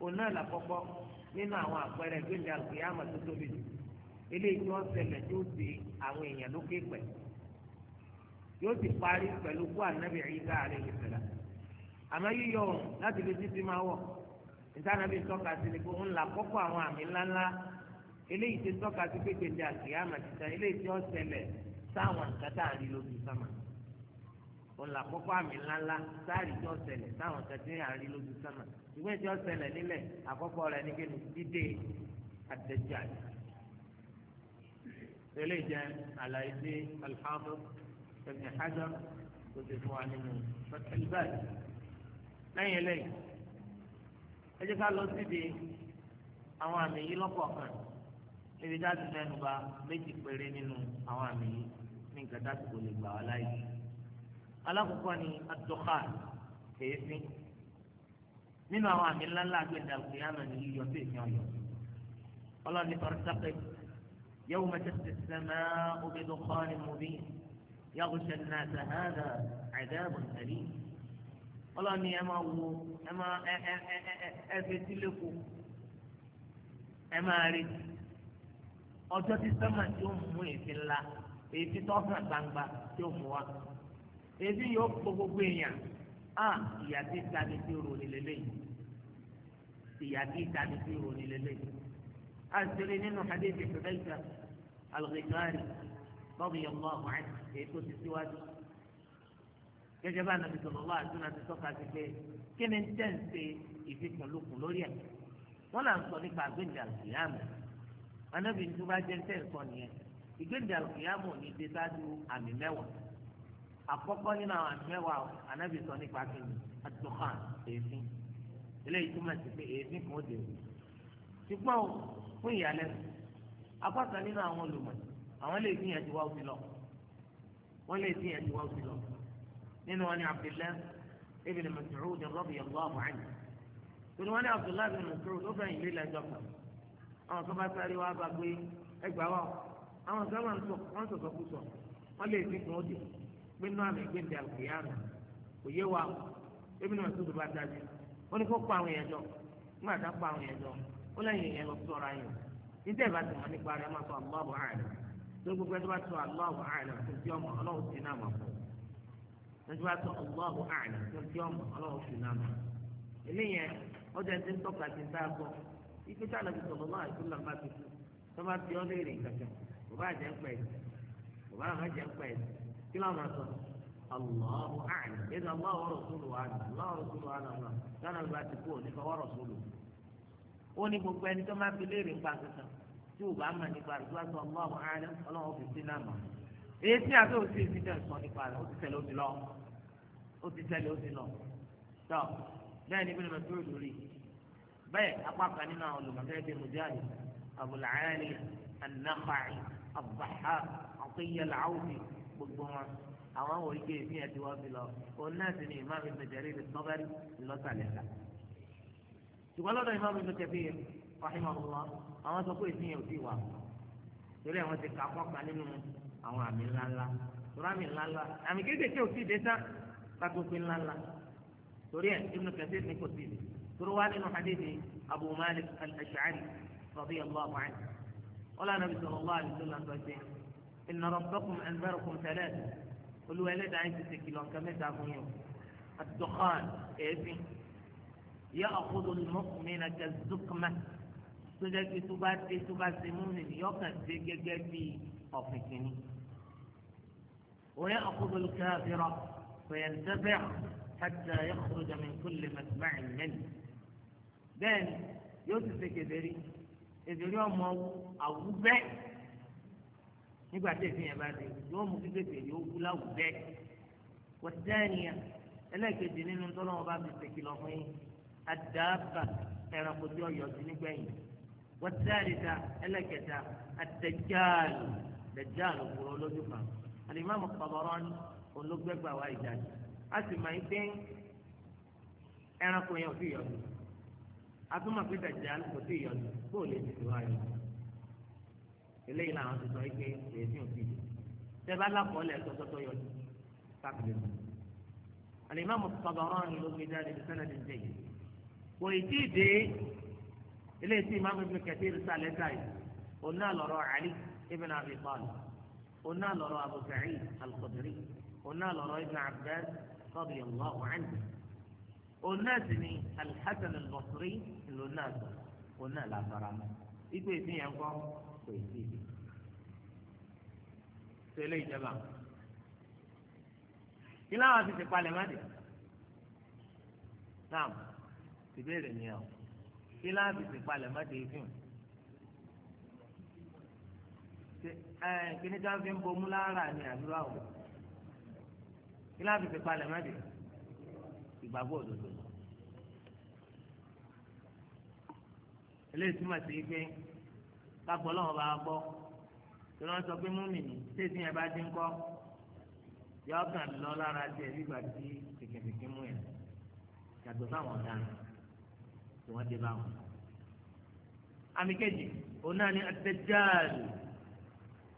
òun náà làkọ́kọ́ nínú àwọn àpẹẹrẹ gbẹ̀dẹ̀ tó tóbi jù eléyìí tó yóò ti parí pẹ̀lú kú ànábì Ìsá alayhi salam àmọ́ yíyọ òun láti lè títí máa wọ̀ ìtànàbí tọ́ka sí ni pé òun là kọ́kọ́ àwọn àmì ńláńlá eléyìí ti tọ́ka sí pé gbèdé àkìyàmà títà eléyìí ti ọ̀sẹ̀lẹ̀ sáwọn kàtà àrí lójú sámà òun là kọ́kọ́ àmì ńláńlá sáàrì tí ọ̀sẹ̀lẹ̀ sáwọn kàtà àrí lójú sámà ìwé tí ọ̀sẹ̀lẹ̀ nílẹ̀ àkọ́kọ́ rẹ̀ nígbè ní dídé àtẹ̀jáde eléyìí jẹ́ àlàyé sí alhamdulilayi ibn hajar tó ti fún wa nínú fathul bari lẹ́yìn eléyìí ẹ jẹ́ ká lọ síbi àwọn àmì yìí lọ́kọ̀ọ̀kan níbi tá a ti mẹ́nu bà méjì péré nínú àwọn àmì yìí ní nǹkan tá a ti kò lè gbà wá láàyè alákọ̀ọ́kọ́ ni ad-dukhan kèéfín nínú àwọn àmì ńláńlá àgbẹ̀dà al-qiyama ni yíyọ sí ìyàn yọ ọlọ́ni fartaqib yawma tasla as-sama'u bi dukhanin mubin yaghsha an-nasa hadha 'adhabun alim ọlọ́ni ẹ máa wo ẹ máa ẹ ẹ ẹ ẹ ẹ fetí lẹ́kọ̀ọ́ ẹ máa retí ọjọ́ tí sẹ́mà tí ó mú èéfín ńlá èéfín tó hàn gbangba tí ó mú wa èéfín yóò kó gbogbo èèyàn á ìyá tí tani tí rò ní lélẹ́yìn ìyá tí tani tí rò ní lélẹ́yìn á sì rí nínú hadithi Hudayfa al-Ghifari rọ́bì yẹn mọ́ àwọn àti èyí tó ti síwájú. gẹ́gẹ́ bá nàbì sọ̀rọ̀ wá àdúrà ti tọ́ka sí pé kí ni tẹ́ ń ṣe ìfikùnlukùn lórí ẹ̀. wọ́n là ń sọ nípa àgbéǹde àlùkìyàmù anábì tó bá jẹ́ tẹ́ ń sọ nìyẹn ìgbéǹde àlùkìyàmù ní dé sáájú àmì mẹ́wàá àkọ́kọ́ nínú àwọn àmì mẹ́wàá anábì sọ nípa kíni àdùkàn èéfín eléyìí àwọn lè gbìyànjú wá òsì lọ wọn lè gbìyànjú wá òsì lọ nínú wọn ni Abdullah ibn Mas'ud radiyallahu ya tòun wọn ni Abdullah ibn Mas'ud ó bẹ̀yìn lé lẹ́jọ́ kan àwọn kan bá sáré wá bá gbé ẹgbàá wa àwọn kan máa ń sọ wọn sọ̀tọ̀ kú sọ wọn lè fi kún ó dì pé náà mi kò yé wa bá dájú pa àwọn jọ nígbà tá a pa tó gbogbo ẹni bá tó Allahu a'lam tó fi ọmọ ọlọ́run sí náà mọ̀ fún ẹni bá tó Allahu a'lam tó fi ọmọ ọlọ́run sí náà mọ̀ eléyẹn ó jẹ́ ti ń tọ́ka ti dá gbọ́ ipe tí àlejò sọ̀rọ̀ náà ètò ìlànà bá ti kú tó bá fi ọ́ léèrè kankan kò bá jẹ́ pẹ́ kò bá má jẹ́ pẹ́ kí ló máa sọ Allahu a'lam ẹni Allahu rasuluhu a'lam ní gbogbo ẹni tó má fi tí o bá mọ̀ nípa rẹ̀ gbọ́dọ̀ ọmọ ọmọ ààrẹ ọlọ́run ó fi sí náà mọ̀. èyí tí àti òsì ti tẹ̀ sọ nípa rẹ̀ ó ti tẹ̀lé ó ti lọ ó ti tẹ̀lé ó ti lọ. tọ́ bẹ́ẹ̀ ni bí lọ́dọ̀ tó lórí bẹ́ẹ̀ apá kan nínú àwọn olùmọ̀tẹ́ bíi mujahid abul ali an-nakhai abdulhah atiyya al gbogbo wọn àwọn wòye ké ní ẹtì wọn fi lọ òun náà sì ni ìmáàmù ìbẹ̀jẹ̀rì ìlọ́sàlẹ̀ ká ṣùgbọ́n lọ́dọ̀ ìmáàmù ìbẹ̀jẹ̀rì rahimahullah àwọn sọ pé ìsìn yẹn ò sí wà torí àwọn ti kà fọ́ọ̀kan nínú àwọn àmì ńláńlá torí àmì ńláńlá àmì kéékèèké ò sí ìdè sá kátó pé ńláńlá torí ẹ Ibn Kathir ní kò sí ìdè torí wá nínú hadithi Abu Malik al-Ash'ari radiyallahu anhu wọn lànà bí sallallahu alaihi wasallam sọ pé inna rabbakum anzarakum thalatha olú ẹlẹ́dàá yín ti ṣe kìlọ̀ nǹkan mẹ́ta fún yín ad-dukhan èéfín ya'khudhu al-mu'mina kaz-zukmah tó jẹ́ pé tó bá dé tó bá ṣe mú mi yọ kàn dé gẹ́gẹ́ bí ọ̀fìn kìíní. òye ọ̀kúndùn káfíra fẹ̀yìn tẹ́fẹ́ hàtà yọkùrùjà mi kúlẹ̀ mẹ́tìmáì mẹ́lì. bẹ́ẹ̀ni yóò ti ṣe kedere kedere ọmọ àwùgbẹ́ nígbà tí èsì yẹn bá dé yóò mú kíkẹ́ tèmi ó kú láwùgbẹ́. wọ́n dáníyà ẹlẹ́ẹ̀kejì nínú tọ́lọ́wọ́n bá fi ṣèkìlọ̀ fún yín àdáàbà ẹranko tí ó sí nígbẹ̀yìn. والثالثة الكتا الدجال دجال ورولوجوكا الإمام الطبراني olú gbẹgbà wá ìjáde a sì máa ń gbé ẹranko yẹn òfin yọnu atúmọ̀ pé dàjà kò sí ìyọnu kó o lè ti tó ayọ̀ eléyìí làwọn ti sọ pé èyí sì ń fi yìí tẹ́bá lápọ̀ọ́lẹ̀ tọ́tọ́tọ́ yọnu káàkiri lọ. alimami Tabarani ló gbé jáde sẹ́nẹ̀dì jẹ́yìn kò ì tí ì dé eléyìí tí imáàmù ibn Kathir sálẹ̀ táyì òun náà lọ́rọ̀ Ali ibn Abi Talib òun náà lọ́rọ̀ Abu Sa'id al-Khudri òun náà lọ́rọ̀ ibn Abbas radiyallahu anhu òun náà sì ni al-Hasan al-Basri ìlú náà sọ òun náà làbàrà mọ́ ikú yẹn kọ́ kò èsì yìí tẹ́lẹ̀ ìjọba kí láwọn ti ti palẹ̀ má dé náà ìbéèrè nìyàwó kí láàbì sì palẹ̀ má dé fíìmù. kíní ká fi ń bomú lára ni àdúrà o kí láàbì sì palẹ̀ má dé ìgbàgbọ́ òdodo. eléyìí túmọ̀ sí pé kápọ̀ lọ́wọ́ bá gbọ́ tí wọ́n sọ pé múmìnì tètè yẹn bá dín kọ́ yọ ọ́ kàn lọ lára tiẹ̀ nígbà tí kìkìkì mú yẹn yàtọ̀ sáwọn ọ̀daràn tí wọ́n dé bá wọn. àmì kejì òun náà ni ad-Dajjal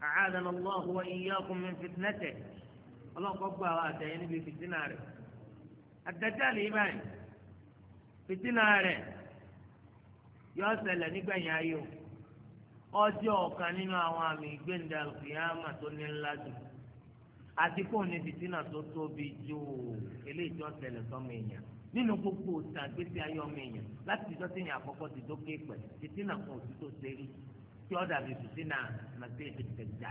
a'adana Allahu wa iyyakum min fitnatihi ọlọ́kọ́ gba àwọn àtẹ̀yẹ níbi fìtínà rẹ̀ ad-Dajjal yìí báyìí fìtínà rẹ̀ yọ ṣẹlẹ̀ nígbẹ̀yìn ayé o ọjọ́ ọ̀kan nínú àwọn àmì ìgbéǹda kìámà tó ní ńlá jù àti ní fìtínà tó tóbi jù eléyìí tó ṣẹlẹ̀ sọ́mọ èèyàn nínú gbogbo òsì àgbésí si èèyàn láti ìjọ tí àkọ́kọ́ ti dókè pẹ̀ títí náà kan òsì tó ṣe rí tí ó si na náà màtí ụwa tẹ̀jà.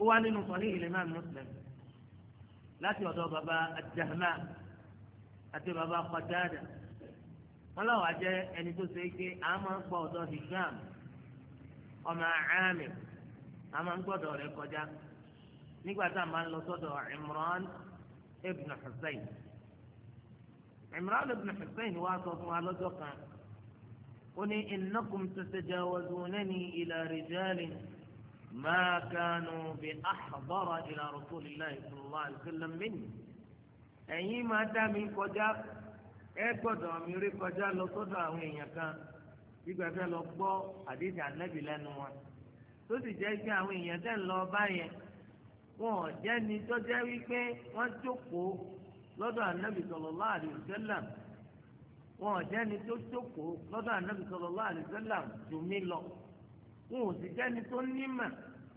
ó wá nínú sọ̀rí Imam Muslim láti ọ̀dọ̀ bàbá àjàmá àti bàbá Qatada wọn làwọn àjẹ ẹni tó ṣe é a ń gbọ́ ọ̀dọ̀ Hisham ọmọ ń gbọ́dọ̀ kọjá nígbà tá a máa ń lọ sọ́dọ̀ ibn Hussein. Imran ibn Hussein wá sọ fún wa lọ́jọ́ kan ó ní innakum tatajawazunani ila rijalin ma kanu bi ahdara ila rasulillahi sallallahu alaihi wasallam minni ẹ̀yin máa dá mi kọjá ẹ gbọ́dọ̀ mi rí kọjá lọ sọ́dọ̀ àwọn èèyàn kan gbígbà fẹ́ lọ gbọ́ àdéhùn ànábì lẹ́nu wọn tó sì jẹ́ pé àwọn èèyàn tẹ̀ ń lọ bá yẹn wọn ò jẹ́ni tó jẹ́ wípé wọ́n jókòó lọ́dọ̀ ànábì sallallahu alaihi wasallam wọn jẹ́ni tó jókòó lọ́dọ̀ ànábì sallallahu alaihi wasallam jù mí lọ wọn ò sì jẹ́ni tó nímọ̀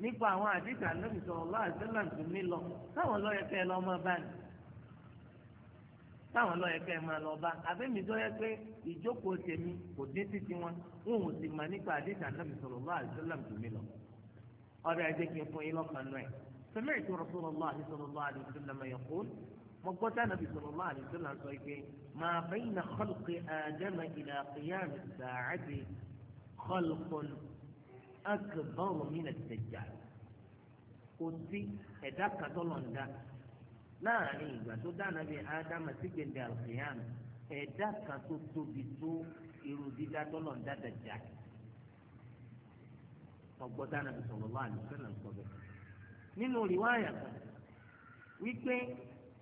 nípa àwọn àdìsí ànábì sallallahu alaihi wasallam jù mí lọ táwọn lọ́yẹ kẹ́ ẹ lọ́ mọ́ báyìí táwọn lọ́yẹ kẹ́ ẹ máa lọ bá àbẹ́mi tó yẹ pé ìjókòó tèmi kò dín sí tiwọn wọn ò sì mọ̀ nípa àdìsí ànábì sallallahu alaihi wasallam jù mí lọ ọ̀rẹ́ سمعت رسول الله صلى الله عليه وسلم يقول mo gbọ́ tí ànábì sallallahu alaihi wasallam sọ pé ma bayna khalqi Adama ila qiyami as-sa'ati khalqun akbaru min ad-dajjal kò sí ẹ̀dá kàtọ́lọ̀ ń dá láàrin ìgbà tó dá ànábì Adama sí gbèndé al-qiyam ẹ̀dá kan tó tóbi tó irú dídá tọ́lọ̀ ń dá Dajjal ọgbọ́n tí ànábì sallallahu alaihi wasallam sọ nínú rìwáyà wípé.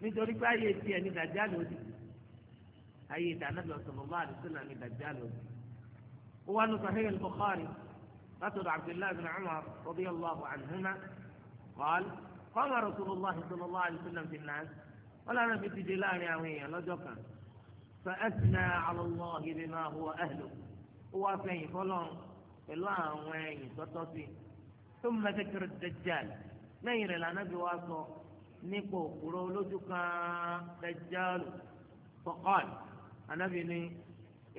nítorí pé ayé tiẹ̀ ní dàjà lòdì ayé ìdánábì sallallahu alaihi wasallam ní dàjà lòdì. ó wá ní Sahih al-Bukhari látọ̀dọ̀ Abdullahi bin Umar radiyallahu anhuma qal qama rasulullahi sallallahu alaihi wasallam fi an-nas wọn lànà fi ti dé láàrin àwọn èèyàn lọ́jọ́ kan fa athna ala Allahi bima huwa ahluhu ó wá fẹ̀yìn fọlọ́n pẹ̀lú àwọn ẹ̀yìn tọ́tọ́ sí tó mẹ́tẹ́kẹrẹ dajjal lẹ́yìn rẹ̀ lànà nípa òkúrò olójú kan dajálù fọkàn anábì ni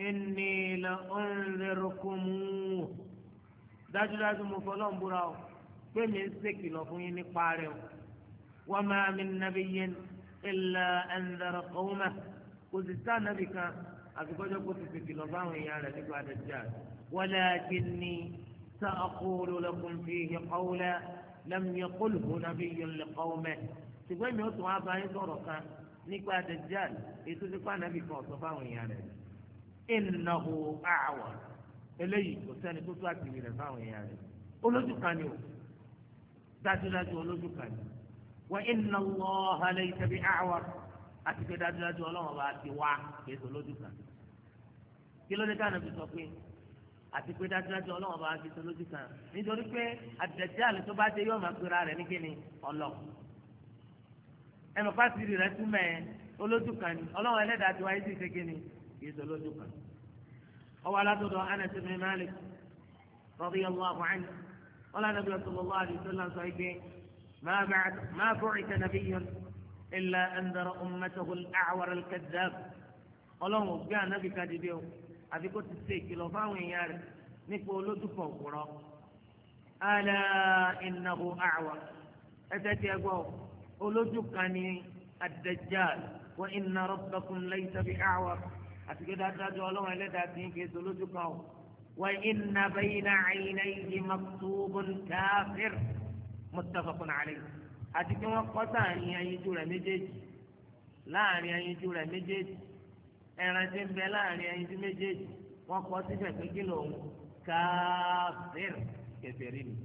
inni la unzirukumu dájúdájú mo fọlọ́ ń búra o pé mi ń ṣèkìlọ̀ fún yín nípa rẹ̀ o wa ma min nabiyyin illa anzara qawmah kò sì sá nàbì kan àfikọ́jọ́ kò sì ṣèkìlọ̀ fáwọn èèyàn rẹ̀ nípa dajálù walakinni sa'aqulu lakum fihi qawlan lam yaqulhu nabiyyun liqawmihi ṣùgbọ́n mi ò tún wá bá yín sọ̀rọ̀ kan nípa dajjal ètò ìsìnkú ànábì kan ọ̀sán fáwọn èèyàn rẹ̀ innahu a'war eléyìí kò sẹ́ni tó tó àtìwì rẹ̀ fáwọn èèyàn rẹ̀ olójú kan ni o dájúdájú olójú kan ni wa inna Allaha laysa bi a'war àti pé dájúdájú ọlọ́run bá ti wá ètò olójú kan kí ló dé ká ànábì sọ pé àti pé dájúdájú ọlọ́run bá ti sọ lójú kan nítorí pé àdajjal tó bá dé yóò ẹnu fásitì rẹ tún mẹ olójú kan ni ọlọ́run ẹlẹ́dàá ti wáyé sí ìṣèké ni kìí sọ olójú kan. ọwọ́ alátọ́dọ̀ Anas bin Malik radiyallahu anhu wọn lànà bí sallallahu alaihi wasallam sọ ike máa bọ̀ ìtẹ̀ nabiyyun illa andara ummatahu al-a'war al ọlọ́run ògbé ànábì kan dìde o àfi kó ti ṣe ìkìlọ̀ fáwọn èèyàn rẹ̀ nípa olójú kan òkúrọ̀ ala innahu a'war ẹsẹ̀ tiẹ̀ gbọ́ olójú kan ni ad-Dajjal wa inna rabbakum laysa bi'a'war àti pé dájúdájú ọlọ́run ẹlẹ́dàá ti ń kéde olójú kan o wa inna bayna 'aynayhi maktubun kafir muttafaqun 'alayh àti pé wọ́n kọ́ sáàrin ayinjú rẹ̀ méjèèjì láàrin ayinjú rẹ̀ méjèèjì ẹran ti ń bẹ láàrin ayinjú méjèèjì wọ́n kọ́ síbẹ̀ pé kí lòun kafir kèfèrí ni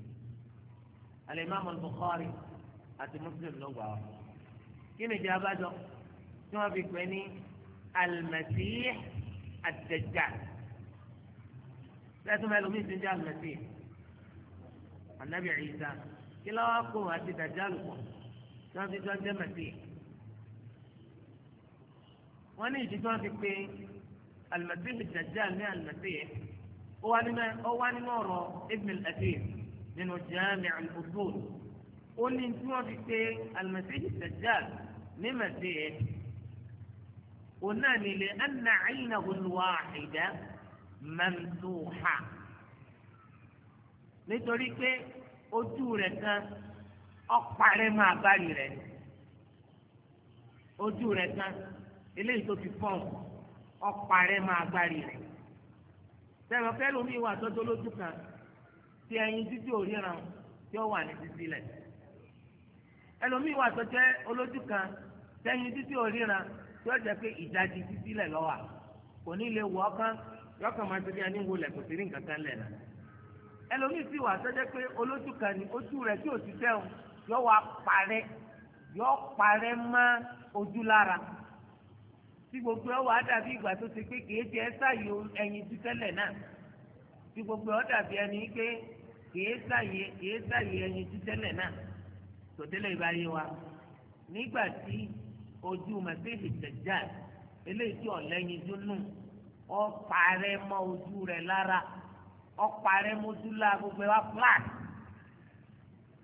al-Imam àti muslim ló gbà wá kí ni ìjà abájọ tí wọ́n fi pè ní alimẹsíyẹ àdẹjà lẹ́tọ́ mẹ́lò mí ti ń jẹ́ alimẹsíyẹ anabi Isa kí ló wá kó àti dàjà lùpọ̀ tí wọ́n fi jọ ń jẹ́ mẹsíyẹ wọ́n ní ìdí tí wọ́n fi pè alimẹsíyẹ àdẹjà ní alimẹsíyẹ ó wá nínú ọ̀rọ̀ ibn al nínú Jami' al-Usul ó ní tí wọ́n fi pe alimẹsẹ́jì dajjal ní mẹsẹ́yẹ òun náà nílé anna ayna olùwà àìdá mamduha nítorí pé ojú rẹ̀ kan ọ̀parẹ́ máa bá rí rẹ̀ ojú rẹ̀ kan eléyìí tó fi pọ́ǹpù ọ̀parẹ́ máa bá rẹ̀ sẹ́wọ̀n kẹ́lómi wà tọ́jú lójú kan tí ẹyin títí òríran tí ó wà ní títí lẹ̀ ẹlòmíì wà tó jẹ́ olójú kan sẹ́yìn títí òríran tí ó jẹ́ pé ìdajì títí lẹ̀ lọ́wà kò ní lè wọ ọkàn yọkàn máa tóbi ẹni wo lẹ̀ kò sí rí nǹkan kan lẹ̀ nà ẹlòmíì sì wà tó jẹ́ pé olójú kan ní ojú rẹ̀ tí ò ti sẹ́wọ̀n yọ wà parẹ́ yọ parẹ́ mọ́ ojú lára tí gbogbo ẹ wà dàbí ìgbà tó ti pé kìí jẹ sáyé ẹyin ti tẹ́lẹ̀ náà tí gbogbo ẹ dàbí ẹni pé kìí sáyé kìí sáyé ẹyin ti tẹ́lẹ̀ náà tòtẹ́lẹ̀ ìbáyé wa nígbà tí ojú mẹsẹ́ẹ̀sì tẹ̀jà eléyìí tí ọ̀lẹ́yin dúnú ọ parẹ́ mọ́ ojú rẹ̀ lára ọ parẹ́ mójú la gbogbo ẹ wá flat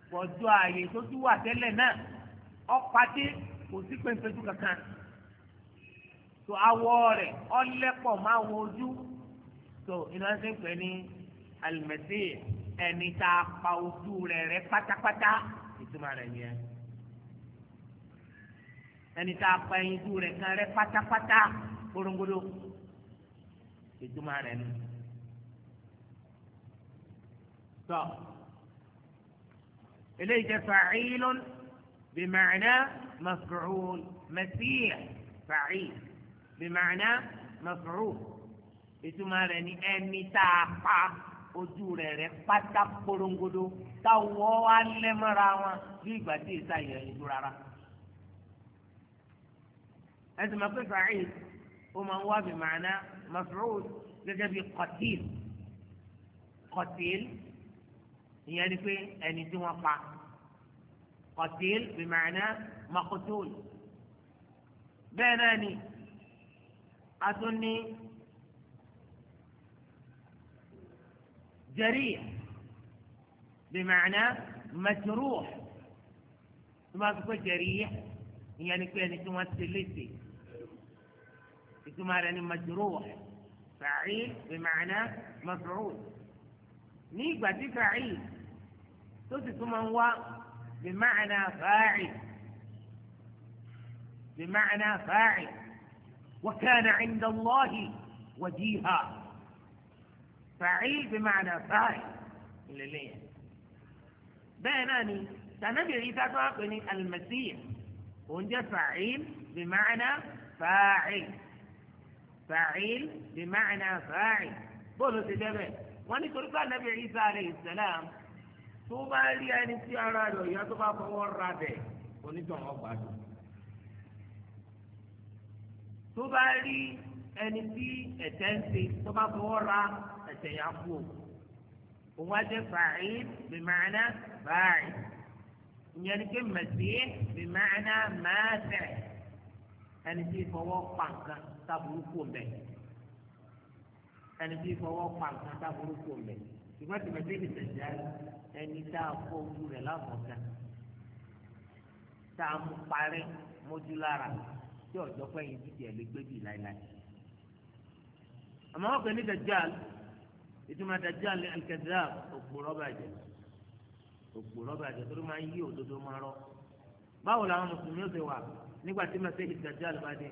gbọ̀dọ̀ ààyè tó tún wà tẹ́lẹ̀ náà ọ pàdé kò sí pẹ́ńpẹ́jú kankan tó awọ rẹ̀ ọ máa wọ ojú tó iná ṣe ní alimẹsẹ ẹni tá a pa ojú rẹ̀ rẹ̀ pátápátá ìtumọ̀ rẹ̀ nìyẹn ẹni tá a pa ẹyinjú rẹ̀ kan rẹ̀ pátápátá gbódógbódó ìtumọ̀ rẹ̀ nù tọ́ eléyìí jẹ́ fàáyílón bìmọ̀ọ́nà maf'ul mẹ́síyà fàáyíl bìmọ̀ọ́nà maf'ul ìtumọ̀ rẹ̀ ni ẹni tá a pa ojú rẹ̀ rẹ̀ pátá porongodo táwọ̀ wá lẹ́mọ́ra wọn bí ìgbà tí ìta ìyẹn ń dúró rárá. ẹsẹ̀ máa pẹ́ fàáyì ó máa ń wá bí màánà maf'ul gẹ́gẹ́ bí qatil qatil ìyẹn ni pé ẹni tí wọ́n pa qatil bí màánà maqtul bẹ́ẹ̀ náà ni a tún ní. جريح بمعنى مجروح ثم تقول جريح يعني كأن تمثل لسي ثم يعني مجروح فعيل بمعنى مفعول نيبا دي فعيل تؤتي ثم هو بمعنى فاعل بمعنى فاعل وكان عند الله وجيها فعيل بمعنى فاعل لليه بيناني سنبي عيسى تواقني المسيح ونجا فعيل بمعنى فاعل فعيل بمعنى فاعل بولو سيدابي واني كرسا نبي عيسى عليه السلام توبا لي يعني سيارة لو يتبع فور رابع واني توبا لي توبا لي يعني سي اتنسي توبا فور رابع ẹsẹ̀ yà kú o òun á jẹ́ fàáyín bìmáàná fàáyín ìyẹn ni pé mẹ̀sí bìmáàná mẹ́sẹ̀ ẹni tí fọwọ́ pa nǹkan sábúrú kò mẹ́ ẹni tí fọwọ́ pa nǹkan sábúrú kò mẹ́ ṣùgbọ́n tí mẹ̀sí bìtẹ̀ jẹ́ ẹni tá a fọ ojú rẹ̀ láfọ̀ọ́ká tá a mú parí mójú lára tí ọ̀dọ́ pẹ́yìn jíjẹ́ lè gbé bì láéláé àmọ́ wọ́n pè ní dajjal ìtumọ̀ Dajjal ní al-kadhdhab òpùrọ́ bàjẹ́ òpùrọ́ bàjẹ́ tó ló máa ń yí òdodo máa rọ́ báwo làwọn mùsùlùmí ó ti wà nígbà tí Masih Dajjal bá dé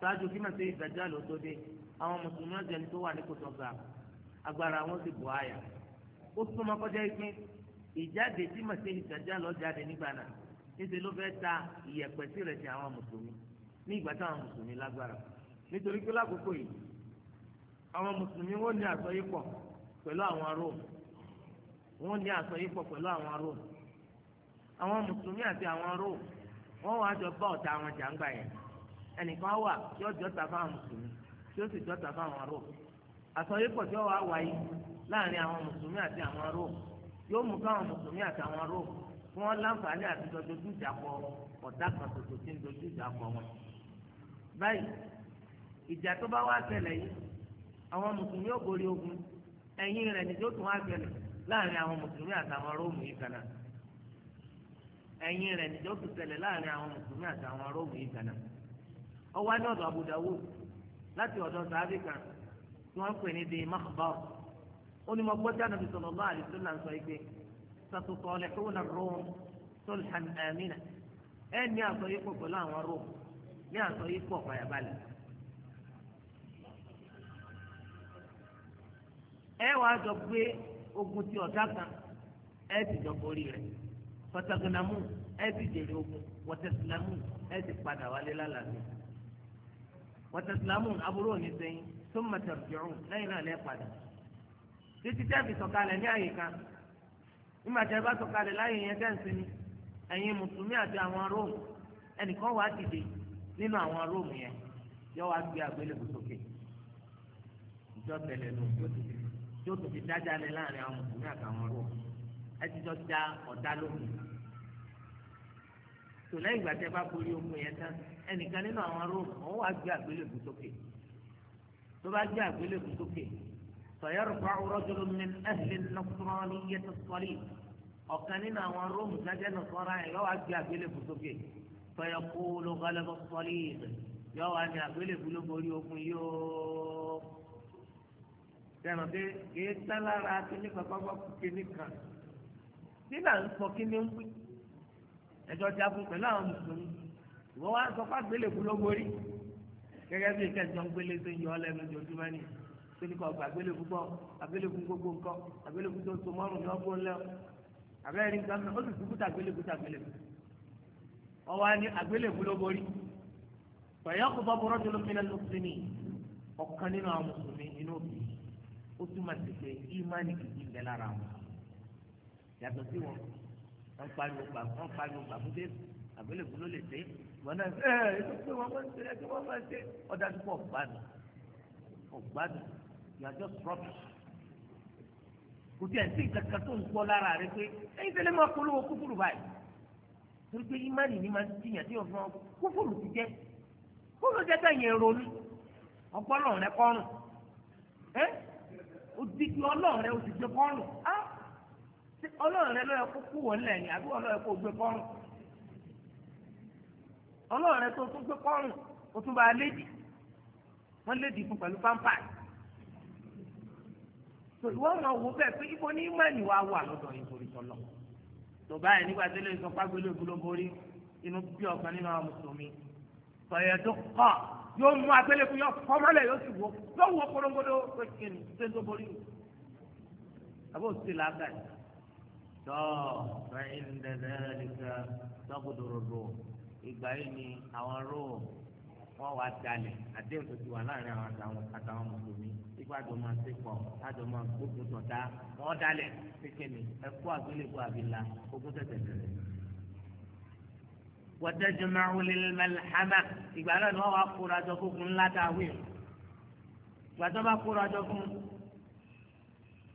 ṣáájú kí Masih Dajjal ó tó dé àwọn mùsùlùmí ọ̀jẹ̀ ni tó wà ní kòtò ga agbára wọn sì bọ̀ àyà ó súnmọ́ kọjá ipin ìjáde tí Masih Dajjal lọ jáde nígbà náà níṣẹ́ ló fẹ́ ta ìyẹ̀pẹ̀ pẹ̀lú àwọn Róòmù wọ́n ní àsọyípọ̀ pẹ̀lú àwọn Róòmù àwọn mùsùlùmí àti àwọn Róòmù wọ́n wàá jọ bá ọ̀tá àwọn jàǹgbà yẹn ẹnìkan wà tí ó jọ́ta fáwọn mùsùlùmí tí ó sì jọ́ta fáwọn Róòmù àsọyípọ̀ tí ó wàá wáyé láàrin àwọn mùsùlùmí àti àwọn Róòmù yóò mú káwọn mùsùlùmí àti àwọn Róòmù fún wọn láǹfààní àti dojú ìjà kọ ọ̀tá kan tuntun tí ń dojú ìjà kọ wọn. báyìí ìjà tó bá wá ṣẹlẹ̀ yìí àwọn mùsùlùmí ò borí ogun ẹ̀yìn rẹ̀ nìjó tún wá gbẹlẹ̀ láàrin àwọn mùsùlùmí àtàwọn róòmù yìí kan tún láàrin àwọn mùsùlùmí àtàwọn róòmù yìí ní Abu Dawud láti ọ̀dọ̀ sàábì kan tí wọ́n pè ní di bá àdìsó náà sọ ní àwọn ẹ wàá jọ pé ogun ti ọ̀tá kan ẹ ti jọ borí rẹ̀ pàtàkìnàmù ẹ ti jèrè ogun wọ́tẹ̀sílámù ẹ ti padà wálé lálàáfíà wọ́tẹ̀sílámù aburú òní sẹ́yìn tó mọ̀tẹ̀ rùjọ́rùn lẹ́yìn náà lẹ́ padà títí tẹ́ fi sọ̀kalẹ̀ ní àyè kan nígbà tẹ́ bá sọ̀kalẹ̀ láyè yẹn tẹ́ ń sinmi ẹ̀yin mùsùlùmí àti àwọn róòmù ẹnìkan wàá dìde nínú àwọn róòmù yẹn yọ wá gbé àgbélébùú ìjọ tẹ̀lé nù yóò ti di tí ó tún fi dájà lẹ láàrin àwọn mùsùlùmí àtàwọn ọ̀rọ̀ ẹ ti jọ da ọ̀dá lókun tò lẹ́yìn ìgbà tẹ bá borí ogun yẹn tán ẹnìkan nínú àwọn ọ̀rọ̀ òun wàá gbé àgbélébù sókè tó bá gbé àgbélébù sókè sọ̀yẹ́rù pa rọ́jòló mi ẹ̀hìn nọ́kúrọ́ ní iye tó sọ́rí ọ̀kan nínú àwọn róòmù sájẹ́ nìkọ́ra yẹn yọ́wọ́ gbé àgbélébù sókè sọ̀yẹ́ kó ló tẹ̀ràn pé kì í tán lára kíní kankan bọ́ kíní kan nígbà ń sọ kíní ń wí ẹjọ́ jagun pẹ̀lú àwọn mùsùlùmí ìwọ wa sọ fún àgbélébù ló borí gẹ́gẹ́ bí ìkẹjọ ń gbélé tó ń yọ ọ lẹ́nu ojoojúmọ́ ni tóní kọ gba àgbélébù gbọ́ àgbélébù gbogbo nǹkan àgbélébù tó so mọ́rùn ní ọgbọ́n lẹ́wọ̀ àbẹ́rẹ́ ní nǹkan ó sì kúkú tàgbélébù tàgbélébù ọwọ́ ni ó túmọ̀ sí pé ìmánì kìkì bẹ lára wọn yàtọ̀ sí wọn wọn pariwo gbà wọn pariwo gbà fún dé àbẹ̀lẹ̀kùn ló lè dé wọn náà ṣe ẹ ètò pé wọn máa ń ṣe ẹgbẹ́ wọn máa ń ṣe ọ̀dà tó pọ̀ gbádùn ọ̀gbádùn yàtọ̀ sọ́ọ̀bù kò tí ẹ̀ sí kankan tó ń gbọ́ lára rẹ pé ẹ̀yin tẹ́lẹ̀ máa polówó kúkúrú báyìí torí pé ìmánì ni máa ń tiyàn tí òfin kúkúrú ti jẹ́ kúkúrú jẹ́ tẹ̀yìn ronú ọgbọ́n náà rẹ kọ́rùn-ún odidi ọlọ́run rẹ o sì gbé kọ́ọ̀nù á ṣe ọlọ́run rẹ lọ́yọ̀ kó kú wọlé ẹ̀yìn àbí ọlọ́run kó gbé kọ́ọ̀nù ọlọ́run rẹ tó tún gbé kọ́ọ̀nù o tún bá a lédi wọ́n lédi fún pẹ̀lú pampa tó ìwọ ọmọ wò bẹ́ẹ̀ pé ibo ní ìmọ̀ni wa wà lọ́dọ̀ ìborí tọ́lọ̀ tó báyìí nígbà tí lóyún sọ pàgbélé ògbólógbórí inú bí ọ̀kan nínú àwọn mùsùlùmí tọ̀yẹ̀dó kọ́ yóò mú agbélébùú yóò fọmọlẹ yóò sì wọ yóò wọ korongodo pé kìnnì sẹńdóborí àbò sí làákà yìí tọ fẹyìn dẹdẹ nìkan tọkùdòrò rò ìgbà yìí ni àwọn rò wọn wà dalẹ̀ àdéhùn tó ti wà láàrin àwọn àtàwọn àtàwọn mùsùlùmí ipa àjọ máa ṣe pọ̀ àjọ máa gbógun tọ̀tà wọn dalẹ̀ pé kìnnì ẹ̀kọ́ àgbélébùú àbílà ogún tẹ̀tẹ̀ tẹ̀lẹ̀ wọ́tẹ́jùmọ́ olùmọ̀lẹ́hàmà ìgbà náà ni wọ́n wá kóra jọ fún ńlá tá a wí o ìgbà tó bá kóra jọ fún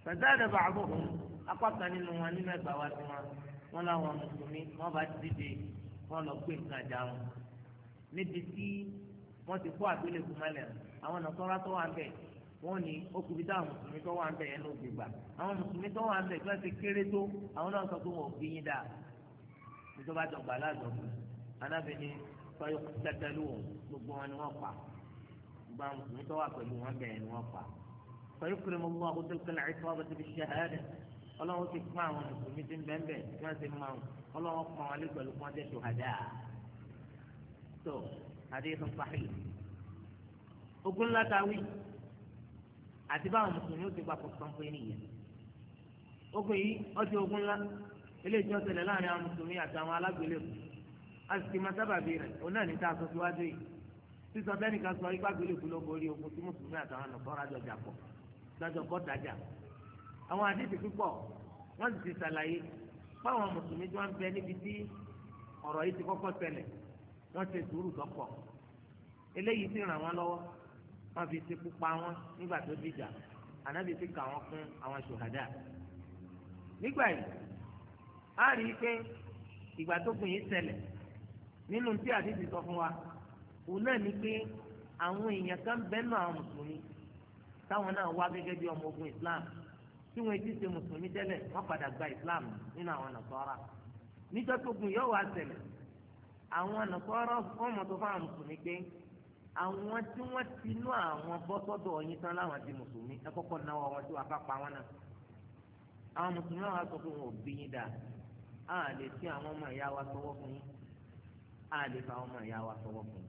fẹ̀sẹ̀ bá àbò fún akọ́ta nínú wọn nínú ẹgbà wa sí wọn wọn làwọn mùsùlùmí wọn bá dìde wọn lọ gbé nǹkan jà wọn níbi tí wọn ti kó àgbélébù mọ́lẹ̀ àwọn nàkọ́rọ́ tó wà ń bẹ̀ wọn ní okùnrin táwọn mùsùlùmí tó wà ń bẹ yẹn ló gbégbà àwọn mùsùlùmí tó wà ń bẹ kí wọn ti kéré tó àwọn náà sọ pé wọn ò gbé yín dáa ìjọba àjọgbà láàjọ fún un anábìíní fọyọ tẹtẹlú òun gbogbo wọn ni wọn pa gbogbo àwọn mùsùlùmí tó wà pẹ̀lú wọn bẹ́ẹ̀ ni wọn pa fọyọ kiri mọ wọn kótó kẹlẹ àìsàn wọn bẹ ti fi ṣe àyàdẹ ọlọ́wọ́ ti pọ́n àwọn mùsùlùmí ti ń bẹ́ẹ̀ bẹ́ẹ̀ tí wọ́n ti máa ọlọ́wọ́ pọ́n wọn lé pẹ̀lú pọ́n tẹ̀ tó tó àdéhùn fàáyì ogun látàwí àti báwọn mùsùlùmí ó ti gba kọ̀ọ̀kan pé nìyẹn ogun yìí ọjọ́ ogun ńlá eléyìí tí wọ́n asìmọ̀ sábàbí rẹ̀ òun náà ní tá a sọ síwájú yìí sísọ tẹ́nìkan sọ ipá gbélé kúló borí ogun tí mùsùlùmí àtàwọn nọ̀kọ́ra jọjà pọ̀ lọ́jọ́ bọ́tàjà àwọn àdéhùn púpọ̀ wọ́n sì ti ṣàlàyé fáwọn mùsùlùmí tí wọ́n ń bẹ níbi tí ọ̀rọ̀ yìí ti kọ́kọ́ tẹ̀lẹ̀ wọ́n ṣe sùúrù tọ́pọ̀ eléyìí sì ràn wọ́n lọ́wọ́ wọ́n fi ti pupa wọn nígbà tó dìjà ànábì ti kà wọ́n fún àwọn ṣòhádà nígbà yìí á rí i pé ìgbà tó kù yìí ṣẹlẹ̀ nínú tí àdìsí sọ fún wa òun náà ni pé àwọn èèyàn kan bẹ́ẹ̀ náà àwọn mùsùlùmí táwọn náà wá gẹ́gẹ́ bí ọmọ ogun islam tí wọ́n ti ṣe mùsùlùmí tẹ́lẹ̀ wọ́n padà gba islam nínú àwọn nàṣọ́ra níjọ́ tó gun yóò wá ṣẹlẹ̀ àwọn nàṣọ́ra fọ́ọ̀mù tó fáwọn mùsùlùmí pé àwọn tí wọ́n ti nú àwọn bọ́ sọ́dọ̀ ọ̀yin tán láwọn ti mùsùlùmí ẹ kọ́kọ́ náwó àwọn tí wọ́n bá pa wọn náà àwọn mùsùlùmí náà wá sọ pé wọn ò bí yín á lè fi àwọn ọmọ ìyá wa sọwọ́ fún yín á lè fa ọmọ ìyá wa sọwọ́ fún un.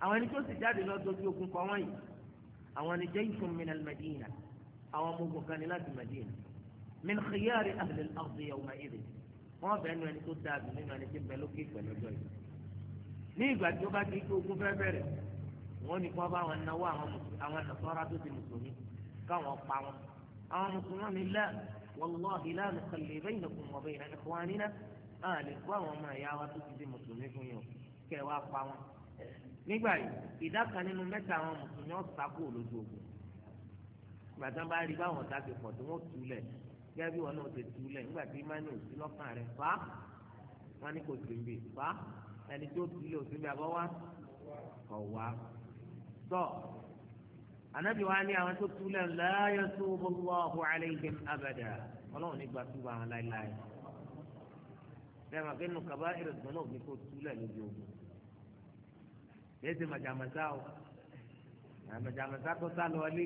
àwọn ẹni tó sì jáde lọ dojú ogun kọ wọ́n yìí àwọn ẹni jẹ́ ìfún min al-Madina àwọn ọmọ ogun kan ní láti Madina min khiyari ahli al-ard yawma idhin wọ́n bẹ̀ẹ́ nu ẹni tó dáa nínú ẹni tí ń bẹ lókè pẹ̀lú ọjọ́ yìí. ní ìgbà tí ó bá ti kí ogun fẹ́ bẹ̀rẹ̀ wọ́n ní kó bá wọn náwó àwọn àwọn a lè kó àwọn ọmọ ẹ̀yà wa tó ti di mùsùlùmí fún yín o kẹ́ ẹ wá pa wọn. nígbà yìí ìdá kan nínú mẹ́ta àwọn mùsùlùmí ọ̀sà kúrò lójú ogun ìgbà tí wọ́n bá rí báwọn ọ̀tá ti pọ̀ tí wọ́n túlẹ̀ gẹ́gẹ́ bí wọn náà ti túlẹ̀ nígbà tí imáni ò sí lọ́kàn rẹ̀ fa wọn ní kò sí ibi fa ẹni tó túlẹ̀ ò sí ibi àbọ̀ wá kọ̀ wá tọ́ anabi wa ni àwọn tó túlẹ̀ la yasubu Allahu alayhim abada ọlọ́run nígbà tó bá wọn láéláé sẹ́wọ̀n kí nù kaba ìrẹ̀sùn náà ní kó túlẹ̀ lójú ogun yéé ti màjàmẹ́sá o màjàmẹ́sá tó sá lọ́ọ́lé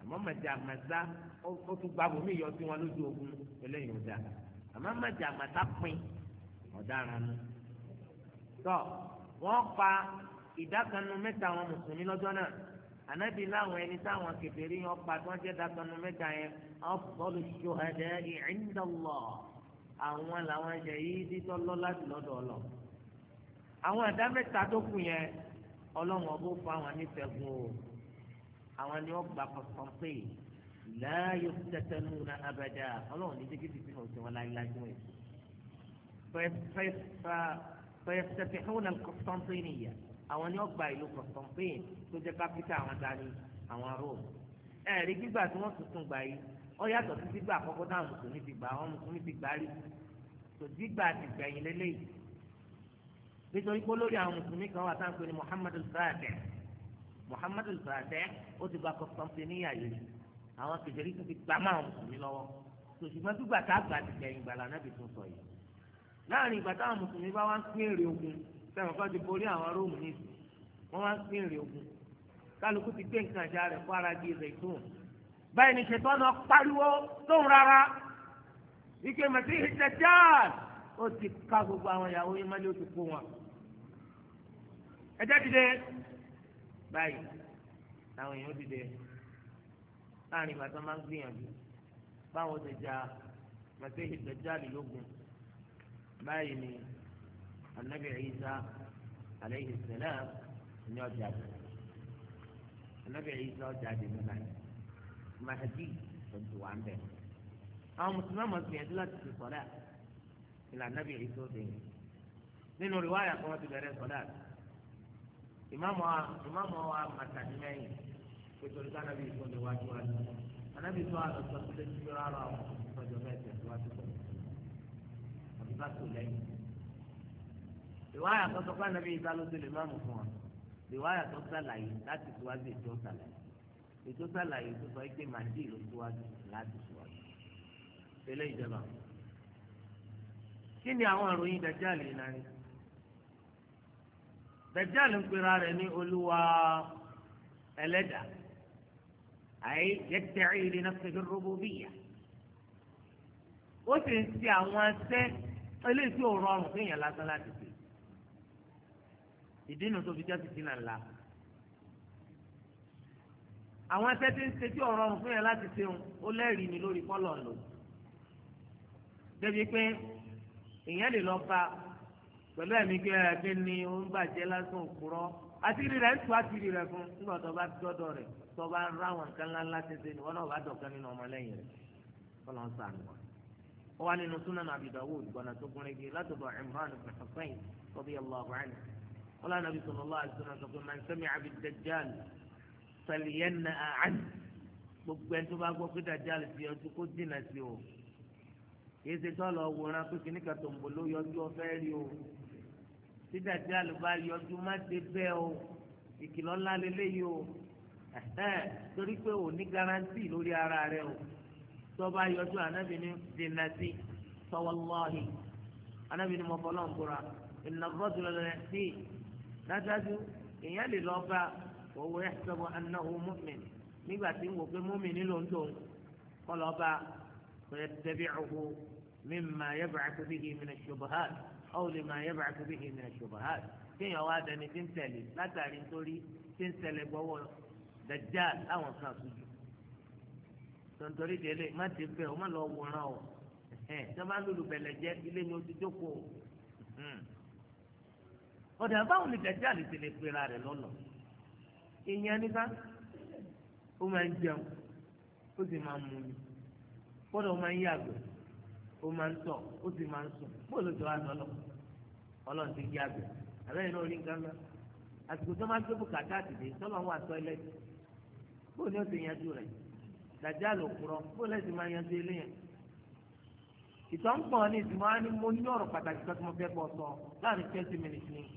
àmọ́ màjàmẹ́sá ó tún gba bòmí yọ sí wọn lójú ogun eléyìí ó dà àmọ́ màjàmẹ́sá pin ọ̀daràn nù tọ́ wọ́n pa ìdákanu mẹ́ta àwọn mùsùlùmí lọ́jọ́ náà ànábì láwọn ẹni táwọn kèfèrí yẹn pa tí wọ́n jẹ́ dákanu mẹ́ta yẹn afdalu shuhada'i 'inda Allah àwọn làwọn ẹ̀jẹ̀ yìí dítọ́ lọ láti lọ́dọ̀ ọlọ àwọn ẹ̀dá mẹ́ta tó kù yẹn ọlọ́run ọbọ̀ fún àwọn nífẹ̀ẹ́gun o àwọn ni wọ́n gbà kankan pé láàyò tẹ́tẹ́ nù ní abẹ́dá ọlọ́run ní dígí títí náà òṣèwọ́n láéláé fún ẹ̀ fẹ́ẹ́fẹ́fẹ́hún náà kọ́ńtọ́ńtìn nìyà àwọn ni wọ́n gba ìlú kọ́ńtọ́ńtìn tó jẹ́ kápítà àwọn dání àwọn róòmù ẹ̀ẹ́dì gbígbà tí wọ́n tuntun gbà yìí ó yàtọ̀ sí gbígbà àkọ́kọ́ táwọn mùsùlùmí ti gbà àwọn mùsùlùmí ti gbà rí kò gbígbà ti gbẹ̀yìn lélẹ́yìí nítorí pé olórí àwọn mùsùlùmí kan wà sáà ń pè ní Muhammad al-Fatih Muhammad al-Fatih ó ti gba Constantinople yìí àwọn kèfèrí tó ti gbà má àwọn mùsùlùmí lọ́wọ́ tòṣùgbọ́n gbígbà tá a gbà ti gbẹ̀yìn gbàlà náà fi tún sọ yìí láàrin ìgbà táwọn mùsùlùmí bá wá ń pín èrè ogun sẹ́wọ̀n kan ti borí àwọn róòmù nísìnyí wọ́n wá ń pín èrè ogun kálukú ti gbé nǹkan àjà rẹ̀ fún ara bíi zaitun báyìí ni ṣètọ́nà pariwo tóun rárá ike mẹsì ìtẹ̀jáàd ó ti ká gbogbo àwọn ìyàwó yín mọ́lẹ́ ó ti kó wọn. ẹjẹ́ dìde báyìí làwọn èèyàn dìde láàrin ìgbà tó máa ń gbìyànjú báwọn ti ja mẹsì ìtẹ̀jáàd lógun báyìí ni anabi Isa aleyhi salam ni ọjà dé anabi Isa ọjà dé nígbà yìí mahadi tuntun wa ń bẹ àwọn mùsùlùmí àwọn gbìyànjú láti ti sọlá ìlànà nàbì ìṣó bẹyìn nínú rìwáyà kan wọn ti bẹ̀rẹ̀ sọlá ìmáàmù wa ìmáàmù wa màtàdí mẹyìn pẹtùrú ká nàbì ìṣó lè wájú wa ní ànábì tó àlọ sọ sílẹ̀ sí rárá o ọjọ́ bẹ́ẹ̀ tẹsíwájú pọ àbí bá tó lẹ́yìn rìwáyà kan sọ pé ànábì ìṣá ló ti lè máàmù fún wa rìwáyà tó sàlàyé láti tiwájú ìjọ sàlàyé ètò sàlàyé tó sọ pé màdí ló síwájú láti síwájú tẹ́lẹ̀ ìjọba kí ni àwọn àròyìn dàjáàlì náà ni dàjáàlì ń pera rẹ̀ ní olúwa ẹlẹ́dà àyè yẹtẹ̀ẹ́ ilé náà fẹ́ẹ́ rọ́bó ó sì ń ṣe àwọn ẹsẹ́ eléyìí tí ò rọrùn fún èèyàn lásán láti ṣe ìdí nu tó fi jẹ́ fìtínà ńlá àwọn ẹsẹ tí ń ṣe tí ọ̀rọ̀ ọ̀run fún yẹn láti ṣeun ó lẹ́rìí ni lórí kọ́lọ̀ lò débi pé èèyàn lè lọ bá pẹ̀lú ẹ̀mí pé ẹ̀gbẹ́ ni ó ń bàjẹ́ lásán òkúrọ́ àtìrí rẹ̀ ń tu àtìrí rẹ̀ fún nígbà tó bá dọ́dọ̀ rẹ̀ tó bá ń ráwọn nǹkan ńláńlá tẹ́tẹ́ ni wọ́n náà bá dọ̀kan nínú ọmọlẹ́yìn rẹ̀ kọ́lọ̀ ń sàánù fẹlẹyẹnà àn gbogbo ẹni tó bá gbọ́ pé dàjálì fi ọdún kó dínà sí o kì í ṣe tó lọ wòran pé kìnnì kan tó ń bò ló yọjú ọfẹ rí o tí dàjálì bá yọjú má dé bẹ́ẹ̀ o ìkìlọ̀ ńlá lélẹ́yìí o torí pé o ní garanti lórí ara rẹ o tó bá yọjú ànábì ní dínà sí tọwọ́lọ́hìn ànábì ní mọ̀fọ́lọ́ ń bora ìnà sí dájú ìyẹn lè lọ́ọ́ bá wọ́wọ́ yahsabu annahu mu'min nígbà tí ń wò pé mu'min ló ń dòun kọlọ́ba fayattabi'uhu mimma yab'athu bihi min ash-shubuhat aw lima yab'athu bihi min ash-shubuhat kéèyàn wá dání tí ń tẹ̀lé látàrí nítorí tí ń tẹ̀lé gbọ́wọ́ dajjal láwọn kan sojú tontori délé má ti bẹ ọ má lọ wòran ọ sábà lulu bẹlẹ jẹ ilé ni o ti jókòó ọdà báwo ni dajjal ti lè pera rẹ lọ́nà. èèyàn nípa ó máa ń jẹun ó sì máa ń mu ni kódà ó máa ń yàgbẹ́ ó máa ń tọ̀ ó sì máa ń sùn bóyá ló ti wá nọ lọ ọlọ́run ti yàgbẹ́ àbẹ́yìn náà ó ní nǹkan àsìkò tó máa ń kàtá àtìdé wà ó ti yanjú rẹ̀ dàjà ló máa yanjú ìtọ́ ń pọ̀ ní mo ní ọ̀rọ̀ pàtàkì fẹ́ sọ láàrin twenty minutes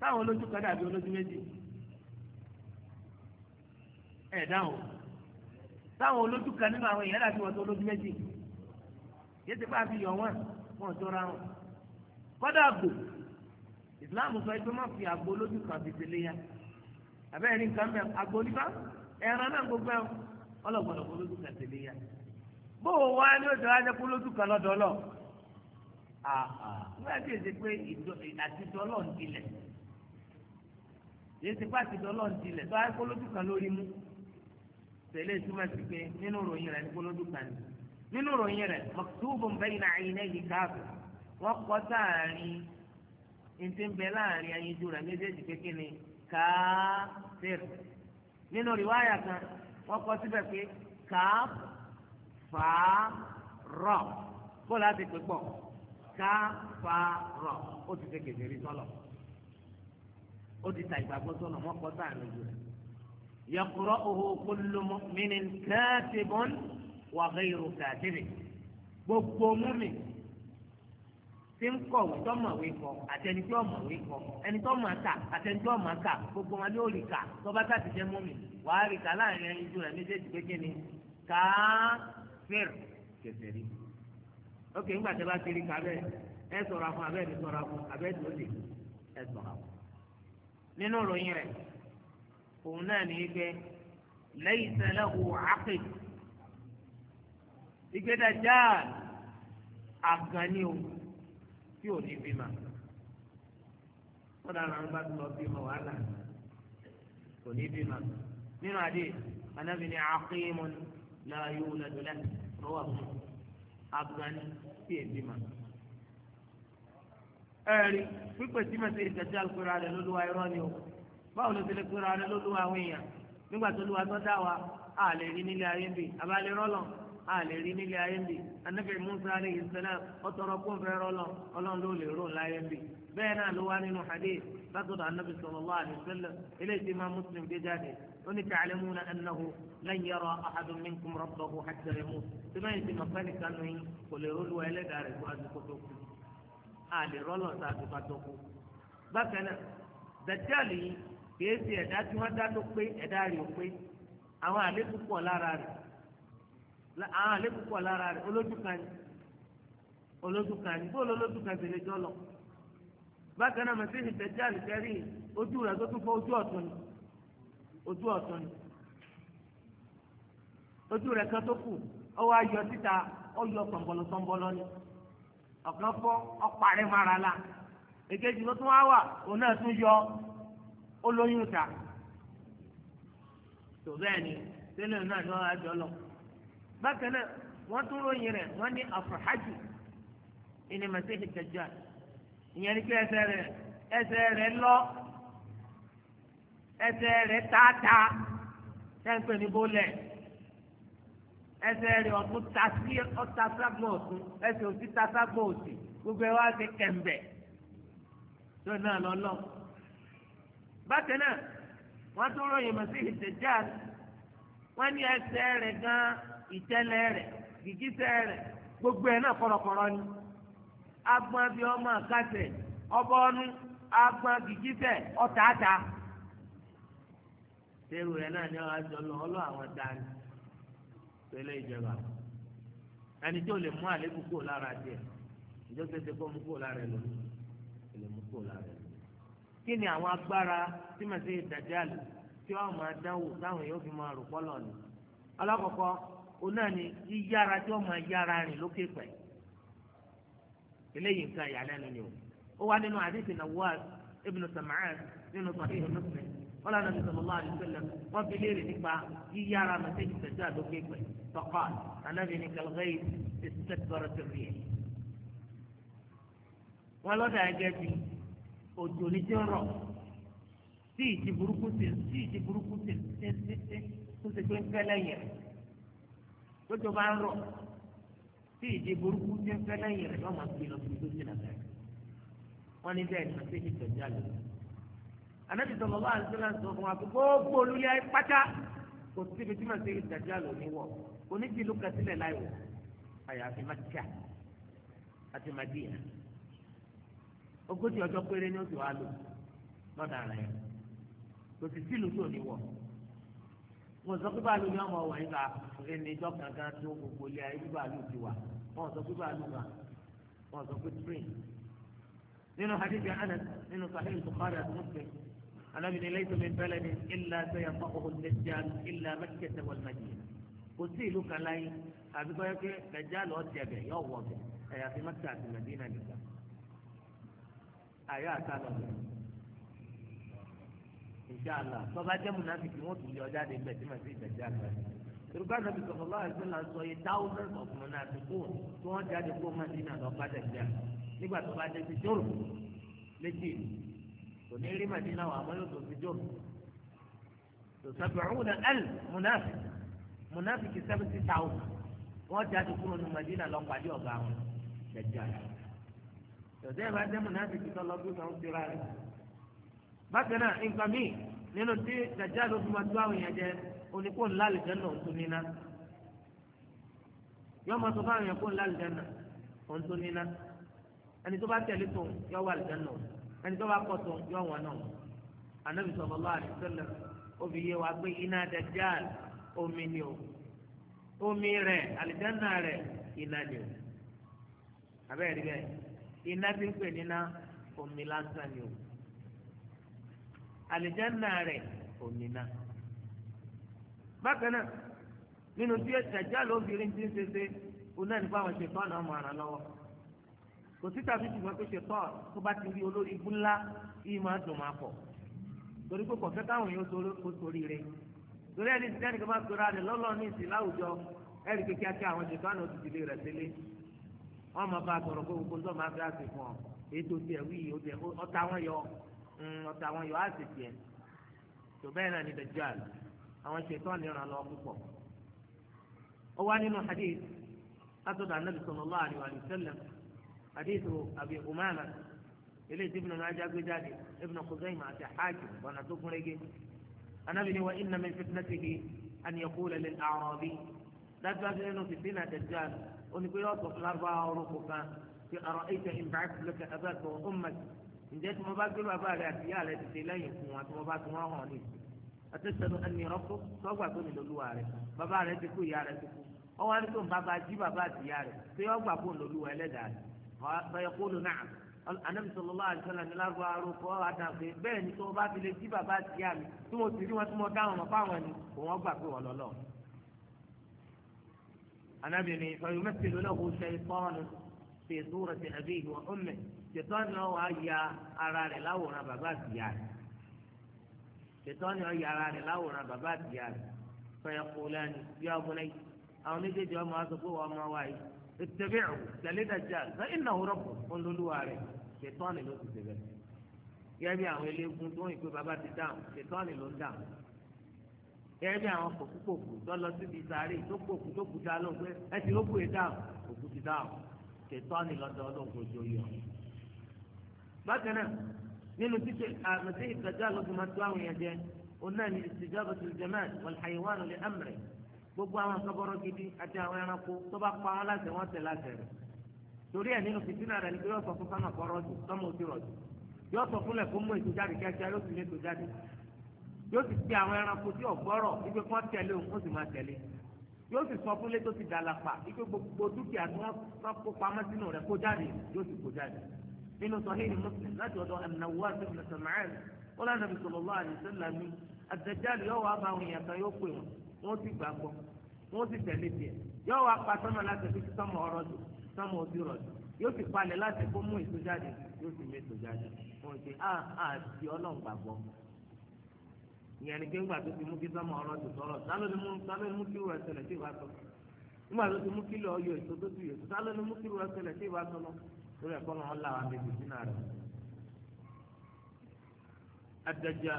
táwọn olójú kan dàbí olójú méjì táwọn olójú kan nínú àwọn èèyàn dàbí wọn tó olójú méjì yé ti fi yọ wọn wọn jọra wọn kọ́dà àgbò ìsìláàmù sọ ẹgbẹ́ má fi àgbo olójú kan fi ya àbẹ́rẹ́ nǹkan bẹ́ẹ̀ àgbo nípa ẹran náà gbogbo ẹ̀ ọlọ́gbọ̀dọ̀ ya wá ní ajẹ́ kó kan ti ṣe pé ń dilẹ̀ yéésì pàṣẹ dọ́lọ́ ń tilẹ̀ tó ayé kólójú kan lórí mú tẹ̀lé ìtumọ̀ sí pé nínú ròyìn rẹ̀ ní kólójú kan ní nínú ròyìn rẹ̀ maktubun bayna aynayhi káàbù wọ́n kọ́ sáàrin ntí ń bẹ láàrin ayinjú rẹ̀ méjèèjì kékeré ni káfíìr nínú rìwáyà kan wọ́n kọ́ síbẹ̀ pé káfàárọ̀ bó láti pè pọ̀ káfàárọ̀ ó ti ṣe kèfèrí sọ́lọ̀ ó ti ta ìgbàgbọ́ sọ̀nà wọ́n kọ́ sáànù jù rẹ̀. yaqra'uhu kullu mu'minin katibun wa ghayru katibin gbogbo múmi tí ń kọ̀wé tọ́mọ̀wé kọ àtẹni tí ọ̀mọ̀wé kọ ẹni tọ́mọ̀ kà àtẹni tí kà gbogbo wọn yóò rí kà tọ́ba ká ti jẹ́ múmi wàá rí kà láàrin ẹni ju rẹ̀ méjèèjì pé kí ni káfíìr kẹsẹ̀ rí. ókè ńgbà tí bá ti rí kà bẹ́ẹ̀ ẹ sọ̀rọ̀ àfọ̀ abẹ́ẹ̀ ti sọ̀rọ̀ àfọ̀ abẹ́ẹ̀ ti lè ẹ sọ̀rọ̀ àfọ̀ nínú ìròyìn rẹ̀ òun náà ní pé laysa lahu aqid ìgbẹ́dàjà àgànní o tí ò ní bímọ kódà náà ń bá tó lọ bímọ wàhálà kò ní bímọ nínú àdé anábì ní aqimun la yuladu lahu lọ́wọ́ àgànní tí è bímọ ẹ̀rí pípẹ́ tí mẹ́sẹ̀ ìdẹ̀tí àlùkòrò rẹ̀ lóluwa irọ́ ni o báwo ló ti lè kóra rẹ̀ lóluwa àwọn èèyàn nígbà tó lùwà tó dá wa a lè rí nílé ayé ń bì abalẹ̀ rọ́lọ̀ a lè rí nílé ayé ń bì anabi musa aleyhi salam ọtọrọ kó fẹ́ rọ́lọ̀ ọlọ́run ló lè rò láyé ń bì bẹ́ẹ̀ náà ló wá nínú hadith látọ̀dọ̀ anabi sallallahu alaihi wasallam eléyìí máa muslim gbé jáde ó ní ta'lamuna annahu lan yara ahadun minkum rabbahu hatta yamut tí báyìí ti mọ̀ fẹ́nìkan nù yín kò lè rọ́lùwà ẹlẹ́dàá rẹ̀ kó a ti kótó kù. a ti bá dọ́kú. bákan náà dàjálì yìí kìí ṣe ẹ̀dá tí wọ́n dá ló pé ẹ̀dá rẹ̀ ò pé àwọn lára rẹ̀ àwọn lára rẹ̀ olójú kan ní olójú kan ní bóòlù olójú kan tẹ̀lé bákan náà dàjálì ojú rẹ̀ tó tún ojú ọ̀tún ni ojú ọ̀tún ni ojú rẹ̀ kan ọ̀kan fọ́ ọ̀parẹ́ mara la èkejì ló tún wá wà òun náà tún yọ olóyún ta tó bẹ́ẹ̀ ni tẹ́lẹ̀ náà ni wọ́n á jọ lọ. bákan náà wọ́n tún ròyìn rẹ̀ wọ́n ní àfàhájù ìní màsíhì dajjal ìyẹn ni pé ẹsẹ̀ rẹ̀ ẹsẹ̀ rẹ̀ lọ ẹsẹ̀ rẹ̀ tààtà tẹ́ ń pè ní Ese rẹ̀ ọ̀tún tasí ọ̀taságbọ̀n ọ̀tún ẹsẹ̀ òsì taságbọ̀n gbogbo ẹ̀ wá sí kẹ̀mbẹ̀ tó náà lọ́lọ́. bákan náà wọ́n onye ròyìn mọ̀ sí Dajjal wọn ní ẹsẹ̀ rẹ̀ gan ìtẹ́lẹ̀ rẹ̀ gìgísẹ̀ rẹ̀ gbogbo ẹ̀ náà ni. agbọn bíi ọmọ àkàtẹ̀ agbọn tẹ́rù rẹ̀ náà ni ọ pẹ̀lẹ́ ìjọba ẹni tó lè mú àlékún kúrò lára díẹ̀ ìjọ tètè kó mú kúrò lára ẹ lónìí lè mú kúrò lára ẹ lónìí. kí ni àwọn agbára tí màá ṣe ìdájálù tí wọ́n máa dánwò táwọn èèyàn fi máa rò pọ́lọ̀ ni alákọ̀ọ́kọ́ o náà ni yíyára tí wọ́n máa yára rìn lókè pẹ̀ eléyìí nǹkan ìyàlẹ́nu ni o ó wá nínú àdéhùn nínú wọn lànà bí sọlọ́lá àdìsẹ́lẹ̀ wọ́n fi léèrè nípa yíyára mẹ́tẹ́jì tẹ̀sí àdókè pẹ̀ tọ́kọ́ ànábì ní kẹlẹ́gẹ́yì ìsẹ́tìbọ̀rọ̀ ti rí ẹ̀. wọn lọ́dà ẹgẹ́ bí òjò ní ti tí ìtì burúkú ti tí ìtì burúkú ti tẹ́tẹ́tẹ́ tó ti pé ń fẹ́lẹ́ yẹn tójò bá ń rọ̀ tí ìdí burúkú ti ń fẹ́lẹ́ yẹn lọ́mọ gbé lọ tó ti nàbẹ́rẹ́ wọ́n ní bẹ́ẹ̀ ni mẹ́tẹ́jì tẹ̀sí àdókè anabi sọlọ bá àti sọlá sọ fún wa pé gbogbo olúlé ayé pátá kò síbi tí màá ṣe ìdájọ́ àlọ́ ní wọ̀ oníjìlú kẹsílẹ̀ láì wọ̀ àyàfi mákíà àti màdíyà ogójì ọjọ́ péré ni ó ti wá lò lọ́dà ara kò sì sílùú tó ní wọ̀ wọn sọ pé báàlú ni ọmọ wọ̀ nípa ẹnìjọ kankan tó gbogbo ilé ayé báàlú ti wà wọn sọ pé báàlú wà wọn sọ pé train nínú hadith anas nínú sahih bukhari àti muslim anábìíní lẹ́yìn min baladin illa sayatahu ad-dajjal illa Makkah wal Madina kò sí ìlú kan láyé àbí kọ́ yẹ kí dajjal lọ́ọ́ ti ẹ̀bẹ̀ yọ̀ wọ̀ bẹ̀ àyàfi Makkah àti Madina nìkan àyà àtàlọ́ bẹ̀ ìjàlá tọ́ba jẹ́ munafiki wọ́n tún lé ọjà dé bẹ̀ tí màá sí dajjal lọ́ọ́ yorùbá nàbì sallallahu alaihi wasallam sọ yìí thousands of munafiqun tí wọ́n jáde kó Madina lọ́ọ́ bá dajjal nígbà tó bá dé ti jòrò létí kò ní rí màdínà wà àmọ́ yóò tó fi jó tó sábẹ̀rún náà ẹ̀l múnáfì múnáfì kì sẹ́fẹ̀tì táwọn wọ́n jáde kúrò ní màdínà lọ pàdé ọ̀gá wọn jẹjẹ tòtẹ́ ẹ̀ bá jẹ́ múnáfì kì tọ́ lọ bí kan ti ra rẹ̀ bákan náà nǹkan míì nínú tí jẹjẹ ló fi máa tó àwọn yẹn jẹ oníkó ńlá àlùjẹ náà ń níná yọ ọmọ sọ fún àwọn yẹn kó ńlá àlùjẹ náà ń níná ẹni tó bá tẹ̀lé tó yọ wà àlùjẹ náà ẹni tó bá kọ̀tọ̀ yọ wọn náà anabi sallallahu alaihi wasallam obì yé wa pé iná dajjal omi ni o omi rẹ̀ àlìjáná rẹ̀ iná ni o abẹ́rẹ́ rí bẹ́ẹ̀ iná ti ń pè níná omi lásán ni o àlìjáná rẹ̀ omi náà bákan náà nínú tí dajjal obìnrin ti ń ṣe ṣe onáà nípa àwọn ṣètò àná ọmọ àrà lọ́wọ́ kò sí tàbí ṣùgbọ́n tó ṣe tọ́ tó bá ti rí olórí ibú ńlá yìí máa dùn máa pọ̀ torí pé kọ̀fẹ́ káwọn èèyàn tó torí rẹ̀ torí ẹni tí ẹnìkan bá sọra rẹ̀ lọ́lọ́ ní ìsìn láwùjọ ẹ̀rí pé kíákíá àwọn ṣètò àná ti dìde rẹ̀ sílé wọ́n máa bá a sọ̀rọ̀ pé gbogbo tó máa fi àṣẹ fún ọ ètò tiẹ̀ wí ọ̀tá wọn yọ mm, ọ̀tá wọn yọ àṣẹ tiẹ̀ tó bẹ́ẹ̀ náà ni dajjal àwọn ṣètò àníran lọ púpọ̀ ó wá nínú hadith látọ̀dọ̀ anábì sallallahu alaihi wa sallam حديث أبي أمامة إليه ابن ماجه بجادي ابن خزيمة أتي حاكم وأنا تفرقي أنا بني وإن من فتنته أن يقول للأعرابي لا تبقى في سنة دجال ونقول يوصف الأربعة ورقفا أرأيت إن بعثت لك أباك وأمك إن جئت مباكر أباك يا ليتي لا يكون مباكر وهوني أتشهد أني ربك سوف أكون للولوى رẹ̀ bàbá rẹ̀ ti kú ìyá rẹ̀ ti kú ọwọ́ àdìsó bàbá jí bàbá فيقول نعم anabi sallallahu alaihi wasallam ní lágbo arúgbó àtàkùn bẹ́ẹ̀ ni tó bá fi lè jí bàbá àti ìyá mi tí mo ti rí wọn tí mo dáhùn ọmọ fáwọn ẹni kò wọn gbà pé wọn lọ lọ. anabi ni ìfọyín mẹsìlú náà kò ṣe ìfọ́nù fi àbí ìwọ ọmọ ṣètò náà wàá ya ara rẹ̀ láwòrán bàbá àti ìyá rẹ̀ ṣètò náà ya ara rẹ̀ láwòrán bàbá àti ìyá rẹ̀ fẹ́ẹ́ kó lẹ́nu ọmọ náà àwọn méjèèjì ọmọ wa sọ pé ọmọ wa yìí ìtẹ̀bẹ̀rù tẹ̀lé dàjà ṣe iná rọ́pò olólùwà rẹ̀ ṣètọ́ni ló ti tẹ̀lé. gẹ́gẹ́ bí àwọn eléegun tó ń pè bàbá ti dáhùn ṣètọ́ni ló ń dáhùn. gẹ́gẹ́ bí àwọn kòkúkòkù tó lọ síbi sàárè tó kòkú tó kù dá lóhùn pé ẹ ti ló kù é dáhùn òkú ti dáhùn ṣètọ́ni lọ́dọ̀ ọlọ́gbọ̀n ojú yọ. bákan náà nínú títí àmì gbogbo àwọn sọgbọrọ gidi àti àwọn ẹranko tó bá pa wọn láṣẹ wọn tẹ láṣẹ rẹ̀ torí ẹ nínú fìtínà rẹ̀ ni pé yóò sọ fún sánà kọ rọjò sọmọ òsì rọjò yóò sọ fúnlẹ̀ kó mú ètò jáde kíákíá yóò sì ní ètò jáde yóò sì fi àwọn ẹranko tí ọgbọrọ wípé kí wọn tẹ̀lé òun kó sì máa tẹ̀lé yóò sì sọ fúnlẹ̀ tó ti dàlàpà wípé gbogbo dúkìá tí wọn kó pamọ́ sínú rẹ̀ kó jáde yóò sì kó jáde nínú sọhíìnì Muslim láti ọ̀dọ̀ wọ́n sì gbàgbọ́ wọ́n sì tẹ̀lé tiẹ̀ yóò wá pa sọ́mọ láti fi sọ́mọ ọ̀rọ̀ jù sọ́mọ òbí rọ̀ jù yóò sì palẹ̀ láti kó mú èso jáde yóò sì mú èso jáde wọ́n ah, ti á á di ọlọ́run gbàgbọ́ ìyẹn ni pé ńgbà tó ti mú kí sọ́mọ ọ̀rọ̀ jù sọ̀rọ̀ sálóni mú kí wọ́n ẹsẹ̀ lẹ́sẹ̀ ìwà sọ ńgbà tó ti mú kí lọ yọ èso tó ti yọ sálóni mú kí wọ́n ẹsẹ̀ lẹ́sẹ̀ ìwà sọ lọ lórí ẹ̀kọ́ náà là wà méjì sínú rẹ̀ adájọ́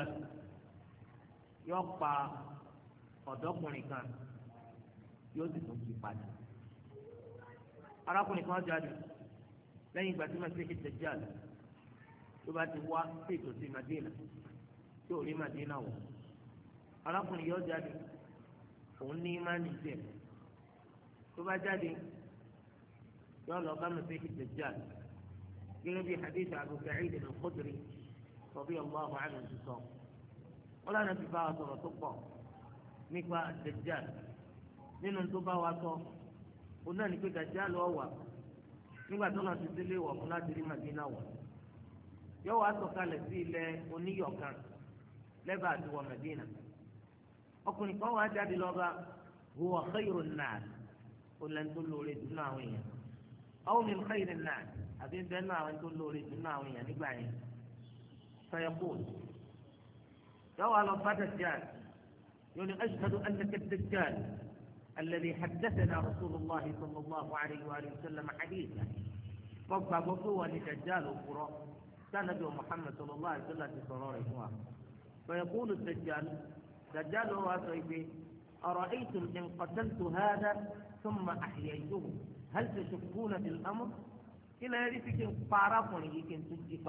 yọ pa ọ̀dọ́kùnrin kan yóò sì tún ti padà arákùnrin kan jáde lẹ́yìn ìgbà tí masihi dajjal tó bá ti wá sí ìtòsí madina tí ò rí madina wọ̀ arákùnrin yóò jáde òun ní imáni tiẹ̀ tó bá jáde yóò lọ bá masihi dajjal gẹ́gẹ́ bí hadith abu sa'id al-khudri radiyallahu anhu sọ wọn lànà ti bá a nípa àdẹ̀jáde nínú tó bá wa sọ òun náà ní pé dàjáde lọ wà nígbà tó lọ sí délé wọ̀ fún láti rí màdínà wọ̀ yóò wá sọ̀kalẹ̀ sí ilẹ̀ oníyọ̀kan lẹ́bà àti wọ̀ màdínà ọkùnrin kan wá jáde lọ́ba huwa khayrun nas olùlẹ́ni tó lóore dùn náà àwọn èèyàn àwọn min khayrin nas àti ń bẹ́ẹ̀ náà àwọn tó lóore dùn náà àwọn èèyàn nígbà yẹn fẹ́ẹ́ kú yóò wá lọ bá dàjáde. يقول يعني أشهد أنك الدجال الذي حدثنا رسول الله صلى الله عليه وآله وسلم حديثا فوق بطوة لدجال القرى كان نبي محمد صلى الله عليه وسلم في صرار فيقول الدجال دجال هو أرأيتم إن قتلت هذا ثم أحييته هل تشكون بالأمر إلى إن قارفون يمكن تجي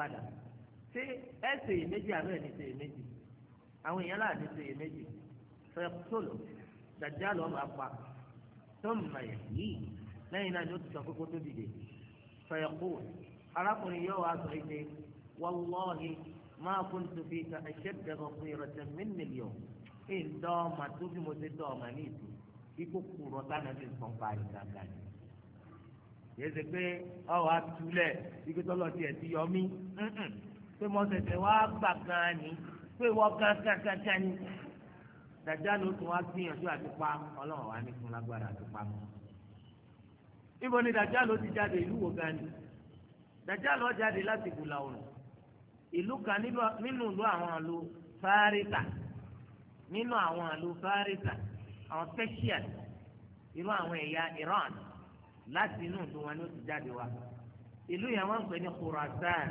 ṣé ẹ ṣèyí méjì àbẹ́ ẹ̀ ní ṣèyí méjì àwọn èèyàn fẹ́ẹ́kútólò dàjálù ọmọ apá tó mà yẹ yìí lẹ́yìn náà ni ó ti sọ pé kó tó dìde fẹ́ẹ́kú arákùnrin yóò wá sọ èdè wàllọ́ọ̀hì máa kún tó fi ka ẹ̀ṣẹ́ dẹ̀rọ̀ fún ìrọ̀tẹ̀ mílíọ̀ kí n dọ́ ọmọ tó bí mo ti dọ́ ọmọ ní ìtù ikú kúrò tánà ti sọ̀n parí gàgà ni. yẹ́sẹ̀ pé ọ̀hún atúlẹ̀ ikú tọ́lọ̀ tiẹ̀ ti yọ mí pé mo tẹ̀sẹ̀ wá gbà gan-an ni pé wọ́n gan-an gan-an gan-an ni dàjálù tún wá gbìyànjú àti pa ọlọ́run wá ní fún lágbára àti pa mọ́. níbo ni dàjálù ti jáde ìlú wo gan ni dàjálù jáde láti gbùlà òrùn ìlú kan nínú ìlú àwọn àlù fáríta nínú àwọn àlù fáríta àwọn persian irú àwọn ẹ̀yà Iran láti inú ìlú wọn ni ó ti jáde wá ìlú yẹn wọ́n ń pè ní Khurasan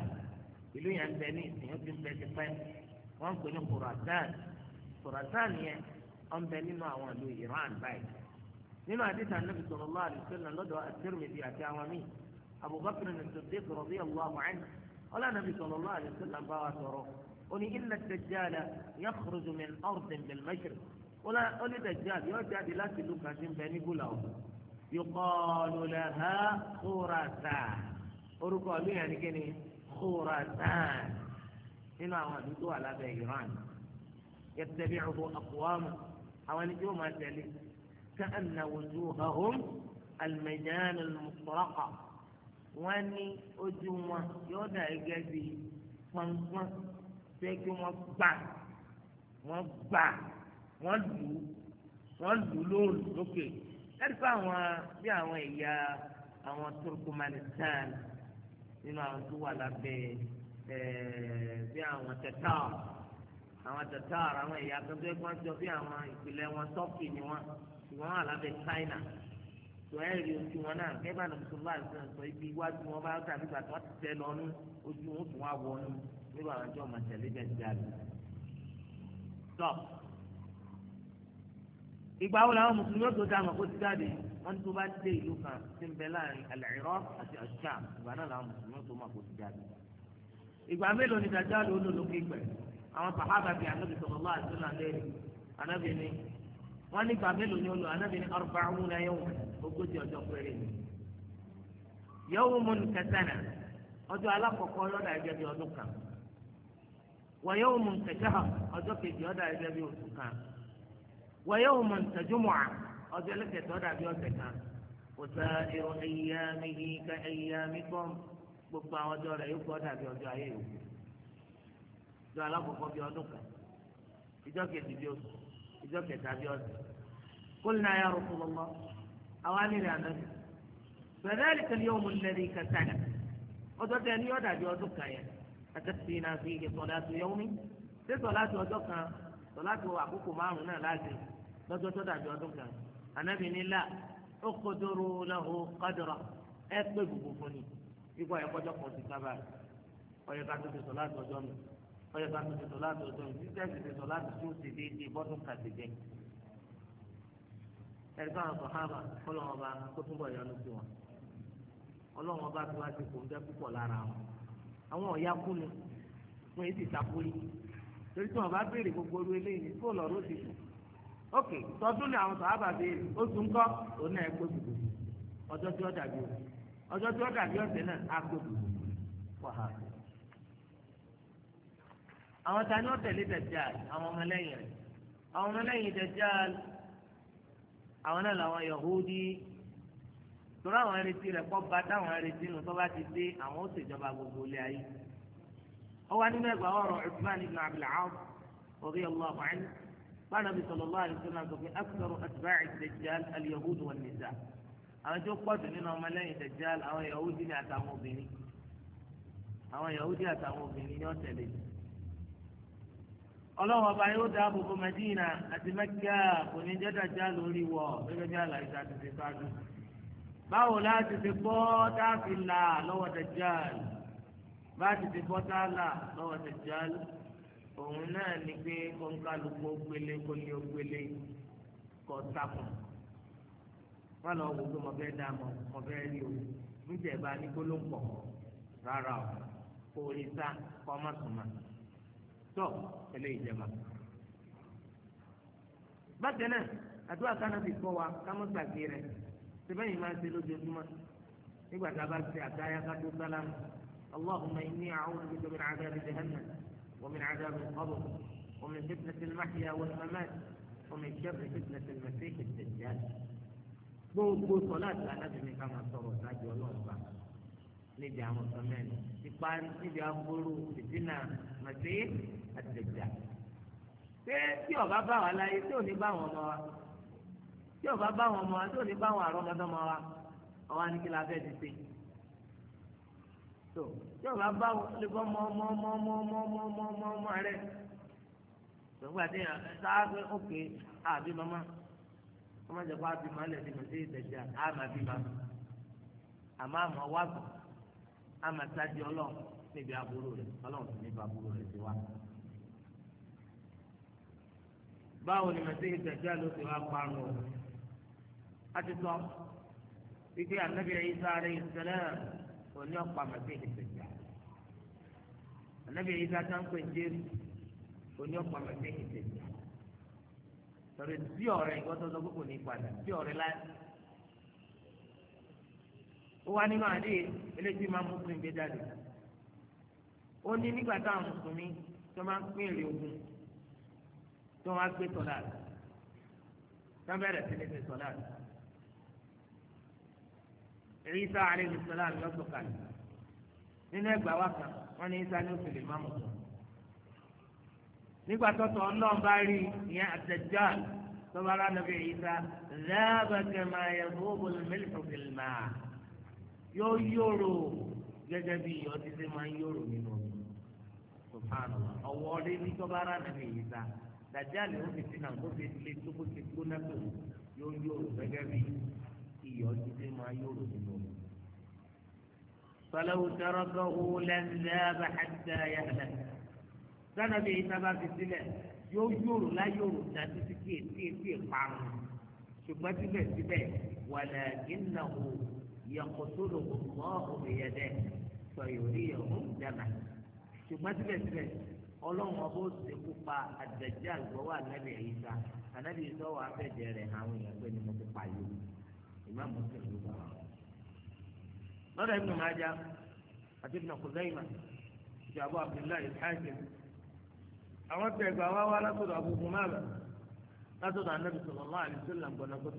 ìlú yẹn ń bẹ ní ìsìn ó ti ń bẹ ti pẹ́ ń pè ní Khurasan. Khorasan yẹn ọ̀n bẹ nínú àwọn ìlú Iran báyìí nínú àdìsá nàbì sallallahu alaihi wasallam lọ́dọ̀ At-Tirmidhi àti àwọn míì Abu Bakr as-Siddiq radiyallahu anhu ọlá nàbì sallallahu alaihi wasallam bá wa sọ̀rọ̀ oní inna ad-Dajjal yakhruju min ardin bil-mashriq oní Dajjal yóò jáde láti ìlú kan tí ń bẹ ní gúláwó yuqalu laha Khorasan yẹn ni kí ni Khorasan nínú àwọn àdúgbò alábẹ́ يتبعه أقوام حوالي ما تلي كأن وجوههم الميدان المطرقة واني أجوما يودا إجازي فانفان تيكي مصبع مصبع مصبع wọ́n lù lóòlù lókè láti fún àwọn bí àwọn ẹ̀yà àwọn Turkmenistan nínú àwọn tó wà àwọn Tatar àwọn ẹ̀yà akẹ́kọ̀ọ́ ẹ̀kọ́ jọ bí àwọn ìpìlẹ̀ wọn tọ́kì ni wọn ṣùgbọ́n wọn àlábẹ́ China tó ẹ̀ rí ojú wọn náà kẹ́bà ní mùsùlùmá àìsàn sọ ibi iwájú wọn bá tàbí gbà tó ti tẹ́ lọ́nú ojú wọn tún wá wọnú nínú àwọn ọjọ́ ọmọ tẹ̀lé bẹ́ẹ̀ ti àlù. tọ́ ìgbà wo làwọn mùsùlùmí ó tó dá àmọ́ kó ti jáde wọ́n tó bá dé ìlú kan tí ń bẹ láàrin àlẹ́rọ́ àti àṣà ìgbà náà làwọn mùsùlùmí ó tó mọ̀ kó jáde. ìgbà mélòó ni dàjà ló lò lókè pẹ̀lú àwọn sàhábà bíi anabi sallallahu alaihi wasallam léèrè anabi ni wọn nígbà mélòó ni ó lò anabi ni arba'una yawman ogójì ọjọ́ péré yawmun kasana ọjọ́ alákọ̀ọ́kọ́ yọ̀dà ẹgbẹ́ bíi ọdún kan wa yawmun kashahr ọjọ́ kejì ẹgbẹ́ bíi oṣù kan wa yawmun kajumu'a ọjọ́ ẹlẹ́kẹ̀tọ́ bíi ọ̀sẹ̀ kan ka ayyamikum gbogbo àwọn ọjọ́ rẹ̀ yóò kọ́ dàbí ọjọ́ ayé ìjọ alákọ̀ọ́kọ́ bíi ọdún kan ìjọ kejì bíi oṣù ìjọ kẹta bíi ọdún kólínà ya Rasulullah àwa nílẹ̀ ànábì fadhalika al-yawm alladhi kasana ọjọ́ tẹ ní ọ̀dà bíi ọdún kan yẹn àtẹ̀sí náà fi ìgbẹ́ salatu yawmi ṣé salatu ọjọ́ kan salatu àkókò márùn-ún náà láti lọ́jọ́ tó dàbí ọdún kan ànábì nílà ó kọjọ́rò lahu qadra ẹ pé gbogbo fún ni ikú ọ̀yẹ́kọ́jọ́ kan ti sábà ọ̀yẹ́ká tó ti salatu ọjọ́ mi ọyọ bá tó ti sọ láti ọdún yìí títí ẹsẹ ti sọ láti tó ti di di bọ́dún kàdìjẹ ẹni báwọn sọ hàn án kọlọ́wọ́n bá kó túbọ̀ yọnu sí wọn ọlọ́wọ́n bá tó wá ti kò ń jẹ́ púpọ̀ lára wọn àwọn ọ̀ya kú ni wọn èyí ti sàkóyí torí tí wọn bá béèrè gbogbo orí eléyìí kó lọ́ọ́ ló ti sùn ok tọdún ni àwọn sọ̀hábà béèrè ó tún kọ́ òun náà ẹgbẹ́ òdòdó ọjọ́ àwọn ta ni wọ́n tẹ̀lé dajjal àwọn ọmọlẹ́yìn rẹ̀ àwọn ọmọlẹ́yìn dajjal àwọn náà làwọn yahudi torí àwọn arètí rẹ̀ kọ́ ba táwọn arètí nù tó bá ti dé àwọn ó ṣèjọba gbogbo ilé ayé ó wá nínú ẹgbàá ọ̀rọ̀ Uthman ibn Abdul Aziz radiyallahu anhu Ànábì sallallahu alaihi wasallam sọ pé aktharu atba'i dajjal al-yahud wan àwọn tó pọ̀jù nínú ọmọlẹ́yìn dajjal àwọn yahudi ni àtàwọn obìnrin àwọn yahudi àtàwọn obìnrin ni wọ́n tẹ̀lé yìí ọlọ́run ọba yóò dáàbò bo Medina àti Mẹ́kà kò ní jẹ́dá já lórí wọ̀ gẹ́gẹ́ bí àlàyé àti ti sáájú. báwo láti ti bọ́ táàfin là lọ́wọ́ Dajjal bá ti ti bọ́ táà là lọ́wọ́ Dajjal òun náà ni pé kọ́ńkálukú gbélé kọ́lé gbélé kọ́ sáfún wọn lọ wò pé mo fẹ́ dá mọ mo fẹ́ rí o níjẹ̀ bá ní gbólóńpọ̀ rárá o kò rí sá kọ́ má tọ́ ẹlẹ́ ìjẹba. bákan náà àdúrà kánábì kọ́ wa kámọ́ gbàgbé rẹ̀ sẹ́bẹ̀yìn máa ṣe lójoojúmọ́ nígbà tá a bá ṣe àtàyà kátó sálámù اللهم إني أعوذ بك من عذاب جهنم ومن عذاب القبر ومن فتنة المحيا والممات ومن شر فتنة المسيح الدجال gbogbo sọlá ti alábìnrin ká máa sọ̀rọ̀ ṣáájú ọlọ́ọ̀gbà níbi àwọn sọmẹ́ni nípa níbi agbóró ìdínà màsíyí àdẹ̀jà ṣé tí ọba bá wà láyé tí ò ní bá wọn ọmọ wa tí ọba bá wọn ọmọ wa tí ò ní bá wọn àrọ́mọdọ́mọ wa ọwọ́ ni kí la fẹ́ ti ṣe tó tí ọba bá wọn lè bọ́ mọ́ mọ́ mọ́ mọ́ mọ́ mọ́ mọ́ mọ́ mọ́ rẹ̀ tòǹgbà tí yàn sáà pé ókè àbí mama. ọmọ jẹ kó àbí màmá lẹ̀ bí màmá ìdẹ̀jà àmà bí màmá àmà àmà wàgbọ̀ àmà sáájú ọlọ́run níbi àbúrò rẹ̀ ọlọ́run níbi àbúrò rẹ̀ ti wá báwo ni mẹsíhì dàjà ló ti wá parun o a ti sọ wípé anabi Isa alayhi salam òní ọ̀pá mẹsíhì dàjà anabi Isa sáńpé jésù òní ọ̀pá mẹsíhì dàjà sọ̀rọ̀ tí ọ̀rẹ́ ìgbọ́sọ̀sọ kókò ní padà tí ọ̀rẹ́ láì ó wá nínú àdé eléyìí máa mùsùlùmí gbé jáde ó ní nígbà táwọn mùsùlùmí tó máa ń pín èrè ogun tí wọ́n á gbé sọ̀lá rẹ̀ sábẹ́rẹ̀ sí ní gbé sọ̀lá rẹ̀ Ìsá alayhi salam ló sọ̀kalẹ̀ nínú ẹgbàá wa kan wọ́n ní Ìsá ní òfin lè má mọ̀ tó nígbà tó tọ̀ ọlọ́run bá rí ìyẹn àtẹ̀jáàl tó bá rà Ìsá lábàkẹ́ máa yẹ gbogbo mílíọ̀nù yóò yòrò gẹ́gẹ́ bí iyọ̀ ṣe máa ń yòrò nínú omi. ọwọ́ rí ní tó bá rà Ìsá dàjáàlì ó fi sínú àgbo ti lé tó bó ti gbóná tó yóò yóò gẹ́gẹ́ bí iyọ̀ dídé máa yóò rò nínú omi. فلو تركه لذاب حتى يهلك sọ́nà bíi ìtaba fi sílẹ̀ yóò yòrò láyòrò dàbí sí kí etí etí ìparun ṣùgbọ́n síbẹ̀síbẹ̀ wàlẹ̀ ìnáwó yẹ̀kọ̀tòlò ọ̀gbọ́n òmìyẹ̀dẹ̀ sọ̀yọ̀rí ẹ̀hún dàmà ṣùgbọ́n síbẹ̀síbẹ̀ ọlọ́run ọbọ̀ ṣekú pa àjẹjẹ́ àgbọ̀wọ́ ànábì ẹ̀yíṣà ànábì ẹ̀yíṣà wà fẹ̀jẹ̀ rẹ̀ àwọn èèyàn pé ni mo ti pa yìí ìmọ̀ àmọ́ sì ló bá wọn. lọ́dọ̀ Ibn Majah àti Ibn Khuzaimah ti Abu Abdullahi al-Hakim àwọn tẹ̀ gbà wá wá látọ̀dọ̀ Abu Humama látọ̀dọ̀ ànábì sallallahu alaihi wasallam gbọ̀nà tó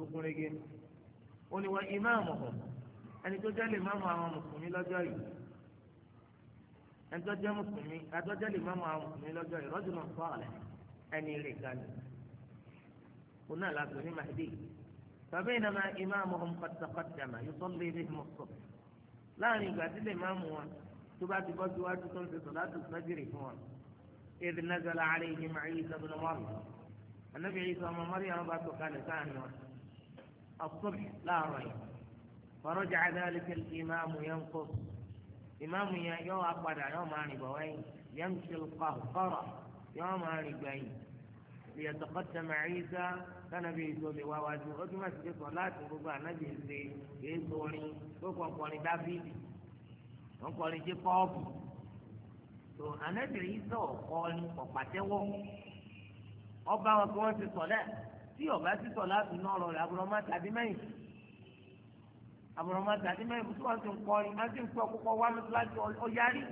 jẹ́ mùsùlùmí ẹ̀ńtọ́jẹ́ lè má máa mùsùlùmí lọ́jọ́ náà ìrọ́jùmọ̀ àlẹ́ ẹni rè ga ni òun náà la gbẹ̀mí Mahdi fabaynama imamuhum qad mọ̀ yusalli bihim as-subh láàrin lè máàmù máa mú wọn tó bá ti bọ́ síwájú tó ń sọ̀dá sọ̀láàtù fájìrì fún wọn idh naa alayhim Isa máa yí Isa ọmọ Maryam bá tó kalẹ̀ sáànù wọn as-subh láàrọ̀ yìí faraja'a dhalika al ìmáàmù yẹn yọ wá padà yọ máa rìn bọ̀ wẹ́yìn yẹn ti kọ́ kọ́rọ̀ yọ máa rìn gbẹ̀yìn ìyàtọ̀kọ́tẹ̀ màáyíṣá sanabi ìsọ̀lẹ̀ wá wájú ó túmọ̀ sí pé sọ̀lá àti gbogbo ànábì ṣe kìí sọrin tó kọ́ kọrin dáfídì ó kọrin jékọ́ọ̀bù tó ànábì ìsọ̀ kọrin ọ̀pàtẹ́wọ́ ọba wọn kí wọ́n ti sọ̀lẹ̀ tí ọba ti sọ̀lá àtúnú ọ̀rọ̀ rẹ̀ àbúrò tàbí mẹ́yìn àbùrọ̀ máa tàbí mẹ́rin kó tó wà sí ń kọ́ ọ́n máa ti ń pẹ́ ọkọ̀ wá mẹ́tíláṣí ọ̀yárí.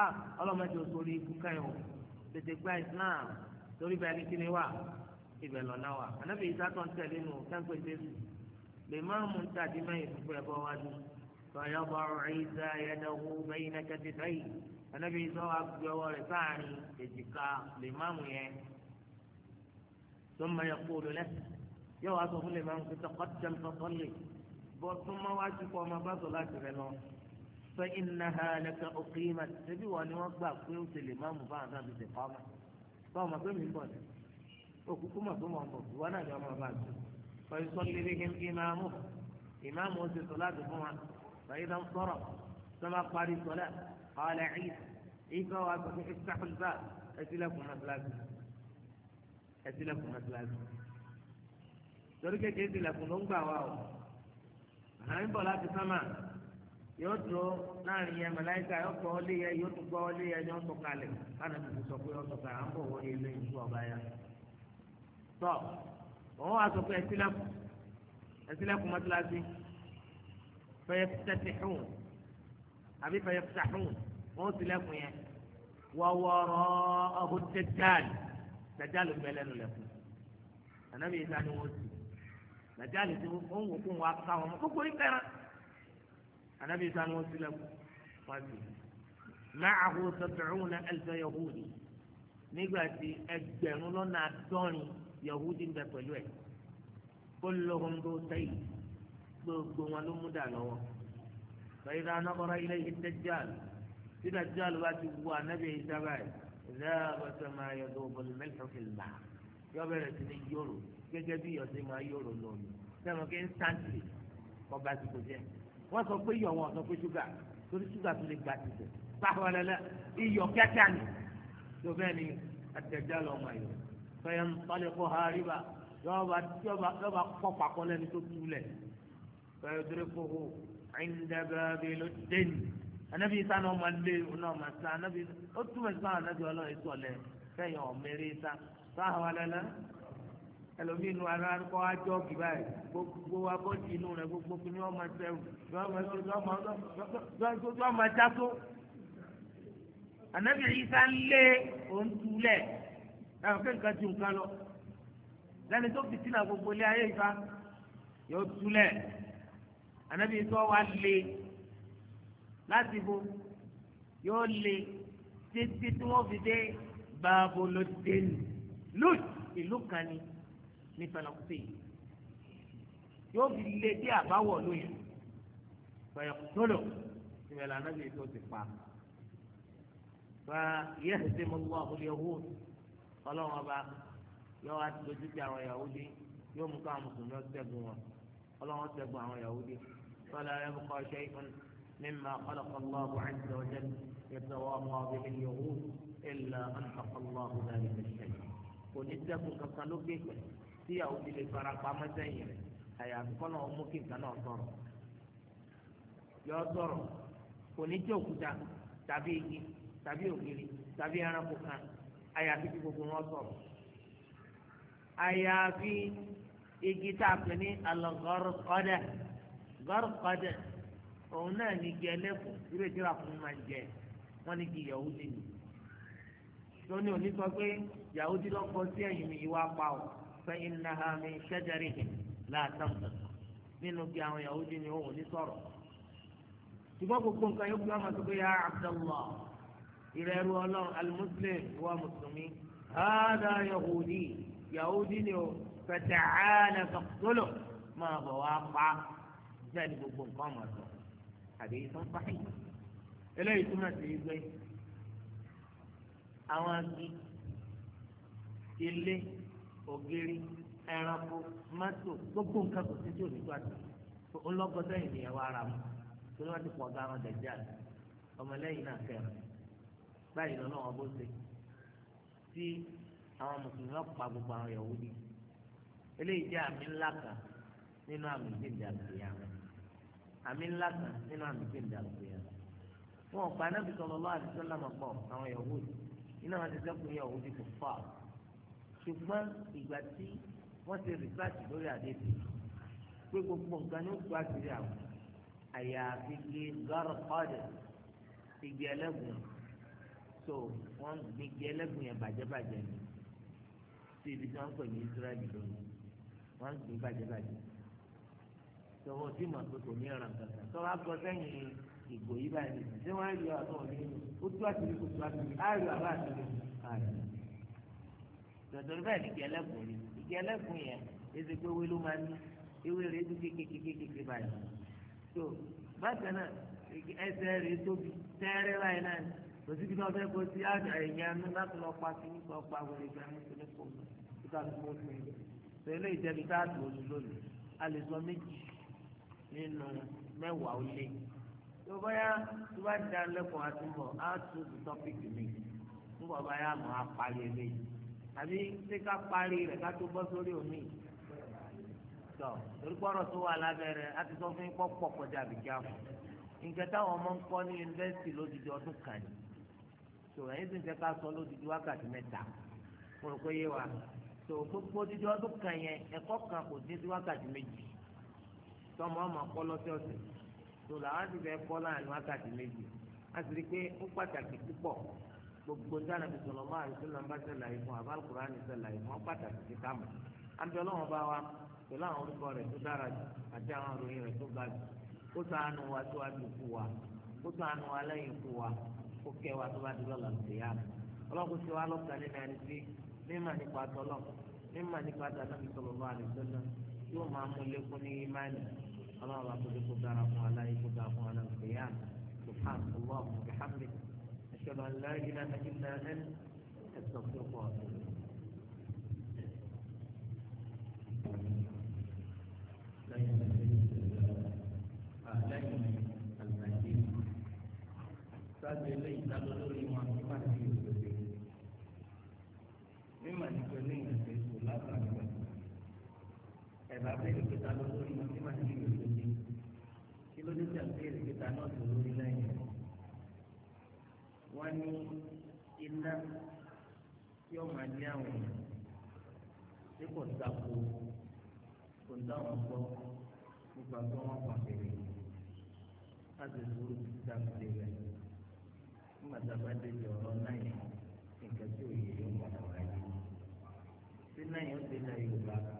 a ọlọ́mọdé òṣòro ikú káyọ̀ tètè gba Islam torí bẹ́ẹ̀ ni kí ni wà ibẹ̀ lọ́nà wà. ànábì ìsátọ̀ ń tẹ̀lé nù sẹ́ńpẹ̀ jésù lè má mú ń tàbí mẹ́rin kó pẹ́ bọ́ wájú. sọ̀yọ́bọ̀ ìsá yẹdẹ̀wò bẹ́yìn bọ́ súnmọ́ wájú kọ́ ọmọ bá sọ láti rẹ lọ fa innaha laka uqimat ṣebí wọn ni wọ́n gbà pé ó ṣe lè má mú báwọn náà fi ṣe kọ́ ọmọ báwọn ọmọ pé mi ń bọ̀ ní òkúkú mọ̀ pé wọ́n bọ̀ wọn náà ni ọmọ bá ṣe fa yusalli bihim imamu ìmáàmù ó ṣe sọ láti fún wa fa idha sọ̀rọ̀ sọ́mà parí sọ́lá qala Isa ìgbà wa sọ à ń bọ̀ láti sánmà yóò dúró láàrin yẹn mọ̀láìkà yóò gbọ́ ọlé yẹn yóò tún gbọ́ ọlé yẹn yóò tún kalẹ̀ kánà tuntun sọ pé ọ̀sọ̀ kan à ń bọ̀ wọlé ilé ìṣú ọba yẹn. tọ́ òun wàá sọ pé ẹ̀sílẹ̀kùn ẹ̀sílẹ̀kùn mọ́tíláṣí fẹ́yẹ́fẹ́tẹ̀hún àbí fẹ́yẹ́fẹ́tẹ̀hún wọ́n sílẹ̀kùn yẹn wọ́wọ́rọ́ ọ̀hún tẹ̀jáàlì tẹ̀jáàlì nàjà lè ti ó ń wò kó wọn ká wọn kókó yìí kẹrẹ anabi sanu wọn sílẹ̀ wọn ti máàhù sọtẹrùn náà ẹlẹsẹ yahudi nígbà tí ẹgbẹ̀rún lọ́nà àádọ́rin yahudi ń bẹ pẹ̀lú ẹ kó lóhun tó sẹ́yìn gbogbo wọn ló mú dà lọ́wọ́ fẹyìntà anagọrọ ilé yìí dajjal tí dajjal bá ti wù anabi yìí sábà yìí lẹ́yìn abasamayi ọdún bọlú mẹlẹ́fẹ̀ẹ́ fìlà yọ bẹ̀rẹ̀ sí ní yọrọ gẹ́gẹ́ bí ìyọ̀sẹ̀ máa yọ̀rọ̀ lọ́ọ̀lù sẹ́wọ̀n kí instantly kọ́ bá ti kò jẹ́ wọ́n sọ pé iyọ̀ wọn sọ pé ṣúgà torí ṣúgà tó lè gba tìtẹ̀ báwo lẹ́lẹ́ iyọ̀ kíákíá ni tó bẹ́ẹ̀ ni àtẹ̀já lọ mọ̀ ẹ̀yọ̀ fẹ́ẹ́ ń tọ́lé kó ha rí bá yọba kọ́ pàkọ́ lẹ́ni tó túlẹ̀ fẹ́ẹ́ dúró kó hó ẹ̀ńdẹ́gbẹ́bẹ́ ló dé ní anabi isa náà máa lé ọ̀nà ọ̀ma sa anabi ó túmọ̀ sí báwọn anabi ọlọ́run ètò ọ̀lẹ́ fẹ́ẹ́ yọ ọ̀mẹ́rẹ́ isa báwo lẹ́lẹ́ ẹlòmíì nu ara kọ́ ajọ́ kì báyìí gbogbo abọ́dì inú rẹ̀ gbogbo kí ni wọ́n máa sẹ́wù wọ́n máa jáso. ànábì Ìsá ń lé òun túlẹ̀ táwọn kẹ́kẹ́ ju nǹkan lọ lẹ́ni tó fi sínú àgbogbo ilé ayé ìfá yóò túlẹ̀ ànábì Ìsá wa lé láti bo yóò lé títí tí wọ́n fi dé báàbò lóde lóde ìlú kan ni ní fẹlẹ́kùtì yóò fi lé dé àbáwọ̀ lóyún fẹlẹ́kùtọ́lọ̀ ìrẹ̀ lànà lè tó ti pa fa yẹ́sẹ̀ mọ́ lọ́wọ́ àkúlẹ̀ owó ọlọ́run ọba yóò wá dojú ti àwọn Yahudi yóò mú káwọn mùsùlùmí ọ̀sẹ̀gun wọn ọlọ́run ọ̀sẹ̀gun àwọn Yahudi fọlá ẹ̀bùkọ́ ṣe ìfún mímọ́ ọlọ́kọ̀ọ́lọ́ ọ̀bùn àti ọ̀jẹ̀ يتواضع به اليهود إلا أنفق الله ذلك الشيء ونسبة كالسلوك tíyàwó mi lè fara pamọ́ sẹ́yìn rẹ̀ àyàfi kọ́nà ọmú kí nǹkan náà sọ̀rọ̀ yọ sọ̀rọ̀ kò ní jẹ́ òkúta tàbí igi tàbí ògiri tàbí ẹranko kan àyàfi kí gbogbo wọn sọ̀rọ̀ àyàfi igi tá a pè ní alọ́gọ́rọ́kọ́dẹ gọ́rọ́kọ́dẹ òun náà ní igi ẹlẹ́kùn ìrètí ra fún máa ń jẹ wọ́n ní igi yahoo nìyí tó ní òní sọ pé yahoo ti lọ́kọ sí ẹ̀yìn mi ìwà pa ọ́. فإنها من شجرهم لا تنطق nínú bí àwọn Yahudi ni òun ní sọ̀rọ̀ ṣùgbọ́n gbogbo nǹkan yóò gbé ọmọ tó gbéyà Abdullah ìrẹ́rù ọlọ́run alimuslim wa mùsùlùmí hàdà Yahudi Yahudi ni o fẹ̀tẹ̀hánà fẹ̀kúlò máa bọ̀ wá pa bẹ́ẹ̀ ni gbogbo nǹkan ọmọ sọ àbí ìtàn fàáyì eléyìí túmọ̀ sí gbé àwọn agi ilé ògiri ẹranko mọ́tò gbogbo nǹkan kò sí tí ò ní gbà tó ọlọ́gọ́dọ̀ ènìyàn wa ara mu torí wọ́n ti pọ̀ ga ọmọ dẹ̀jà ọmọlẹ́yìn náà kẹrin báyìí lọ́nà wọn bó ṣe tí àwọn mùsùlùmí ọ̀pá gbogbo àwọn Yahudi eléyìí jẹ́ àmì ńlá kan nínú àmì ìgbéǹda àgbéyà àmì ńlá kan nínú àmì ìgbéǹda àgbéyà wọn ò pa anábì sallallahu alaihi wasallam pọ̀ àwọn Yahudi iná wọn ti sẹ́kù ní Yahudi kò fọ́ àwọn ṣùgbọ́n ìgbà tí wọ́n ṣe rìsáàtì lórí àdébì pé gbogbo nǹkan ní òkú àtìrí àwọn àyàfi gé gọ́rọ̀ kọ́dẹ̀ igi ẹlẹ́gùn so wọ́n gbin igi ẹlẹ́gùn yẹn bàjẹ́bàjẹ́ ni sí ibi tí wọ́n pè ní Israẹli lónìí wọ́n gbin bàjẹ́bàjẹ́ so wọ́n ti mọ̀ pé kò ní ọ̀ràn kankan tó wá gbọ́ sẹ́yìn ìgò yìí báyìí ṣé wọ́n á yọ àtọ̀ ní o tú kò tú àtìrí á yọ àbá àtìrí tòtòrò bẹ́ẹ̀ ni igi ẹlẹ́gùn rí igi ẹlẹ́gùn yẹn eze pé ewé ló máa ní ewé rẹ̀ edu kékékékéké báyìí tó bákan náà ẹsẹ̀ rẹ̀ tóbi tẹ́rẹ́ báyìí náà ni kò síbi náà fẹ́ kó sí ẹ̀yà ní láti lọ pa sí nípa ọ̀pá wẹ̀rẹ̀ ìgbà ní ìpínlẹ̀ kọ̀ọ̀mù kíkà tó kó fún un tẹ̀lé ìjẹ́bi tá a tó lù lónìí a lè sọ méjì nínú mẹ́wàá ó lé tó báyà tó bá dá lẹ́kọ̀ọ́ àtúbọ̀ á tún tọ́pìkì mi ń bọ̀ báyà mọ́ apáyé léyìí àbí ṣé ká parí rẹ̀ ká tó bọ́ sórí omi tọ torí pọ́rọ̀ tó wà lábẹ́rẹ́ á ti sọ fún yín pọ́ pọ̀ kọjá àbíkí àmọ́ nǹkan táwọn ọmọ ń kọ́ ní yunifásitì lódìdí ọdún kan ní tó ẹ̀yìn sì ń fẹ́ ká sọ lódìdí wákàtí mẹ́ta mo rò yé wa tó gbogbo dídí ọdún kan yẹn ẹ̀kọ́ kan kò dín sí wákàtí méjì tọmọ ọmọ kọ́ lọ́sọ̀ọ̀sẹ̀ tó làwọn ti fẹ́ kọ́ láàrin wákàtí méjì á sì rí pé ó pàtàkì púpọ̀ gbogbo dáná bí sọlọ máa yìí sọlọ bá sẹlẹ yìí fún wa báàlù kura ni sẹlẹ yìí fún wa pàtàkì ti ká mọ àbí ọlọ́wọ́n bá wa pẹ̀lú àwọn orúkọ rẹ̀ tó dára jù àti àwọn òròyìn rẹ̀ tó ga jù kó ṣàánú wa tó wá ju fún wa kó ṣàánú wa lẹ́yìn fún wa kó kẹ́ wa tó bá di lọ́la lòdì yá ọlọ́kùn sí wa lọ́kàn nínú ẹni sí mímà nípa tọ́lọ̀ mímà nípa dáná bí sọlọ máa yìí sọlọ yóò máa mú lékún ní imáni ọlọ́wọ́n tó dé kó dára fún wa láyé kó dára fún wa lọ́la lòdì yá أشهد أن لا إله إلا أنت أستغفرك وأتوب Sáàbì eléyìí dábọ̀ lórí wọn nípa ti òṣèlú. Mímọ̀ ní pé lẹ́yìn ẹ̀sẹ̀ ìṣòro lábàá ẹ̀bà béèrè kíta lórí wọn nípa ti òṣèlú. Kí ló dé tí a béèrè kíta náà tó lórí lẹ́yìn? wọ́n ní iná tí ó máa lé àwọn èèyàn tí kò tako kò dáhùn gbọ́ nípa tó wọ́n pa fèrè láti dúró ti dáhùn lélẹ̀ nígbà tá a bá dé di náà yẹn nǹkan tí ò yẹ yóò padà wáyé sí náà yóò dé lẹ́yìn ìgbà kan.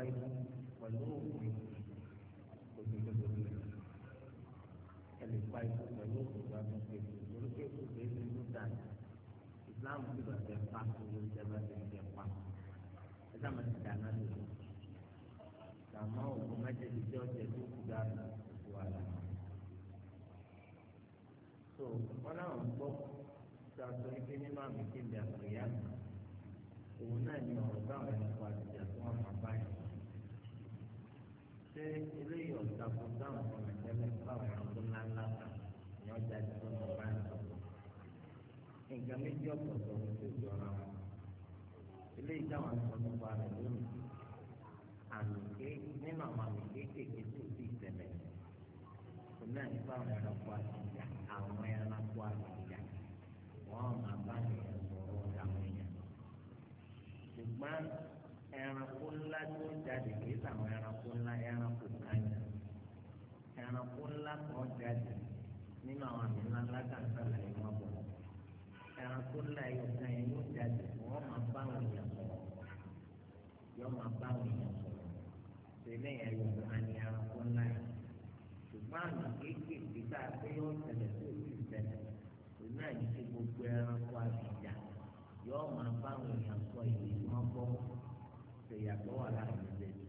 ọ̀pá inú pẹ̀lú òògùn òṣèlú ẹ lè pa ikú pẹ̀lú òògùn tó a ti ṣe lórí kò dé ní lúdà Islam ti bàtẹ́ pa lórí ìjọba ti ń jẹ pa ẹ sábà ti dáná lò àmọ́ òògùn méjèèjì tí ọ̀jẹ̀ tó kù dáná kò wà so wọn làwọn gbọ́ sàtọ ike nínú àmì tí ń bẹ àkùrẹ yá òun náà ni ọ̀rọ̀ báwọn ẹni ṣé eléyìí ọ̀dà kò dáhùn fún mi tẹ́lẹ̀ báwọn ọ̀dọ́ ńlá ńlá kan ni wọ́n jáde tó ń bá ń sọ̀rọ̀. nǹkan méjì ọ̀pọ̀lọpọ̀ ní ti ìjọra wọn. eléyìí táwọn sọ nípa rẹ̀ lónìí àmì ké nínú àwọn àmì kéékèèké tó ti ìtẹ̀lẹ̀ kò náà ní báwọn ẹranko àtìjà àwọn ẹranko àtìjà wọ́n máa bá ènìyàn sọ̀rọ̀ àwọn èèyàn. ṣùgbọ́n ẹranko ńlá tó ń ńlá ẹranko kan ẹranko ńlá kan jáde nínú àwọn àmì ńlá ńlá kan sálẹ̀ ìwọ̀n bọ̀ ẹranko ńlá yóò kan yẹn yóò jáde wọ́n máa bá wọn yàn sọ̀rọ̀ yóò máa bá wọn yàn sọ̀rọ̀ tẹ́lẹ̀ yẹn yóò kan ní ẹranko ńlá yẹn ṣùgbọ́n àmì kéékèèké tá a pé yóò tẹ̀lé tó o ti tẹ̀lé ìlú àyè ti gbogbo ẹranko àbíjà yóò máa bá wọn yàn sọ ìwé ìwọ̀n bọ̀ ṣèyàtọ̀ wà láàrin ìbẹ̀rẹ̀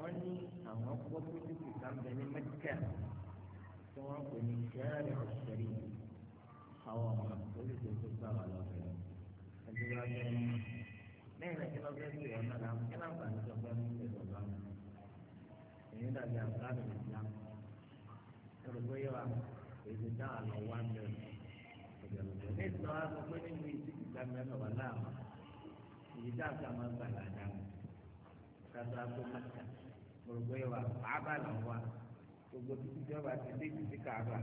wọ́n ní àwọn gbọ́ pé títí kan bẹ ní mẹ́tíkà tí wọ́n pè ní sẹ́ẹ̀rì ọ̀sẹ̀rì àwọn ọmọ oríṣiríṣi tó gbà wà lọ́fẹ̀ẹ́ ẹgbẹ́ wa bẹ ní lẹ́yìn náà kí ló fẹ́ sí ọ̀nà náà kí náà bá ní sọ́kọ́ ní ìṣẹ̀lẹ̀ lọ́nà èyí dàbí àbúrò ìjà ẹ̀rọ pé yẹ wa èyí dáhà lọ wá ń bẹ̀rẹ̀ ìgbàlódé ní ìtàn àgbègbè nínú ìdíjì gbàmẹ́rin ọ̀wà máa gbà gbogbo yẹn wa kàába là ń wa gbogbo títí tí wọn bá ti dé títí kàába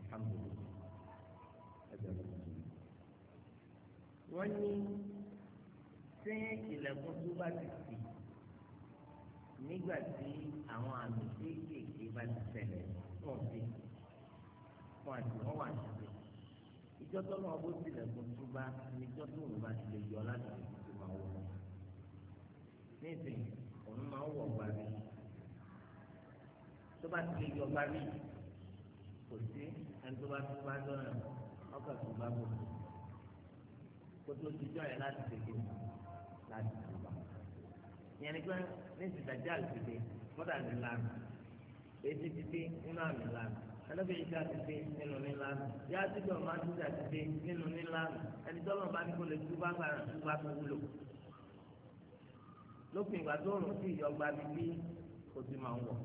alhamdulilayi ẹgbẹ wọn. wọn ní ṣé ilẹ̀kùn tó bá ti sì nígbà tí àwọn àmì kéékèèké bá ti ṣẹlẹ̀ wọn sí wọn àti wọn wà níbẹ̀ ìjọ tó lọ bó tilẹ̀kùn tó bá níjọ tó wọn bá ti lè yọ láti lè tó máa wọ ní ìsìn òun máa ń wọ̀ gbàgbé tó bá ti lè yọ ọba rí kò sí ẹni tó bá tó bá dọ́nà ọkà tó bá bò kó tó ti jọ ẹ̀ láti tètè láti tó bá ìyẹn ni pé ní ìsìtàjà àlùfẹ́lẹ́ kọ́dà ní lánà etí títí nínú àmì lánà ẹlẹ́bí ìjà títí nínú nílànà yá títọ̀ máa títà títí nínú nílànà ẹni tọ́lọ̀ bá ní kó lè tú bá gbàrà tú bá tó wúlò lópin ìgbà tó rùn sí ìyọgba bíbí kò sì máa ń wọ̀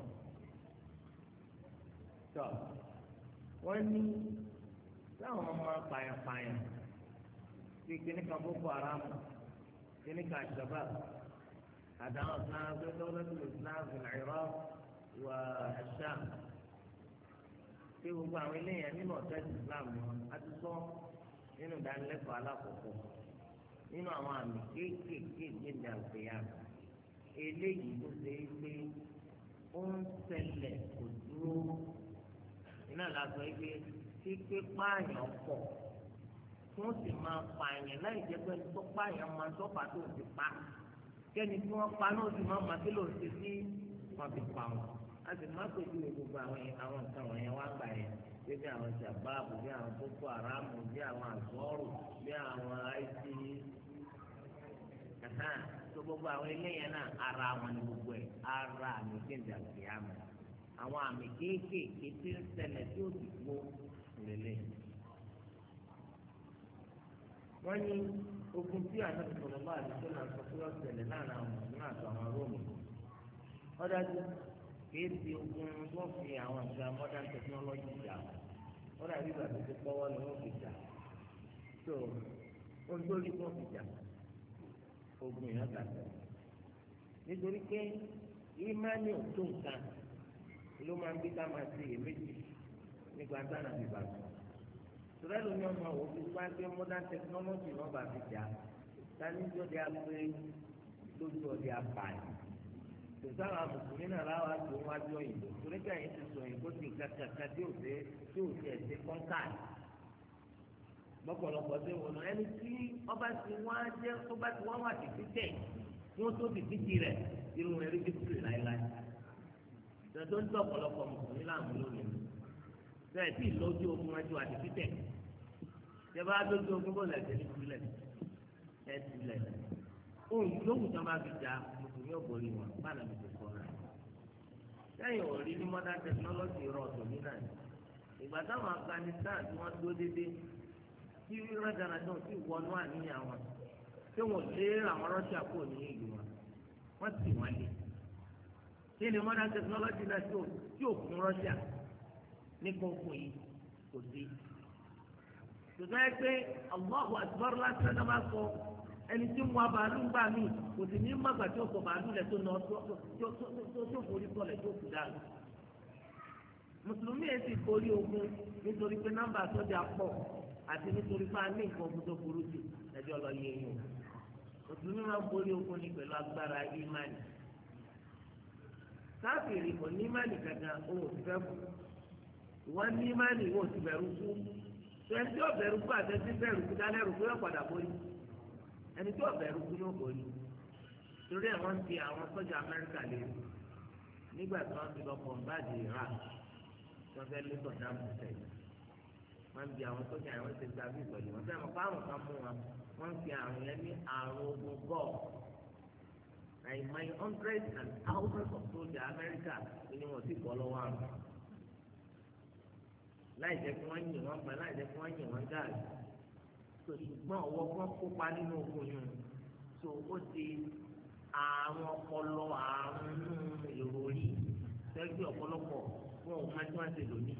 tọ́ wọ́n ní láwọn ọmọ pààyàn-pààyàn bí kíní kan boko haram kíní kan shabab àdáwọn islam tó lọ́wọ́ tó islam fi nàìjíríà wà ẹ̀ṣá bí gbogbo àwọn eléyàn nínú ọ̀tẹ́ islam ni wọn á ti sọ nínú ìdánilẹ́kọ̀ọ́ alákọ̀ọ́kọ́ nínú àwọn àmì kéékèèké gbẹ̀dẹ̀ àgbẹ̀yà eléyìí tó ṣe é pé ó ń ṣẹlẹ̀ kò dúró iná làgbọ́ ẹgbẹ́ tí pé pààyàn pọ̀ tí wọ́n sì máa pààyàn láì jẹ́ pé tó pààyàn máa sọ́fà tó ti pa kẹ́ni tí wọ́n pa náà sì máa màtí lò sí sí wọ́n fi pa wọn a sì má pèjú gbogbo àwọn àwọn nǹkan wọ̀nyẹn wá gbà yẹn bí àwọn sàbáàbù bí àwọn boko haram bí àwọn àgọ́rù bí àwọn àìsí gbogbo àwọn eléyẹn náà ara wọn ni gbogbo ẹ̀ ara mi kéde àgbéyàmù àwọn àmì kéékèèké tí ń ṣẹlẹ̀ tí ó ti gbó lélẹ̀. wọ́n ní ogun tí àtàkùn sọ̀rọ̀ bá àdúgbò náà sọ pé ó ṣẹlẹ̀ láàrin àwọn mùsùlùmí àti àwọn róòmù. wọ́n dájú kìí ti ogun wọ́n fi àwọn àgbà modern technology jà wọ́n dàbí ìgbà tó ti pọ́wọ́ ni wọ́n fi jà. so ohun tó rí wọ́n fi jà ogun ìyá kàtà nítorí pé ìmánì ò tó nǹkan ló máa ń bí ká máa ṣe èméjì nígbà dáná bí bàtà tùrẹ́ ló ní ọmọ àwọn òbí wá pé modern technology náà bá fi jà tani tó di apé lójú ọdẹ apààyàn tòtò àwọn mùsùlùmí náà láwa tó wá bí òyìnbó torí ká yín ti sọ òyìnbó ti kàkàkà tí ò fẹ́ tí ò tiẹ̀ ṣe kọ́ńtàì lọ́pọ̀lọpọ̀ tó wọ̀ lọ ẹni tí ọba ti wá jẹ́ ọba ti wá wà tìtì tẹ̀ wọ́n tó tìtì tirẹ̀ irun rẹ̀ bí kúrè láéláé tọ́jọ́ ń tọ́ ọ̀pọ̀lọpọ̀ mùsùlùmí láàmú lónìí bẹ́ẹ̀ tí ìlójú ogun wájú àti títẹ̀ ìjọba lójú ogun bó lẹ̀ tẹ́lẹ̀ sílẹ̀ ẹ̀ sílẹ̀ ohun yòówù tó máa fi jà mùsùlùmí ò borí wọn báyìí ló ti sọ ọ́ rẹ̀ sẹ́yìn ò rí ní modern technology rọ̀ tòmí náà ìgbà táwọn Afghanistan tí wọ́n dúró déédéé tí rádaràdàn sì wọnú àníyàn wọn tí wọ́n lé àwọn Russia kúrò ní ìlú wọn wọ́n sì wọ́n lé kí ni modern technology náà tí ò kún Russia ní gbogbo yìí kò sí. ṣùgbọ́n ẹ pé Allahu Akbar lásán náà máa sọ ẹni tí ń wa bàálù ń gbà mí kò sì ní mọ̀gbà tí ó sọ bàálù lẹ̀ tó nà ọ́ tó forí sọlẹ̀ tó kù dáàlú. mùsùlùmí yẹn sì borí ogun nítorí pé nọ́mbà sọ́jà pọ̀ àti nítorí pé a ní nǹkan ogun tó burú jù ẹjọ́ lọ yẹ yín mùsùlùmí máa borí ogun ní pẹ̀lú agbára ìmánì káfíìrì kò ní má nìkàtà òun ò ti fẹ́ kù ìwọ ní má ní ìwọ ti bẹ̀rù kú ẹni tí ó bẹ̀rù kú àti ẹni tí bẹ̀rù kú dálẹ́ rù kú yóò padà borí ẹni tí ó bẹ̀rù kú yóò borí torí àwọn ti àwọn sọ́jà Amẹ́ríkà lè rí nígbà tí wọ́n ti lọ pọ̀ báàdì Iraq tí wọ́n fẹ́ lé sọ̀dá mùsẹ̀ wọ́n ń bi àwọn sọ́jà yẹn wọ́n ti gbà bí ìpẹ̀lú wọn wọ́n ń fi àìmọye hundreds and thousands of soldiers Amẹ́ríkà ni wọ́n sì bọ́ lọ́wọ́ àrùn láì jẹ́ kí wọ́n yìn wọ́n gbà láì jẹ́ kí wọ́n yìn wọ́n gáàsì so ṣùgbọ́n ọwọ́ wọn kópa nínú ogun yìí so ó ti àrùn ọpọlọ àrùn èrò orí sẹ́gbẹ́ ọ̀pọ̀lọpọ̀ wọn ò máa tí wọ́n ti lò ní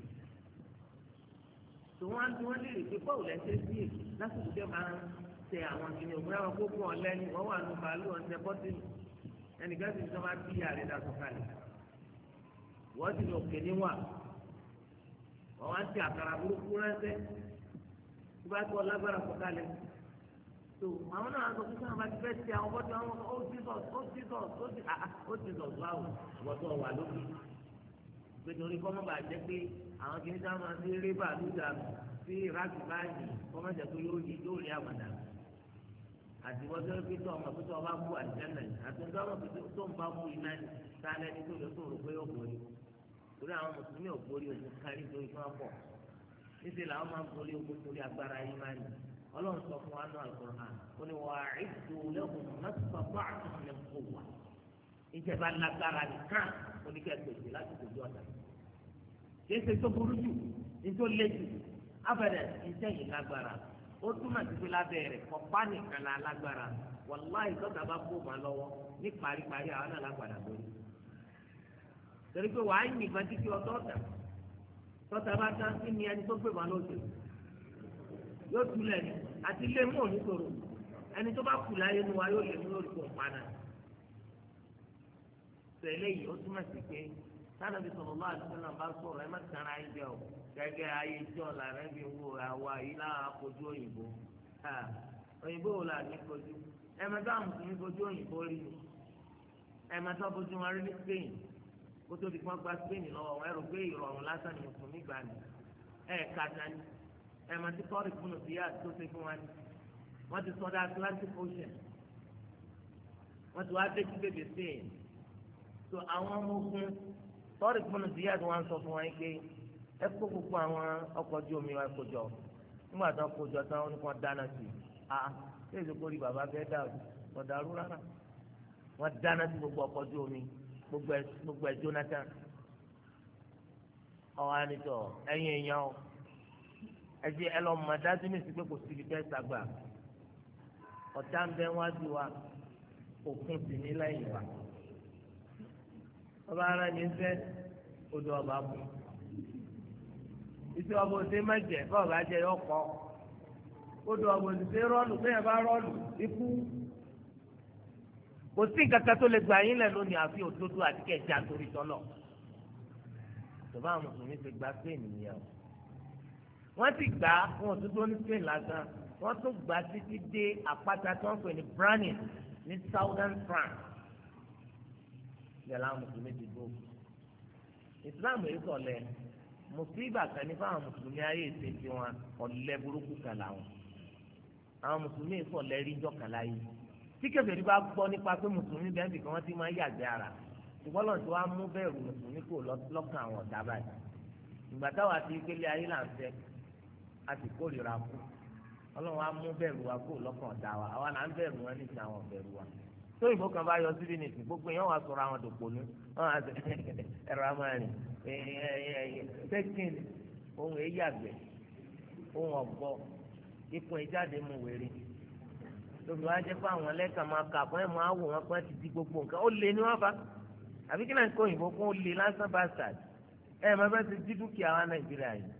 tòun á ti wọn léèrè pé bọ́ọ̀lù ẹsẹ̀ sí èkó lásìkò tẹ máa ń tẹ àwọn kìnìún òmìnira wọn gbogbo wọ́n wà ní bàálù ọ̀sẹ̀ ẹnìkan sì sọ ma bí yàrá ìdá sọ̀kalẹ̀ wọ́n ti lọ kéde wà wọ́n wá ti àkàrà burúkú rẹ́sẹ̀ tó bá tọ́ lágbára sọ̀kalẹ̀ tó àwọn náà sọ fún sábà ti fẹ́ ti àwọn bọ́tí àwọn ó jesus ó jesus ó ti àá ó jesus báwo wọ́n tó wà lókè gbẹdọ̀rí kọ́mọ́ bàá jẹ́ pé àwọn kìnnìkan máa ń rí rébà lùdà sí ìrákì báyìí kọ́mọ́ jẹ́ pé yóò yí yóò rí àwọn dàgbà àti wọ́n tó ń fi tó ọmọ pípé ọba kú àdìjẹ́nà yìí àti ń dọ́rọ̀ pípé tó ń bá kú iná ni sálẹ̀ ní tòló tó rò pé ó borí torí àwọn mùsùlùmí ò borí òkú kárí torí fún ọkọ níṣẹ́ làwọn máa ń borí òkú torí agbára yìí máa ní ọlọ́run sọ fún wa náà Al-Qur'an ó ní wàá ìdò lẹ́kùn mẹ́tọ́ bá àtúntò ní kó wà ìjẹba lágbára nìkan oníkẹ́gbèsè láti tòjú ọ̀tá kí ẹsẹ̀ tó burú jù ní tó lé jù abẹ́rẹ́ ìjẹ́yìn lágbára ó túmọ̀ sí pé lábẹ́ rẹ̀ ọ̀pá nìkan la lágbára wàláì tọ́ta bá kó ma lọ́wọ́ ní paríparí àwọn náà lágbàdà lórí. torí pé wàá yìnbọn títí ọtọ́ta tọ́ta bá tán sí ni ẹni tó gbé ma lóde yóò túlẹ̀ ni àti ilé mú oníṣòro ẹni tó bá kù láyé nu wa yóò lè mú lórí tó paná. sọ eléyìí ó túmọ̀ sí pé sanabi gẹ́gẹ́ ayé jọ làrá bí wo àwa yìí láwọn akójú òyìnbó òyìnbó wò làní kojú ẹ̀mẹ́ta mùsùlùmí kojú òyìnbó rí ni ẹ̀mẹ́ta kojú wọn rí ní Spain kó tó di pọ́n gba Spain lọ́wọ́ wọn ẹ̀rù pé ìrọ̀rùn lásán ni mùsùlùmí gbà ní ẹ̀ẹ̀ka dání ẹ̀mẹ́ta kọ́rì fún òsì yá tó ṣe fún wa ní wọ́n ti sọdá Atlantic Ocean wọ́n ti wá dé sí bèbè Spain so àwọn ọmọ ogun kọ́rì fún òsì yá tó wá ń sọ fún wa yín pé ẹ kó gbogbo àwọn ọkọ̀ ojú omi wa kó jọ nígbà tó kó jọ tán wọn ni kò dáná sí i ah ṣé èso kórì bàbá fẹ́ dà kò dàrú rárá wọn dáná sí gbogbo ọkọ̀ ojú omi gbogbo ẹ̀ Jonathan ọ̀hún ànitọ̀ ẹ̀yin èèyàn o ẹdí ẹlọmọ dájú ní ìsìnkú kò síbi tẹ sàgbà ọ̀tá ń bẹ wájú wa òkun sì ní lẹ́yìn wa ọba ara ní fẹ́ odò ọba kù iṣẹ́ ọmọ òde má jẹ bọ́ọ̀ bá jẹ yọ ó do ọmọ òde rọ́ọ̀lù bẹ́ẹ̀ bá rọ́ọ̀lù ikú kò sí kankan tó lè gbà yín lẹ̀ lónìí àfi òdodo àti kẹjà torí tọ́lọ̀ tọ́ba àwọn mùsùlùmí ti gba spain nìyẹn o wọ́n ti gbà wọn ò tún tó ní spain lásán wọ́n tún gbà títí dé àpáta tó ń pè ní branin ní southern france yẹlá mùsùlùmí ti gbó islam èyí sọ̀lẹ́. So mùsíbà kan ní fáwọn mùsùlùmí ayé ìṣe ti wọn ọ̀lẹ burúkú kan làwọn àwọn mùsùlùmí ìfọ̀lẹ́ rí jọ̀kan láyé tí kèfèrí bá gbọ́ nípa pé mùsùlùmí bẹ́ẹ̀ nìkan wọ́n ti máa yàgbé ara ṣùgbọ́n lọ́n ti wá mú bẹ́ẹ̀rù mùsùlùmí kò lọ́kàn àwọn ọ̀dà báyìí ìgbà táwa ti gbélé ayé là ń fẹ́ a sì kórìíra kú ọlọ́run á mú bẹ́ẹ̀rù wa kò lọ́kàn ọ̀dà wa àwa là ń bẹ̀rù wọn níta àwọn ọ̀bẹ̀rù wa tó ìbò kan bá yọ síbi nìsín gbogbo yẹn wà sọ̀rọ̀ àwọn dòpò ní wọn àti ẹ̀rọ amárin sẹ́kìnì ohun èyí àgbẹ̀ ohun ọ̀gbọ́ ikùn ìjáde mu wèrè tóbi wá jẹ́ pé àwọn ẹlẹ́kà máa kà fún ẹ̀ máa wò wọn pé ti di gbogbo nǹkan ó lé ní wọn bá àbí kí náà ń kó òyìnbó fún ó lé lásán bá sàd ẹ̀ máa fẹ́ ti di dúkìá wa Nàìjíríà yìí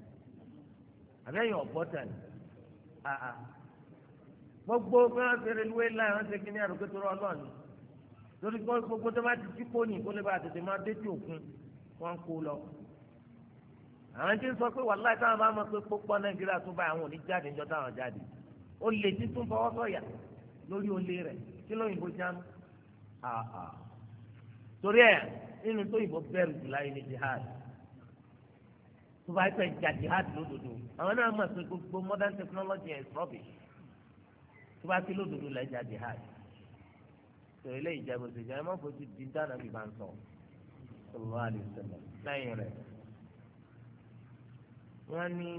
àbí ẹ̀yìn ọ̀gbọ́tà ni gbogbo bí wọ́n ṣe reluwé láì wọ́n ṣe kí ní àrùkẹ́ tó rọ ọlọ́ọ̀ni torí gbogbo tó bá ti jí kóni kó lè bá tètè máa dé tí òkun wọ́n kó lọ. àwọn tí ń sọ pé wàhálà táwọn bá mọ̀ pé pópọ́ nàìjíríà tún bá àwọn òní jáde níjọ́ táwọn jáde ó lè ti tún fọwọ́ sọ̀yà lórí olè rẹ̀ kí lóyìnbó jámù. torí ẹ̀ nínú tó yìnbó bẹ̀rù jù láyé ní jihad tó bá yẹ fẹ́ jà jihad lódodo àwọn náà mọ̀ pé gbogbo modern technology is rubbish tó bá kí lódodo la jà jihad tó ilé ìjẹun ṣèjà ẹ má fojú di dáná bí bá ń sọ sallallahu alaihi wasallam lẹ́yìn rẹ̀ wọ́n ní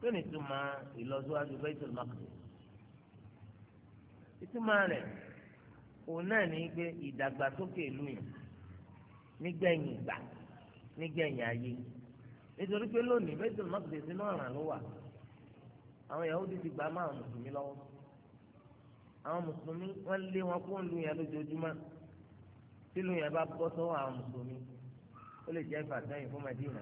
kí ni túmọ̀ ìlọsíwájú Baitul Maqdis ìtumọ̀ rẹ̀ òun náà ní pé ìdàgbàsókè ìlú yẹn nígbẹ̀yìn ìgbà nígbẹ̀yìn ayé nítorí pé lónìí Baitul Maqdis sínú ọ̀ràn ló wà àwọn Yahudi ti gbà máa mùsùlùmí lọ́wọ́ àwọn mùsùlùmí wọ́n lé wọn kó ń lu yẹn lójoojúmọ́ tí lu yẹn bá bọ́ sọ́wọ́ àwọn mùsùlùmí ó lè jẹ́ ìfàsẹ́yìn fún Madina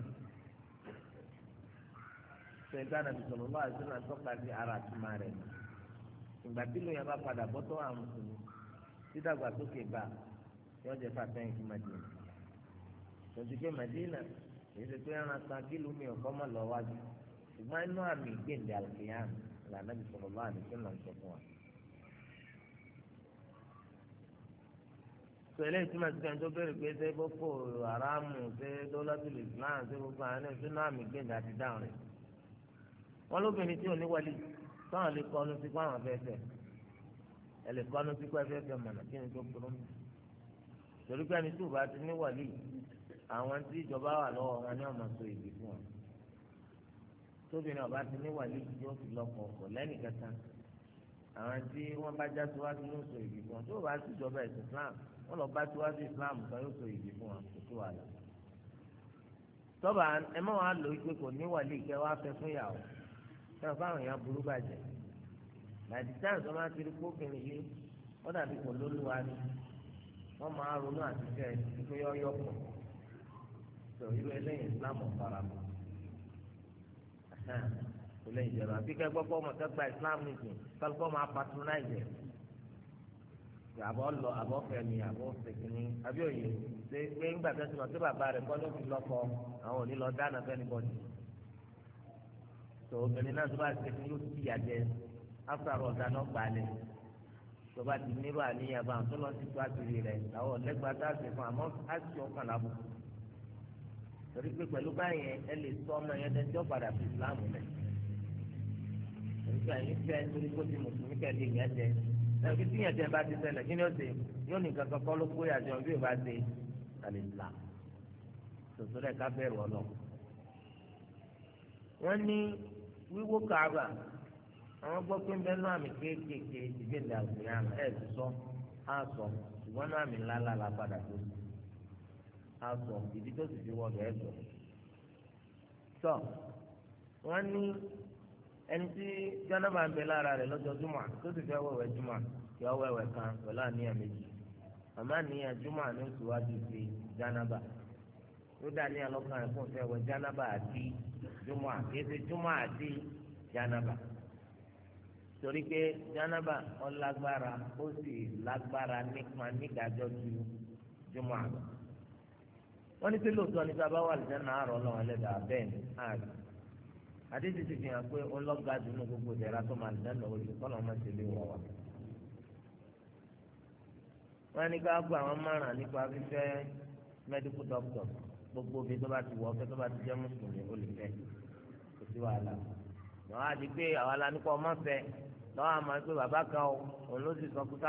sẹ̀dá nàbì sọ̀rọ̀ lọ́wọ́ àti sọ̀rọ̀ àtọ́ka sí ara àtúmọ̀ rẹ̀ ìgbà tí lu yẹn bá padà bọ́ sọ́wọ́ àwọn mùsùlùmí dídàgbàsókè bá yọ jẹ́ ìfàsẹ́yìn fún Madina tọ́jú pé Madina kì í ṣe pé ẹran san kí lómi ọ̀kọ́ mọ̀ lọ́wọ́ àjù ṣùgbọ́n inú àmì ìgbéǹde àlùkìyàn làǹdàbì sọ̀rọ̀ lọ́wọ́ àti sọ̀rọ̀ sọlẹ ìtumọ̀ sí kan tó bẹ̀rẹ̀ pé ṣé boko haram ṣé dọ́làtúlù islam ṣé gbogbo àwọn ẹni sínú àmì gbẹ̀ngà ti dáhùn rẹ̀ wọn lóbìnrin tí ò ní wọlé táwọn lè kọ́nu sí fún àwọn afẹ́fẹ́ ẹ lè kọ́nu sí fún afẹ́fẹ́ mọ̀nà kí ni tó burú mi torí pé ẹni tí ò bá ti ní wọlé àwọn tí ìjọba wà lọ́wọ́ wọn ni ọmọ sọ èdè fún wọn tóbìnrin ọba ti ní wọlé yóò fi lọ́kọ̀ ọ̀kọ̀ lẹ́nìkẹta àwọn tí wọ́n bá já síwájú wọn lọ bá tiwájú islam kan yóò sọ ìdí fún wọn kò sí wàhálà tọ́ba ẹ mọ̀ wá lò ó pé kò ní wàlí ìkẹ́ wá fẹ́ fún ìyàwó náà fáwọn èèyàn burú bàjẹ́ láti táwọn sọ máa ti rí kókìnrin yìí wọ́n dàbí kò lóluwa ni wọ́n máa ronú àtijọ́ ẹ̀ pé yọ́yọ́ pọ̀ sọ irú ẹlẹ́yìn islam ọ̀faramọ́ kò lè jẹ̀rọ àbíkẹ́ gbọ́gbọ́ ọmọ tó gba islam nìkan kálukọ́ máa patronize ẹ̀ àbọ̀ lọ àbọ̀ fẹ̀mí àbọ̀ fẹ̀kìnní abíòye ṣe pé ńgbà tó ti mọ̀ pé bàbá rẹ̀ kọ́ ló fi lọ́kọ àwọn òní lọ dáná fẹ́ni bọ́dì tó obìnrin náà tó bá ṣe fún yóò ti yà jẹ after all dáná gbalẹ̀ tó bá ti nírò àníyàn bá tó lọ sí tó àtìrí rẹ̀ àwọn ọ̀lẹ́gbàá tá a ṣe fún àmọ́ á sì ọkàn lábùkù torí pé pẹ̀lú báyẹn ẹ lè sọ ọmọ yẹn tẹ́ tí ó padà fi ìsìláàmù rẹ̀ nígbà yín fẹ́ torí kó ti mùsùlùmí kẹ́lẹ́ ìyá jẹ ẹbí tí yẹn tẹ bá ti ṣẹlẹ̀ kí ni ó ṣe yóò ní kankan kọ́ ló kó yàjọ bí ó bá ṣe àlè là tòtòrò ẹ̀ká bẹ̀rù ọlọ. wọ́n ní wíwó kaaba àwọn gbọ́ pé ń bẹ́ náà mi kéékèèké ìgbéǹde àgbéyà ẹ̀ sọ á sọ ṣùgbọ́n náà mi ńláńlá la padà tó sí á sọ ìdí tó sì fi wọ́ọ̀dù ẹ̀ sọ. tọ́ wọ́n ní ẹni tí jánábà ń bẹ lára rẹ̀ lọ́jọ́ júmọ̀ tó sì fẹ́ wẹ̀wẹ̀ júmọ̀ yọ wẹ̀wẹ̀ kan pẹ̀lú àníyàn méjì àmọ́ àníyàn júmọ̀ ní oṣù wájú sí jánábà ló dá àníyàn lọ́kàn rẹ̀ fún ìfẹ́ wẹ̀ jánábà àti júmọ̀ kéde júmọ̀ àti jánábà torí pé jánábà ó lágbára ó sì lágbára nípa nídàájọ́ ju júmọ̀ àgbà wọ́n ní pé lóòótọ́ ní sábà wà lẹ́sẹ̀ àárọ̀ náà àdéhùn ti fi hàn pé ọlọ́gà dùnú gbogbo ìdẹ̀ra tó máa dáná olè kọ́nà ọmọ ti lè wọ̀ wá. wọ́n ní ká gbọ́ àwọn márùn-ún nípa fífẹ́ medical doctor gbogbo obì tó bá ti wọ ọfẹ́ tó bá ti jẹ́ mùsùlùmí olùfẹ́ kò sí wàhálà. wọ́n á di pé àwọn alánikọ́ ọmọ fẹ́ lọ́wọ́ àmọ́ pé bàbá kan òun ló sì sọ kó sá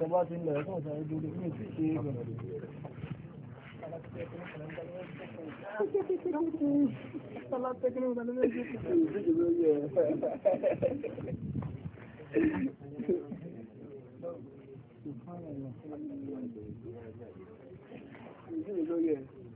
ìjọba ti lọ ẹ̀kọ́ ọ̀sán ojú orí ní ìṣe ìgbà. Thank you.